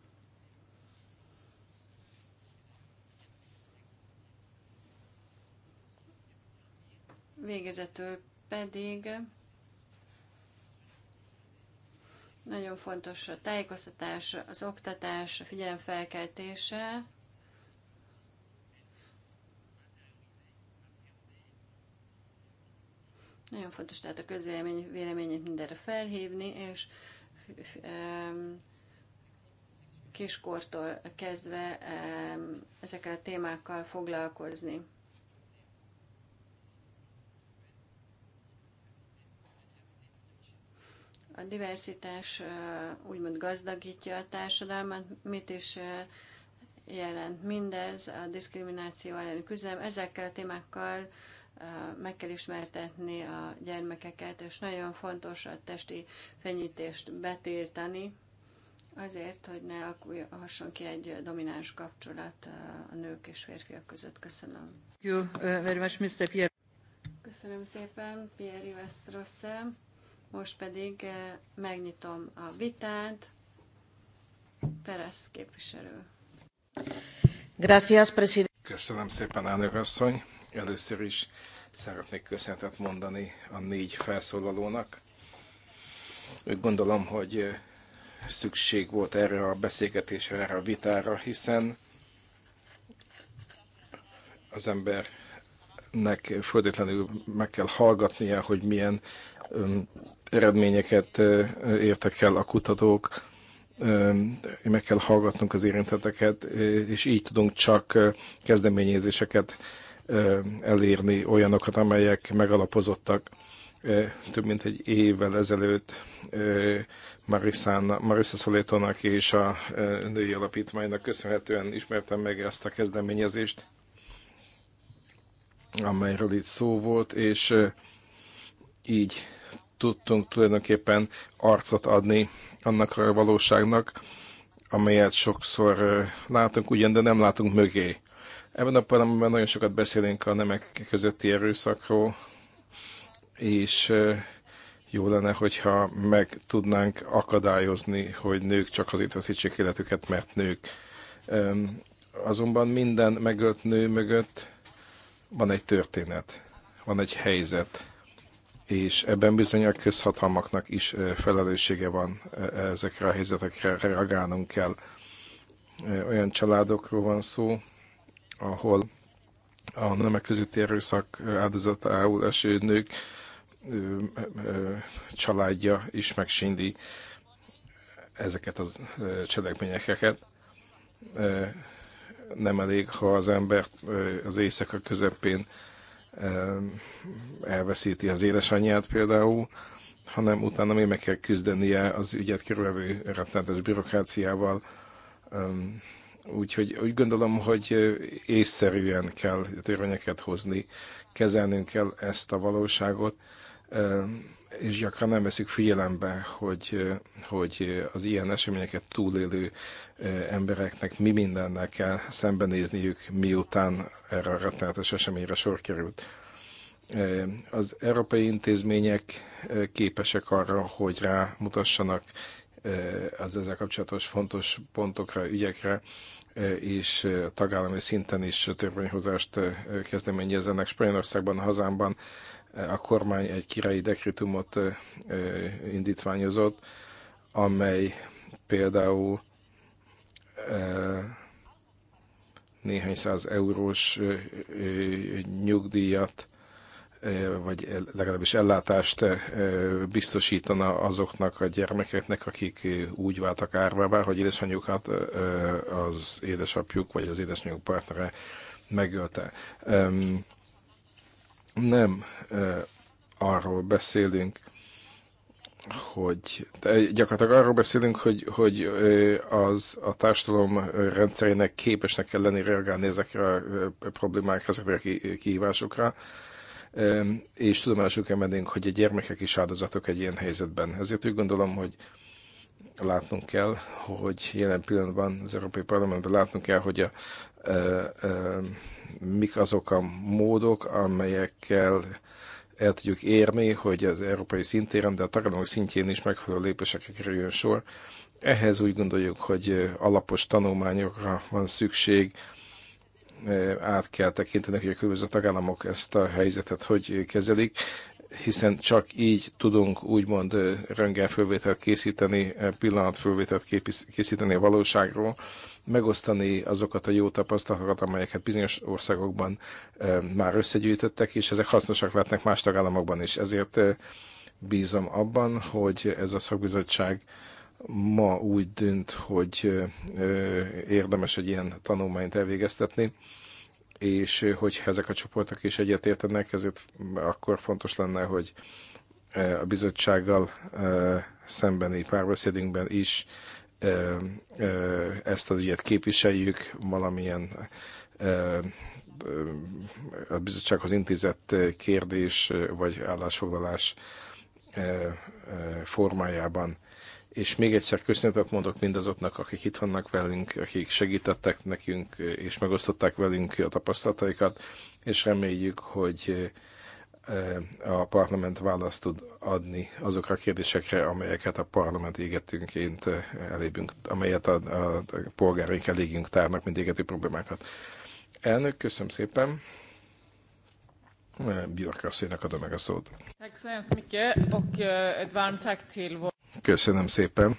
Végezetül pedig nagyon fontos a tájékoztatás, az oktatás, a felkeltése. Nagyon fontos tehát a közvélemény véleményét mindenre felhívni, és kiskortól kezdve ezekkel a témákkal foglalkozni. A diversitás úgymond gazdagítja a társadalmat, mit is jelent mindez, a diszkrimináció elleni küzdelem. Ezekkel a témákkal meg kell ismertetni a gyermekeket, és nagyon fontos a testi fenyítést betiltani, azért, hogy ne alakulhasson ki egy domináns kapcsolat a nők és férfiak között. Köszönöm. jó you very much, Mr. Pierre. Köszönöm szépen, Pierre Ivestrosse. Most pedig eh, megnyitom a vitát. Peresz képviselő. Gracias, president. Köszönöm szépen, elnök asszony. Először is szeretnék köszönetet mondani a négy felszólalónak. Úgy gondolom, hogy eh, szükség volt erre a beszélgetésre, erre a vitára, hiszen az embernek földetlenül meg kell hallgatnia, hogy milyen eredményeket értek el a kutatók, meg kell hallgatnunk az érintetteket, és így tudunk csak kezdeményezéseket elérni, olyanokat, amelyek megalapozottak. Több mint egy évvel ezelőtt Marissa Szolétonak és a Női Alapítványnak köszönhetően ismertem meg ezt a kezdeményezést, amelyről itt szó volt, és így tudtunk tulajdonképpen arcot adni annak a valóságnak, amelyet sokszor látunk ugyan, de nem látunk mögé. Ebben a pillanatban nagyon sokat beszélünk a nemek közötti erőszakról, és jó lenne, hogyha meg tudnánk akadályozni, hogy nők csak azért veszítsék életüket, mert nők. Azonban minden megölt nő mögött van egy történet, van egy helyzet, és ebben bizony a közhatalmaknak is felelőssége van ezekre a helyzetekre, reagálnunk kell. Olyan családokról van szó, ahol a nemek közötti erőszak áldozatául eső nők családja is megsindi ezeket a cselekményeket. Nem elég, ha az ember az éjszaka közepén elveszíti az édesanyját például, hanem utána még meg kell küzdenie az ügyet körülvevő rettenetes bürokráciával. Úgyhogy úgy gondolom, hogy észszerűen kell törvényeket hozni, kezelnünk kell ezt a valóságot, és gyakran nem veszik figyelembe, hogy, hogy az ilyen eseményeket túlélő embereknek mi mindennel kell szembenézniük, miután erre a rettenetes eseményre sor került. Az európai intézmények képesek arra, hogy rámutassanak az ezzel kapcsolatos fontos pontokra, ügyekre, és tagállami szinten is törvényhozást kezdeményezzenek. Spanyolországban, hazámban a kormány egy királyi dekritumot indítványozott, amely például néhány száz eurós nyugdíjat, vagy legalábbis ellátást biztosítana azoknak a gyermekeknek, akik úgy váltak árvává, hogy édesanyjukat az édesapjuk vagy az édesanyjuk partnere megölte. Um, nem arról beszélünk, hogy de gyakorlatilag arról beszélünk, hogy, hogy az a társadalom rendszerének képesnek kell lenni reagálni ezekre a problémákra, ezekre a kihívásokra, és tudomásul kell mennünk, hogy a gyermekek is áldozatok egy ilyen helyzetben. Ezért úgy gondolom, hogy látnunk kell, hogy jelen pillanatban az Európai Parlamentben látnunk kell, hogy a, a, a mik azok a módok, amelyekkel el tudjuk érni, hogy az európai szintéren, de a tagadalmi szintjén is megfelelő lépésekre kerüljön sor. Ehhez úgy gondoljuk, hogy alapos tanulmányokra van szükség, át kell tekinteni, hogy a különböző tagállamok ezt a helyzetet hogy kezelik, hiszen csak így tudunk úgymond röntgenfölvételt készíteni, pillanatfölvételt készíteni a valóságról, megosztani azokat a jó tapasztalatokat, amelyeket bizonyos országokban már összegyűjtöttek, és ezek hasznosak lehetnek más tagállamokban is. Ezért bízom abban, hogy ez a szakbizottság ma úgy dönt, hogy érdemes egy ilyen tanulmányt elvégeztetni, és hogy ezek a csoportok is egyetértenek, ezért akkor fontos lenne, hogy a bizottsággal szembeni párbeszédünkben is ezt az ügyet képviseljük, valamilyen a bizottsághoz intézett kérdés vagy állásfoglalás formájában. És még egyszer köszönetet mondok mindazoknak, akik itt vannak velünk, akik segítettek nekünk és megosztották velünk a tapasztalataikat, és reméljük, hogy a parlament választ tud adni azokra a kérdésekre, amelyeket a parlament égetünként elébünk, amelyet a, a, a polgáraink elégünk tárnak, mint égető problémákat. Elnök, köszönöm szépen. Björk asszonynak adom meg a szót. Köszönöm szépen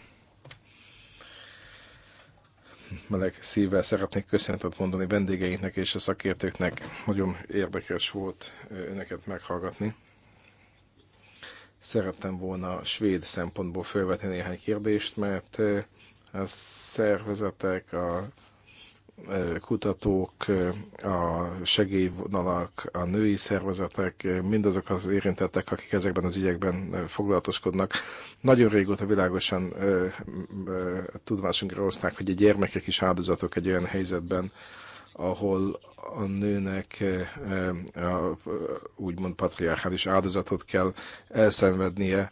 meleg szívvel szeretnék köszönetet mondani vendégeinknek és a szakértőknek. Nagyon érdekes volt önöket meghallgatni. Szerettem volna svéd szempontból felvetni néhány kérdést, mert a szervezetek, a kutatók, a segélyvonalak, a női szervezetek, mindazok az érintettek, akik ezekben az ügyekben foglalatoskodnak. Nagyon régóta világosan tudomásunkra hozták, hogy a gyermekek is áldozatok egy olyan helyzetben, ahol a nőnek a, úgymond patriarchális áldozatot kell elszenvednie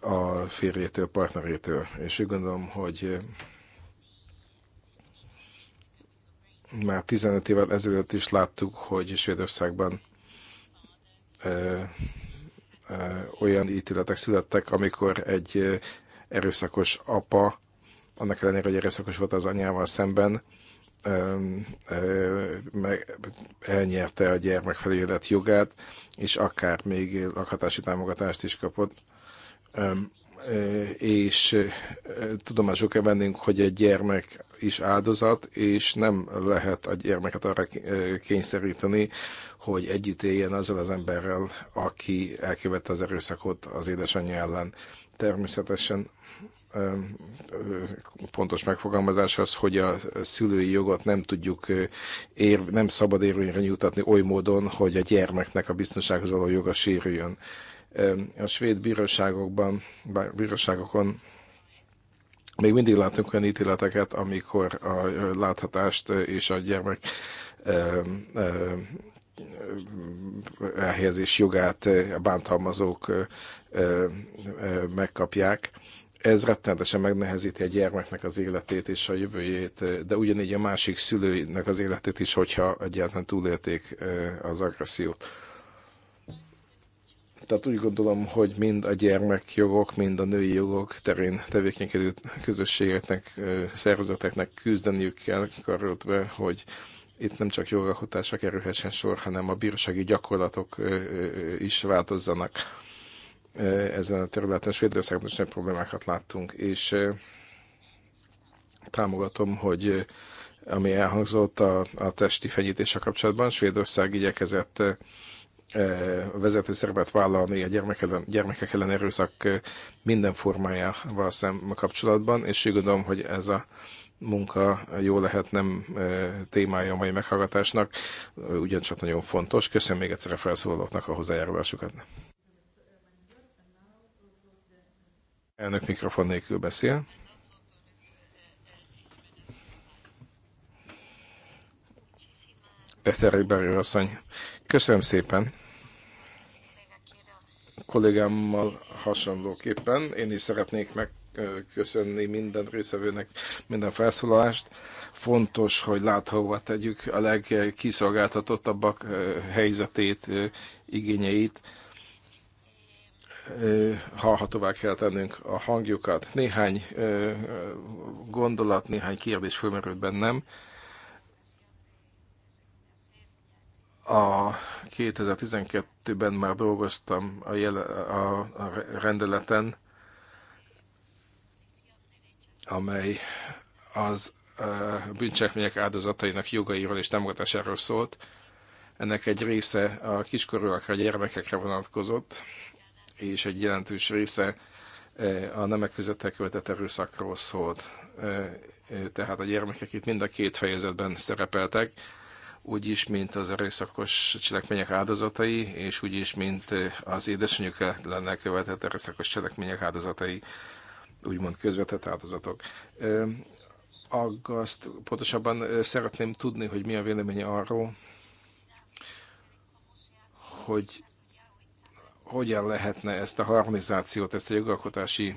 a férjétől, partnerétől. És úgy gondolom, hogy Már 15 évvel ezelőtt is láttuk, hogy Svédországban ö, ö, olyan ítéletek születtek, amikor egy erőszakos apa, annak ellenére, hogy erőszakos volt az anyával szemben, meg elnyerte a gyermekfelügyelet jogát, és akár még lakhatási támogatást is kapott és tudomásul kell vennünk, hogy egy gyermek is áldozat, és nem lehet a gyermeket arra kényszeríteni, hogy együtt éljen azzal az emberrel, aki elkövette az erőszakot az édesanyja ellen. Természetesen pontos megfogalmazás az, hogy a szülői jogot nem tudjuk, ér, nem szabad érvényre nyújtatni oly módon, hogy a gyermeknek a biztonsághoz való joga sérüljön a svéd bíróságokban, bíróságokon még mindig látunk olyan ítéleteket, amikor a láthatást és a gyermek elhelyezés jogát a bántalmazók megkapják. Ez rettenetesen megnehezíti a gyermeknek az életét és a jövőjét, de ugyanígy a másik szülőnek az életét is, hogyha egyáltalán túlélték az agressziót. Tehát úgy gondolom, hogy mind a gyermekjogok, mind a női jogok terén tevékenykedő közösségeknek, szervezeteknek küzdeniük kell karöltve, hogy itt nem csak jogalkotásra kerülhessen sor, hanem a bírsági gyakorlatok is változzanak. Ezen a területen Svédországban is nagy problémákat láttunk, és támogatom, hogy ami elhangzott a, a testi fenyítése kapcsolatban, Svédország igyekezett vezető szerepet vállalni a gyermek ellen, gyermekek ellen erőszak minden formájával szem kapcsolatban, és úgy gondolom, hogy ez a munka jó lehet nem témája a mai meghallgatásnak, ugyancsak nagyon fontos. Köszönöm még egyszer a felszólalóknak a hozzájárulásukat. Elnök mikrofon nélkül beszél. Beteri Berő asszony. Köszönöm szépen kollégámmal hasonlóképpen. Én is szeretnék megköszönni minden részevőnek minden felszólalást. Fontos, hogy láthatóvá tegyük a legkiszolgáltatottabbak helyzetét, igényeit. Hallhatóvá kell tennünk a hangjukat. Néhány gondolat, néhány kérdés fölmerült bennem A 2012-ben már dolgoztam a, jele, a, a rendeleten, amely az bűncselekmények áldozatainak jogairól és támogatásáról szólt. Ennek egy része a kiskorúakra, gyermekekre vonatkozott, és egy jelentős része a nemek között elkövetett erőszakról szólt. Tehát a gyermekek itt mind a két fejezetben szerepeltek úgyis, mint az erőszakos cselekmények áldozatai, és úgyis, mint az édesanyjuk lenne követett erőszakos cselekmények áldozatai, úgymond közvetett áldozatok. Aggaszt, pontosabban szeretném tudni, hogy mi a véleménye arról, hogy hogyan lehetne ezt a harmonizációt, ezt a jogalkotási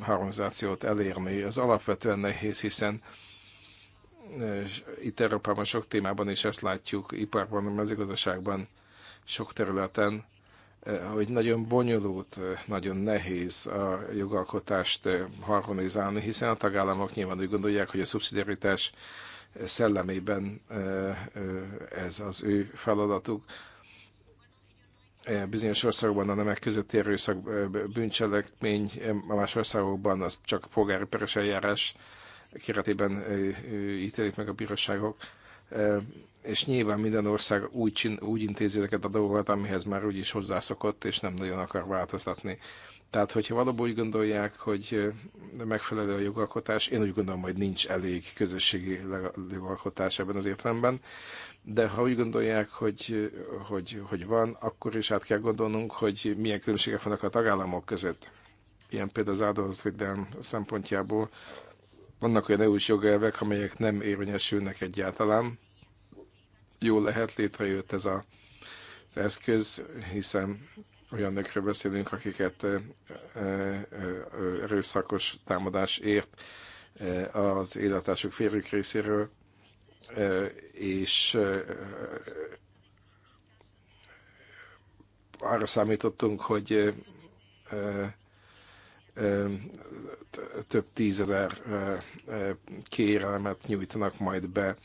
harmonizációt elérni. Ez alapvetően nehéz, hiszen itt Európában sok témában is ezt látjuk, iparban, mezőgazdaságban, sok területen, eh, hogy nagyon bonyolult, eh, nagyon nehéz a jogalkotást eh, harmonizálni, hiszen a tagállamok nyilván úgy gondolják, hogy a szubszidiaritás szellemében ez az ő feladatuk. Bizonyos országokban a nemek között erőszak bűncselekmény, más országokban az csak polgári peres eljárás keretében ítélik meg a bíróságok, és nyilván minden ország úgy, csin, úgy intézi ezeket a dolgokat, amihez már úgyis hozzászokott, és nem nagyon akar változtatni. Tehát, hogyha valóban úgy gondolják, hogy megfelelő a jogalkotás, én úgy gondolom, hogy nincs elég közösségi jogalkotás ebben az értelemben, de ha úgy gondolják, hogy, hogy, hogy van, akkor is át kell gondolnunk, hogy milyen különbségek vannak a tagállamok között. Ilyen például az áldozatvédelm szempontjából vannak olyan EU-s jogelvek, amelyek nem érvényesülnek egyáltalán. Jó lehet, létrejött ez a, az eszköz, hiszen olyan nökről beszélünk, akiket erőszakos támadás ért az életások férjük részéről, és arra számítottunk, hogy több tízezer kérelmet nyújtanak majd be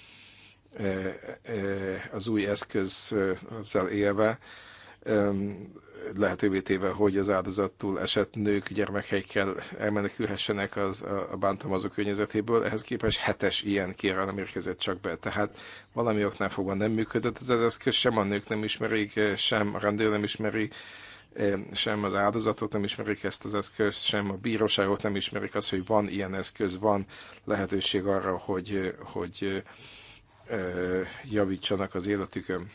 az új eszközzel élve, lehetővé téve, hogy az áldozattól esett nők gyermekeikkel elmenekülhessenek az, a bántalmazó környezetéből. Ehhez képest hetes ilyen kérelem érkezett csak be. Tehát valami oknál fogva nem működött ez az eszköz, sem a nők nem ismerik, sem a rendőr nem ismeri, sem az áldozatot nem ismerik ezt az eszközt, sem a bíróságot nem ismerik azt, hogy van ilyen eszköz, van lehetőség arra, hogy, hogy javítsanak az életükön.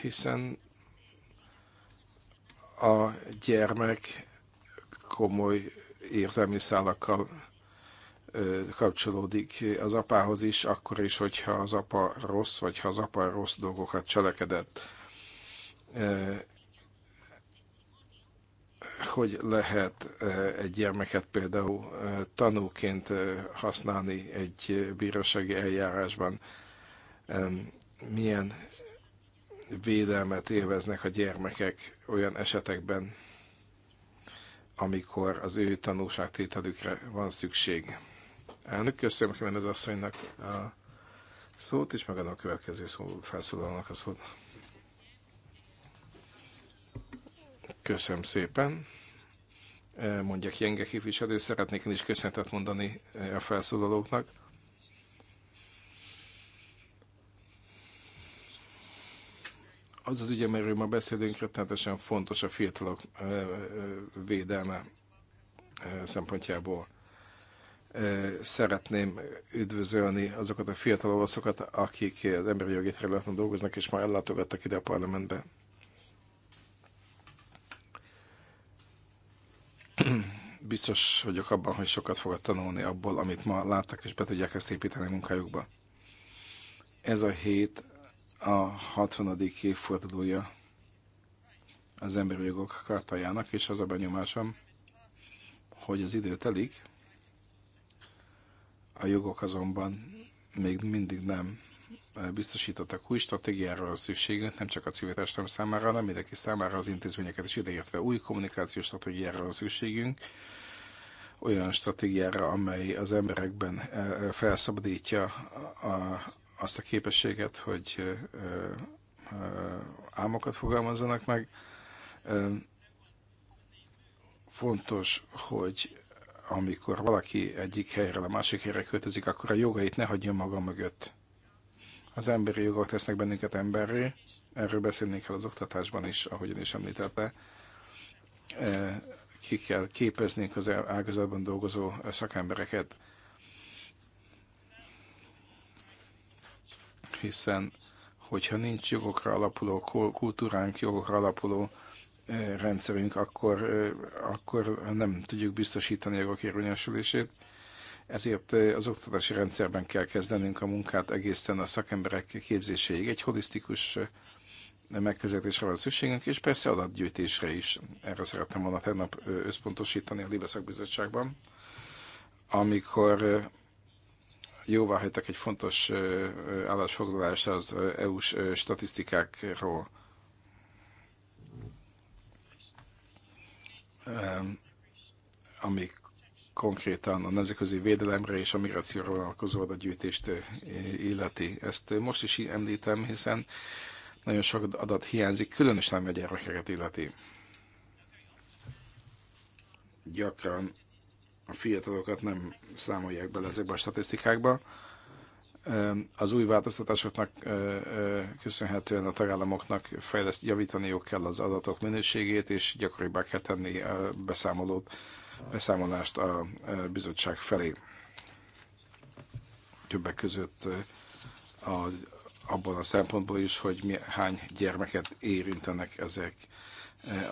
Hiszen a gyermek komoly érzelmi szálakkal kapcsolódik az apához is, akkor is, hogyha az apa rossz, vagy ha az apa rossz dolgokat cselekedett. Hogy lehet egy gyermeket például tanúként használni egy bírósági eljárásban, milyen védelmet élveznek a gyermekek olyan esetekben, amikor az ő tanúságtételükre van szükség. Elnök, köszönöm az asszonynak a szót, és megadom a következő szó, felszólalnak a szót. Köszönöm szépen. Eh, mondjak Jenge képviselő, szeretnék én is köszönetet mondani eh, a felszólalóknak. Az az ügy, amiről ma beszélünk, rettenetesen fontos a fiatalok eh, védelme szempontjából szeretném üdvözölni azokat a fiatal olaszokat, akik az emberi jogi területen dolgoznak, és már ellátogattak ide a parlamentbe. Biztos vagyok abban, hogy sokat fogok tanulni abból, amit ma láttak, és be tudják ezt építeni a munkájukba. Ez a hét a 60. évfordulója az emberi jogok kartájának, és az a benyomásom, hogy az idő telik, a jogok azonban még mindig nem eh, biztosítottak új stratégiára a szükségünk, nem csak a civil testem számára, hanem mindenki számára az intézményeket is ideértve új kommunikációs stratégiára a szükségünk, olyan stratégiára, amely az emberekben eh, felszabadítja a, azt a képességet, hogy eh, álmokat fogalmazzanak meg. Fontos, hogy amikor valaki egyik helyről a másik helyre költözik, akkor a jogait ne hagyjon maga mögött. Az emberi jogok tesznek bennünket emberré, erről beszélnék kell az oktatásban is, ahogyan is említette. E, ki kell képeznénk az ágazatban dolgozó e, szakembereket, hiszen hogyha nincs jogokra alapuló kultúránk, jogokra alapuló rendszerünk, akkor, akkor nem tudjuk biztosítani a jogok érvényesülését. Ezért az oktatási rendszerben kell kezdenünk a munkát egészen a szakemberek képzéséig. Egy holisztikus megközelítésre van szükségünk, és persze adatgyűjtésre is. Erre szerettem volna tegnap összpontosítani a Libeszak Bizottságban, amikor jóvá hagytak egy fontos állásfoglalást az EU-s statisztikákról ami konkrétan a nemzetközi védelemre és a migrációra vonatkozó adatgyűjtést eh, illeti. Ezt eh, most is említem, hiszen nagyon sok adat hiányzik, különösen a gyermekeket illeti. Gyakran a fiatalokat nem számolják bele ezekbe a statisztikákba az új változtatásoknak köszönhetően a tagállamoknak fejleszt, javítaniuk kell az adatok minőségét, és gyakoribbá kell tenni a beszámolót, beszámolást a bizottság felé. Többek között az, abban a szempontból is, hogy mi, hány gyermeket érintenek ezek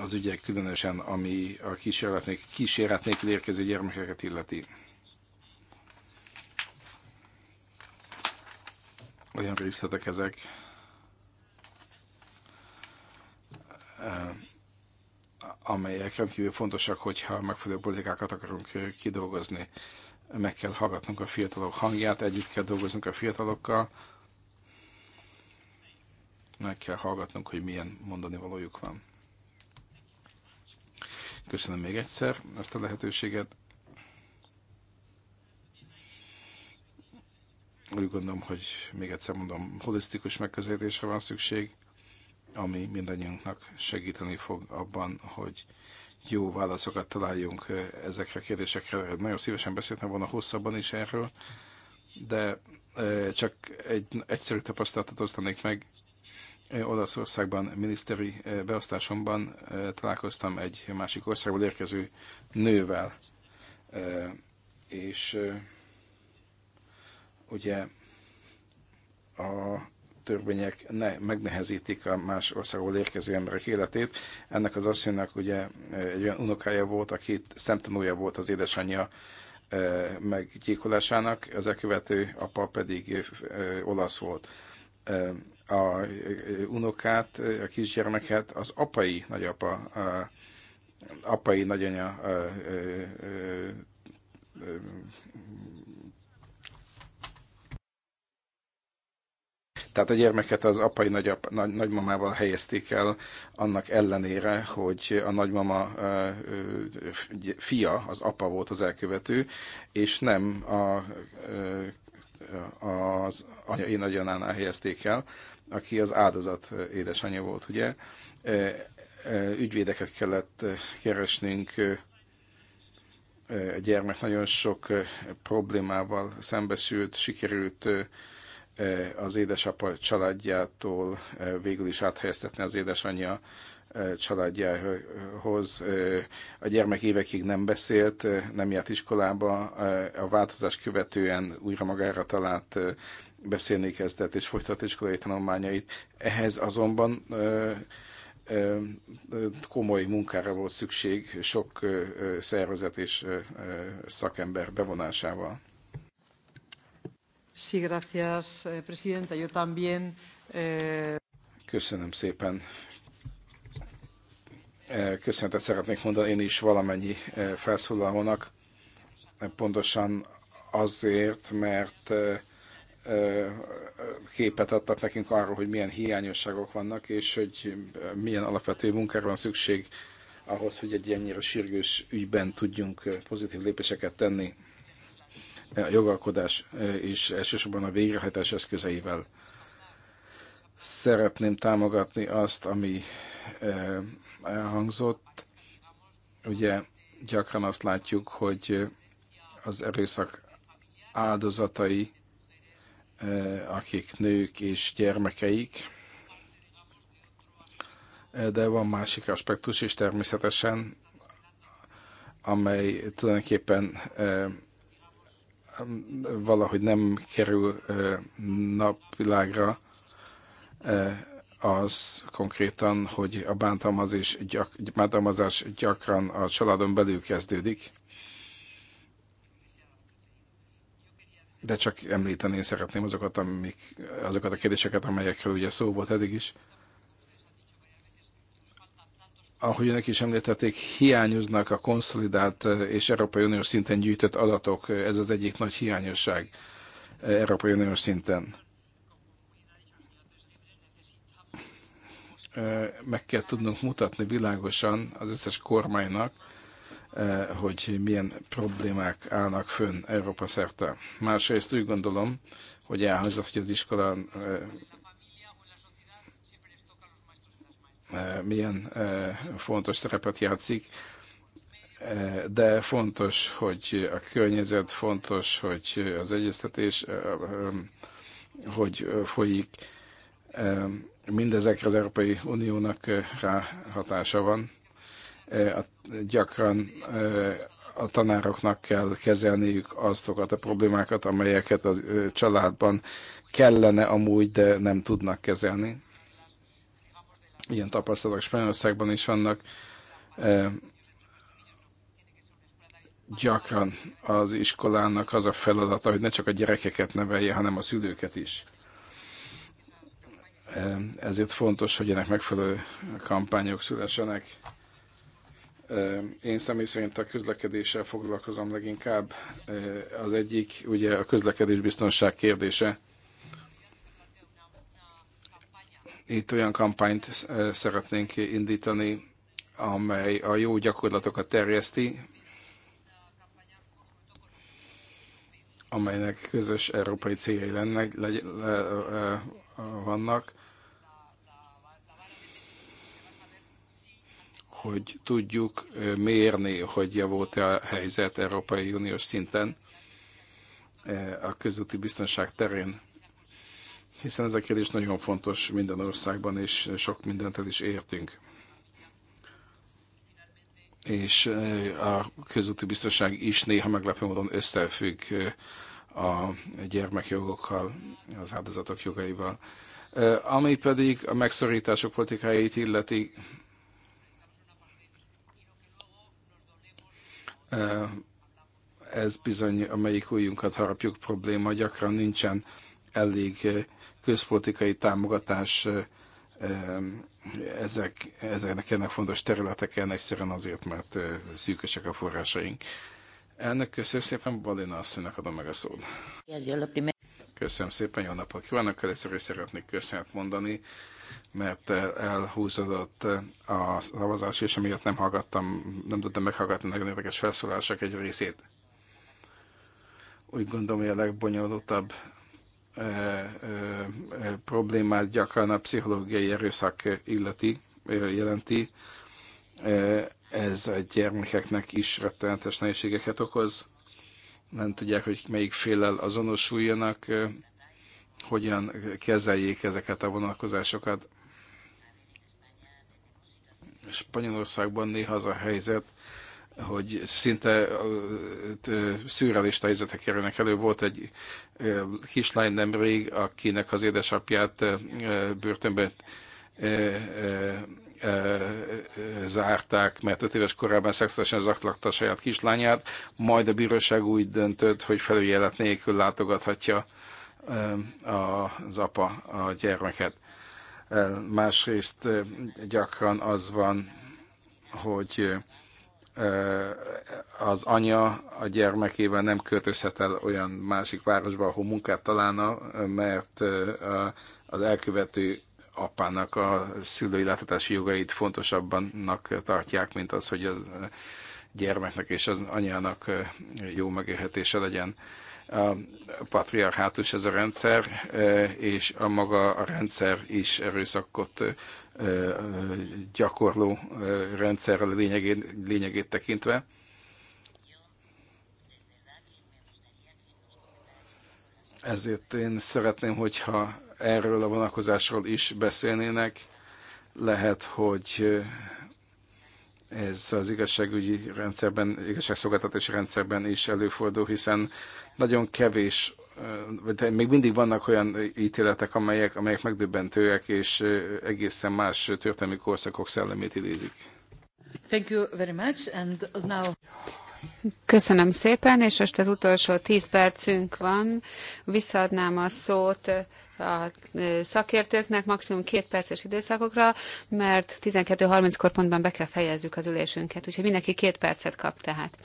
az ügyek, különösen ami a kísérletnék, kísérletnék érkező gyermekeket illeti. olyan részletek ezek, amelyek rendkívül fontosak, hogyha megfelelő politikákat akarunk kidolgozni. Meg kell hallgatnunk a fiatalok hangját, együtt kell dolgoznunk a fiatalokkal, meg kell hallgatnunk, hogy milyen mondani valójuk van. Köszönöm még egyszer ezt a lehetőséget. úgy gondolom, hogy még egyszer mondom, holisztikus megközelítésre van szükség, ami mindannyiunknak segíteni fog abban, hogy jó válaszokat találjunk ezekre a kérdésekre. Nagyon szívesen beszéltem volna hosszabban is erről, de csak egy egyszerű tapasztalatot osztanék meg. Olaszországban miniszteri beosztásomban találkoztam egy másik országból érkező nővel, és ugye a törvények ne, megnehezítik a más országból érkező emberek életét. Ennek az asszonynak ugye eh, egy olyan unokája volt, aki szemtanúja volt az édesanyja eh, meggyilkolásának, az elkövető apa pedig eh, olasz volt. A unokát, a kisgyermeket az apai nagyapa, apai nagyanya Tehát a gyermeket az apai nagyap, nagy, nagymamával helyezték el, annak ellenére, hogy a nagymama fia, az apa volt az elkövető, és nem a, az anya, én nagyanánál helyezték el, aki az áldozat édesanyja volt, ugye. Ügyvédeket kellett keresnünk, a gyermek nagyon sok problémával szembesült, sikerült Eh, az édesapa családjától eh, végül is áthelyeztetni az édesanyja eh, családjához. A gyermek évekig nem beszélt, nem járt iskolába, a változás követően újra magára talált beszélni kezdett és folytatta iskolai tanulmányait. Ehhez azonban komoly munkára volt szükség sok szervezet és szakember bevonásával. Sí, gracias, eh, Yo también... Eh, Köszönöm szépen. Eh, köszönetet szeretnék mondani én is valamennyi felszólalónak, pontosan azért, mert képet adtak nekünk arról, hogy milyen hiányosságok vannak, és hogy milyen alapvető munkára van szükség ahhoz, hogy egy ennyire sürgős ügyben tudjunk pozitív lépéseket tenni a jogalkodás e, és elsősorban a végrehajtás eszközeivel. Szeretném támogatni azt, ami e, elhangzott. Ugye gyakran azt látjuk, hogy az erőszak áldozatai, e, akik nők és gyermekeik, de van másik aspektus is természetesen, amely tulajdonképpen valahogy nem kerül napvilágra az konkrétan, hogy a bántalmazás, gyak, bántalmazás gyakran a családon belül kezdődik. De csak említeni szeretném azokat, amik, azokat a kérdéseket, amelyekről ugye szó volt eddig is ahogy önök is említették, hiányoznak a konszolidált eh, és Európai Uniós szinten gyűjtött adatok. Ez az egyik nagy hiányosság eh, Európai Uniós szinten. Eh, meg kell tudnunk mutatni világosan az összes kormánynak, hogy milyen problémák állnak fönn Európa szerte. Másrészt úgy gondolom, hogy elhangzott, hogy az iskola E, milyen e, fontos szerepet játszik, e, de fontos, hogy a környezet, fontos, hogy az egyeztetés, hogy folyik. Mindezekre az Európai Uniónak ráhatása van. Gyakran a tanároknak kell kezelniük azokat a problémákat, amelyeket a családban kellene amúgy, de nem tudnak kezelni Ilyen tapasztalatok Spanyolországban is vannak. Gyakran az iskolának az a feladata, hogy ne csak a gyerekeket nevelje, hanem a szülőket is. Ezért fontos, hogy ennek megfelelő kampányok szülessenek. Én személy szerint a közlekedéssel foglalkozom leginkább. Az egyik ugye a közlekedés biztonság kérdése. Itt olyan kampányt eh, szeretnénk indítani, amely a jó gyakorlatokat terjeszti, amelynek közös európai céljai lennek, le, le, le, vannak, hogy tudjuk eh, mérni, hogy javult-e a helyzet Európai Uniós szinten eh, a közúti biztonság terén hiszen ez a kérdés nagyon fontos minden országban, és sok mindent el is értünk. És eh, a közúti biztonság is néha meglepő módon összefügg eh, a gyermekjogokkal, az áldozatok jogaival. Eh, ami pedig a megszorítások politikáit illeti, ez bizony, amelyik ujjunkat harapjuk probléma, gyakran nincsen elég közpolitikai támogatás ezek, ezeknek ennek fontos területeken egyszerűen azért, mert szűkösek a forrásaink. Ennek köszönöm szépen, Balina asszonynak adom meg a szót. Köszönöm szépen, jó napot kívánok! Először is szeretnék köszönet mondani, mert elhúzódott a szavazás, és amiért nem hallgattam, nem tudtam meghallgatni nagyon érdekes felszólások egy részét. Úgy gondolom, hogy a legbonyolultabb problémát gyakran a pszichológiai erőszak illeti, jelenti. Ez a gyermekeknek is rettenetes nehézségeket okoz. Nem tudják, hogy melyik félel azonosuljanak, hogyan kezeljék ezeket a vonatkozásokat. Spanyolországban néha az a helyzet, hogy szinte szürrealista helyzetek kerülnek elő. Volt egy kislány nemrég, akinek az édesapját börtönbe zárták, mert öt éves korában szexuálisan zaklatta a saját kislányát, majd a bíróság úgy döntött, hogy felügyelet nélkül látogathatja az apa a gyermeket. Másrészt gyakran az van, hogy az anya a gyermekével nem költözhet el olyan másik városba, ahol munkát találna, mert az elkövető apának a szülői látatási jogait fontosabbannak tartják, mint az, hogy a gyermeknek és az anyának jó megélhetése legyen a patriarhátus ez a rendszer, e, és a maga a rendszer is erőszakot e, e, gyakorló rendszer lényegét, lényegét tekintve. Ezért én szeretném, hogyha erről a vonatkozásról is beszélnének. Lehet, hogy ez az igazságügyi rendszerben, igazságszolgáltatási rendszerben is előfordul, hiszen nagyon kevés, vagy még mindig vannak olyan ítéletek, amelyek, amelyek megdöbbentőek, és egészen más történelmi korszakok szellemét idézik. Thank you very much, and now... Köszönöm szépen, és most az utolsó tíz percünk van. Visszaadnám a szót a e, szakértőknek maximum két perces időszakokra, mert 12.30-kor pontban be kell fejezzük az ülésünket, úgyhogy mindenki két percet kap tehát.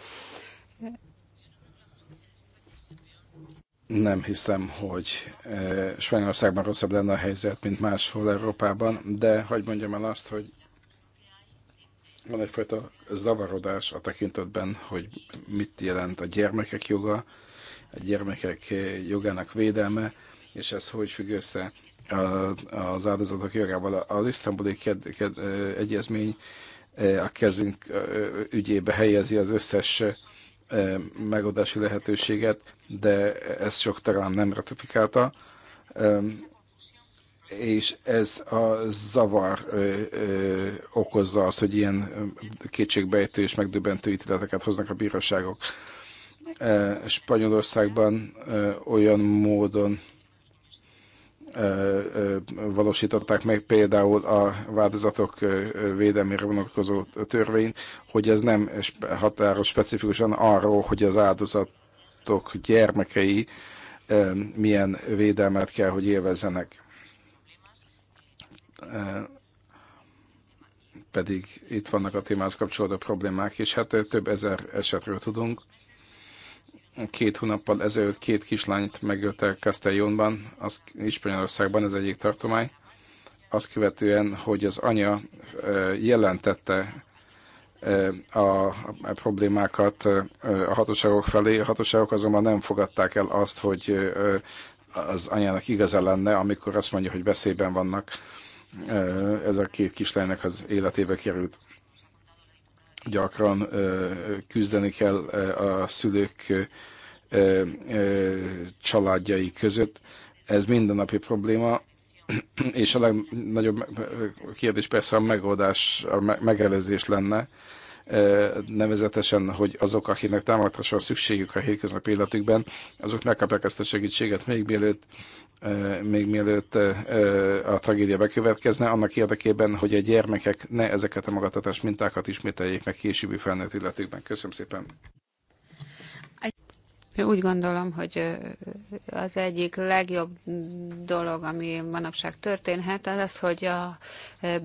Nem hiszem, hogy e, Spanyolországban rosszabb lenne a helyzet, mint máshol Európában, de hogy mondjam el azt, hogy van egyfajta zavarodás a tekintetben, hogy mit jelent a gyermekek joga, a gyermekek jogának védelme, és ez hogy függ össze az áldozatok jogával. Az isztambuli ked, ked, egyezmény a kezünk ügyébe helyezi az összes megoldási lehetőséget, de ezt sok talán nem ratifikálta és ez a zavar ö, ö, okozza az, hogy ilyen kétségbejtő és megdöbbentő ítéleteket hoznak a bíróságok. E, Spanyolországban ö, olyan módon ö, ö, valósították meg például a változatok védelmére vonatkozó törvényt, hogy ez nem határos specifikusan arról, hogy az áldozatok gyermekei ö, milyen védelmet kell, hogy élvezzenek pedig itt vannak a témához kapcsolódó problémák, és hát több ezer esetről tudunk. Két hónappal ezelőtt két kislányt megöltek Castellónban, az Spanyolországban, ez egyik tartomány. Azt követően, hogy az anya jelentette a problémákat a hatóságok felé. A hatóságok azonban nem fogadták el azt, hogy az anyának igaza lenne, amikor azt mondja, hogy veszélyben vannak ez a két kislánynak az életébe került. Gyakran küzdeni kell a szülők családjai között. Ez mindennapi probléma, és a legnagyobb kérdés persze a megoldás, a megelőzés lenne, nevezetesen, hogy azok, akiknek támogatásra szükségük a hétköznapi életükben, azok megkapják ezt a segítséget még mielőtt, még mielőtt a tragédia bekövetkezne, annak érdekében, hogy a gyermekek ne ezeket a magatartás mintákat ismételjék meg későbbi felnőtt életükben. Köszönöm szépen! Úgy gondolom, hogy az egyik legjobb dolog, ami manapság történhet, az az, hogy a,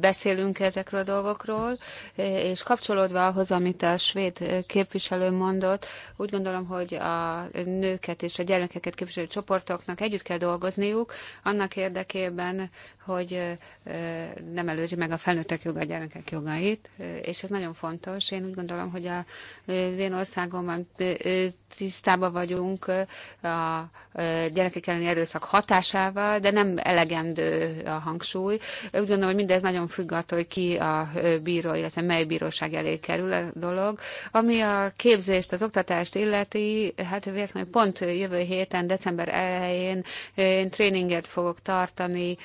beszélünk ezekről a dolgokról, és kapcsolódva ahhoz, amit a svéd képviselő mondott, úgy gondolom, hogy a nőket és a gyermekeket képviselő csoportoknak együtt kell dolgozniuk, annak érdekében, hogy nem előzi meg a felnőttek joga a gyermekek jogait, és ez nagyon fontos. Én úgy gondolom, hogy az én országomban tisztában vagyunk a gyerekek elleni erőszak hatásával, de nem elegendő a hangsúly. Úgy gondolom, hogy mindez nagyon függ attól, hogy ki a bíró, illetve mely bíróság elé kerül a dolog. Ami a képzést, az oktatást illeti, hát véletlenül pont jövő héten, december elején én tréninget fogok tartani,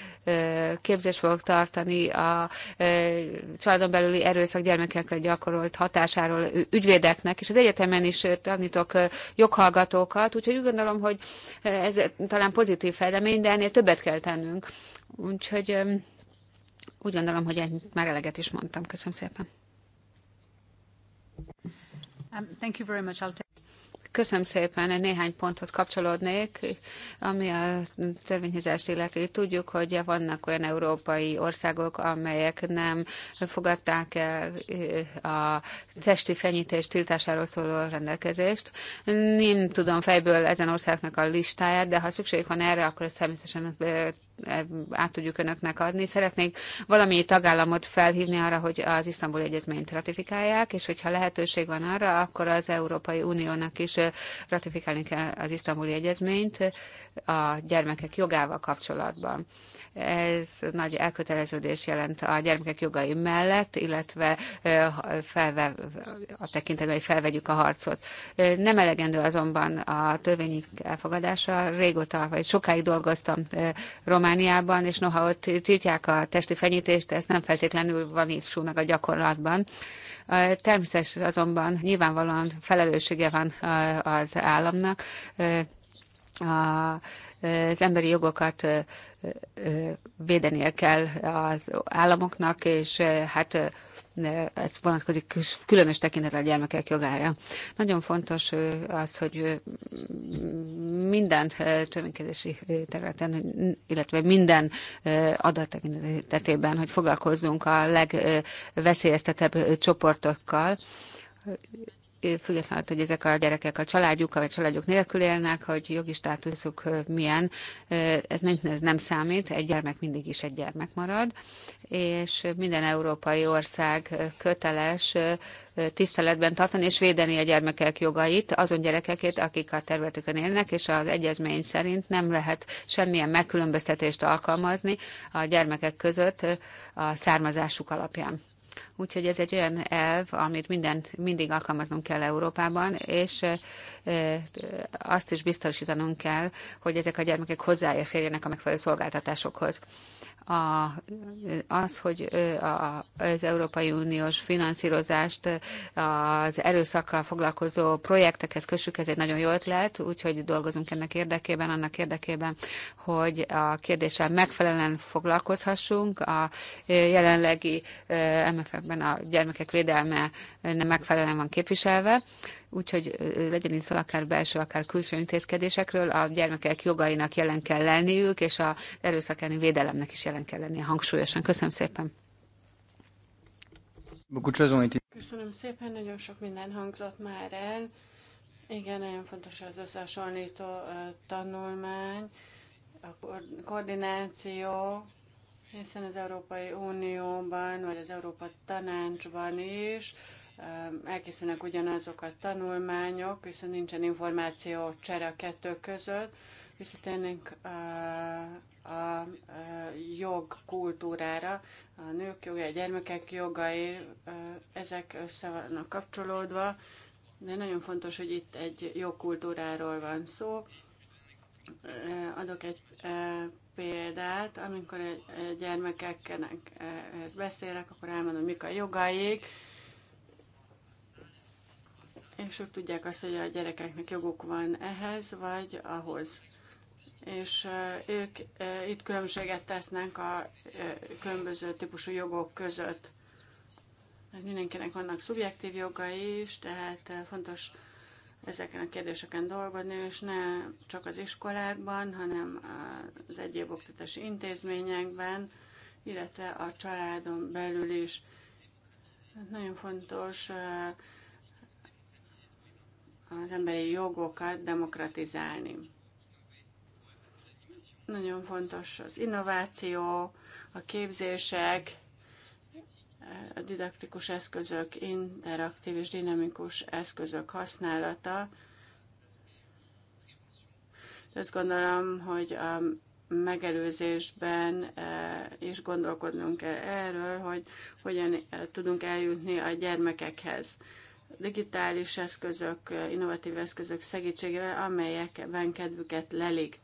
képzést fogok tartani a családon belüli erőszak gyermekekkel gyakorolt hatásáról ügyvédeknek, és az egyetemen is tanítok joghallgatókat, hallgatókat, úgyhogy úgy gondolom, hogy ez talán pozitív fejlemény, de ennél többet kell tennünk. Úgyhogy úgy gondolom, hogy már eleget is mondtam. Köszönöm szépen. Um, thank you very much. I'll take- Köszönöm szépen, néhány ponthoz kapcsolódnék, ami a törvényhozást illeti. Tudjuk, hogy vannak olyan európai országok, amelyek nem fogadták el eh, a testi fenyítés tiltásáról szóló rendelkezést. Nem tudom fejből ezen országnak a listáját, de ha szükség van erre, akkor ezt természetesen eh, át tudjuk önöknek adni. Szeretnék valami tagállamot felhívni arra, hogy az Isztambul Egyezményt ratifikálják, és hogyha lehetőség van arra, akkor az Európai Uniónak is ratifikálni kell az Isztambuli Egyezményt a gyermekek jogával kapcsolatban. Ez nagy elköteleződés jelent a gyermekek jogai mellett, illetve felve, a tekintetben, hogy felvegyük a harcot. Nem elegendő azonban a törvényi elfogadása. Régóta, vagy sokáig dolgoztam román Romániában, és noha ott tiltják a testi fenyítést, ez nem feltétlenül valósul meg a gyakorlatban. Természetesen azonban nyilvánvalóan felelőssége van az államnak, az emberi jogokat védenie kell az államoknak, és hát ez vonatkozik különös tekintet a gyermekek jogára. Nagyon fontos az, hogy minden törvénykezési területen, illetve minden adat tekintetében, hogy foglalkozzunk a legveszélyeztetebb csoportokkal, függetlenül, hogy ezek a gyerekek a családjukkal vagy családjuk nélkül élnek, hogy jogi státuszuk milyen, ez nem, ez nem számít, egy gyermek mindig is egy gyermek marad, és minden európai ország köteles tiszteletben tartani és védeni a gyermekek jogait, azon gyerekekét, akik a területükön élnek, és az egyezmény szerint nem lehet semmilyen megkülönböztetést alkalmazni a gyermekek között a származásuk alapján. Úgyhogy ez egy olyan elv, amit minden, mindig alkalmaznunk kell Európában, és azt is biztosítanunk kell, hogy ezek a gyermekek hozzáérférjenek a megfelelő szolgáltatásokhoz a, az, hogy a, az Európai Uniós finanszírozást az erőszakkal foglalkozó projektekhez kössük, ez egy nagyon jó ötlet, úgyhogy dolgozunk ennek érdekében, annak érdekében, hogy a kérdéssel megfelelően foglalkozhassunk. A jelenlegi MFF-ben a gyermekek védelme nem megfelelően van képviselve úgyhogy legyen itt szó akár belső, akár külső intézkedésekről, a gyermekek jogainak jelen kell lenniük, és az erőszak elleni védelemnek is jelen kell lennie hangsúlyosan. Köszönöm szépen! Köszönöm szépen, nagyon sok minden hangzott már el. Igen, nagyon fontos az összehasonlító tanulmány, a koordináció, hiszen az Európai Unióban, vagy az Európa Tanácsban is elkészülnek ugyanazok a tanulmányok, viszont nincsen információ csere a kettő között. viszont a jog kultúrára, a nők jogai, a gyermekek jogai, ezek össze vannak kapcsolódva, de nagyon fontos, hogy itt egy jogkultúráról van szó. Adok egy példát, amikor a gyermekeknek ezt beszélek, akkor elmondom, mik a jogaik, és ők tudják azt, hogy a gyerekeknek joguk van ehhez, vagy ahhoz. És ők itt különbséget tesznek a különböző típusú jogok között. Hát mindenkinek vannak szubjektív jogai is, tehát fontos ezeken a kérdéseken dolgozni, és ne csak az iskolákban, hanem az egyéb oktatási intézményekben, illetve a családon belül is. Hát nagyon fontos az emberi jogokat demokratizálni. Nagyon fontos az innováció, a képzések, a didaktikus eszközök, interaktív és dinamikus eszközök használata. Azt gondolom, hogy a megelőzésben e, is gondolkodnunk kell erről, hogy hogyan e, tudunk eljutni a gyermekekhez digitális eszközök, innovatív eszközök segítségével, amelyekben kedvüket lelik.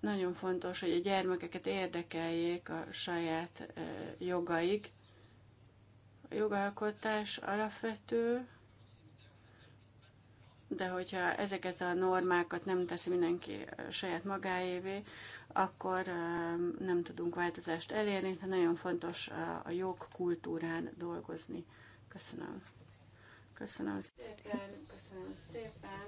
Nagyon fontos, hogy a gyermekeket érdekeljék a saját jogaik. A jogalkotás alapvető, de hogyha ezeket a normákat nem teszi mindenki saját magáévé, akkor nem tudunk változást elérni, tehát nagyon fontos a jogkultúrán dolgozni. Köszönöm. Köszönöm szépen, köszönöm szépen.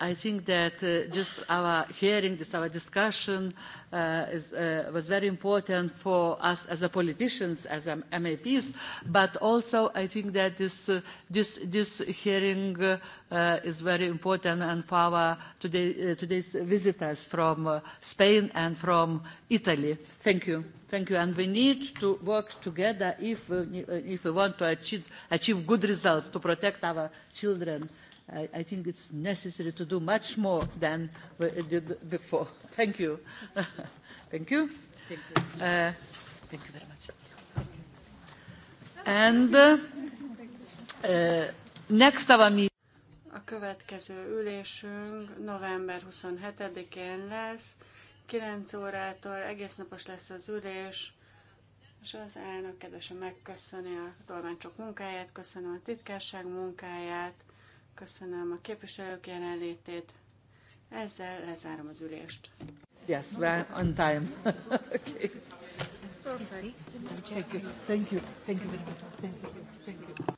I think that uh, this our hearing, this our discussion uh, is, uh, was very important for us as a politicians, as um, MAPs, but also I think that this, uh, this, this hearing uh, is very important and for our today, uh, today's visitors from uh, Spain and from Italy. Thank you. Thank you. And we need to work together if we, if we want to achieve, achieve good results to protect our children I, think it's necessary to do much more than we did before. Thank you. Thank you. Thank you. Uh, thank you very much. And uh, uh, next our meeting. A következő ülésünk november 27-én lesz, 9 órától egész napos lesz az ülés, és az elnök kedvesen megköszöni a tolmácsok munkáját, köszönöm a titkárság munkáját, Köszönöm a képviselők jelenlétét. Ezzel lezárom az ülést. Yes, we're on time. okay. Perfect. Thank you. Thank you. Thank you. Thank you. Thank you.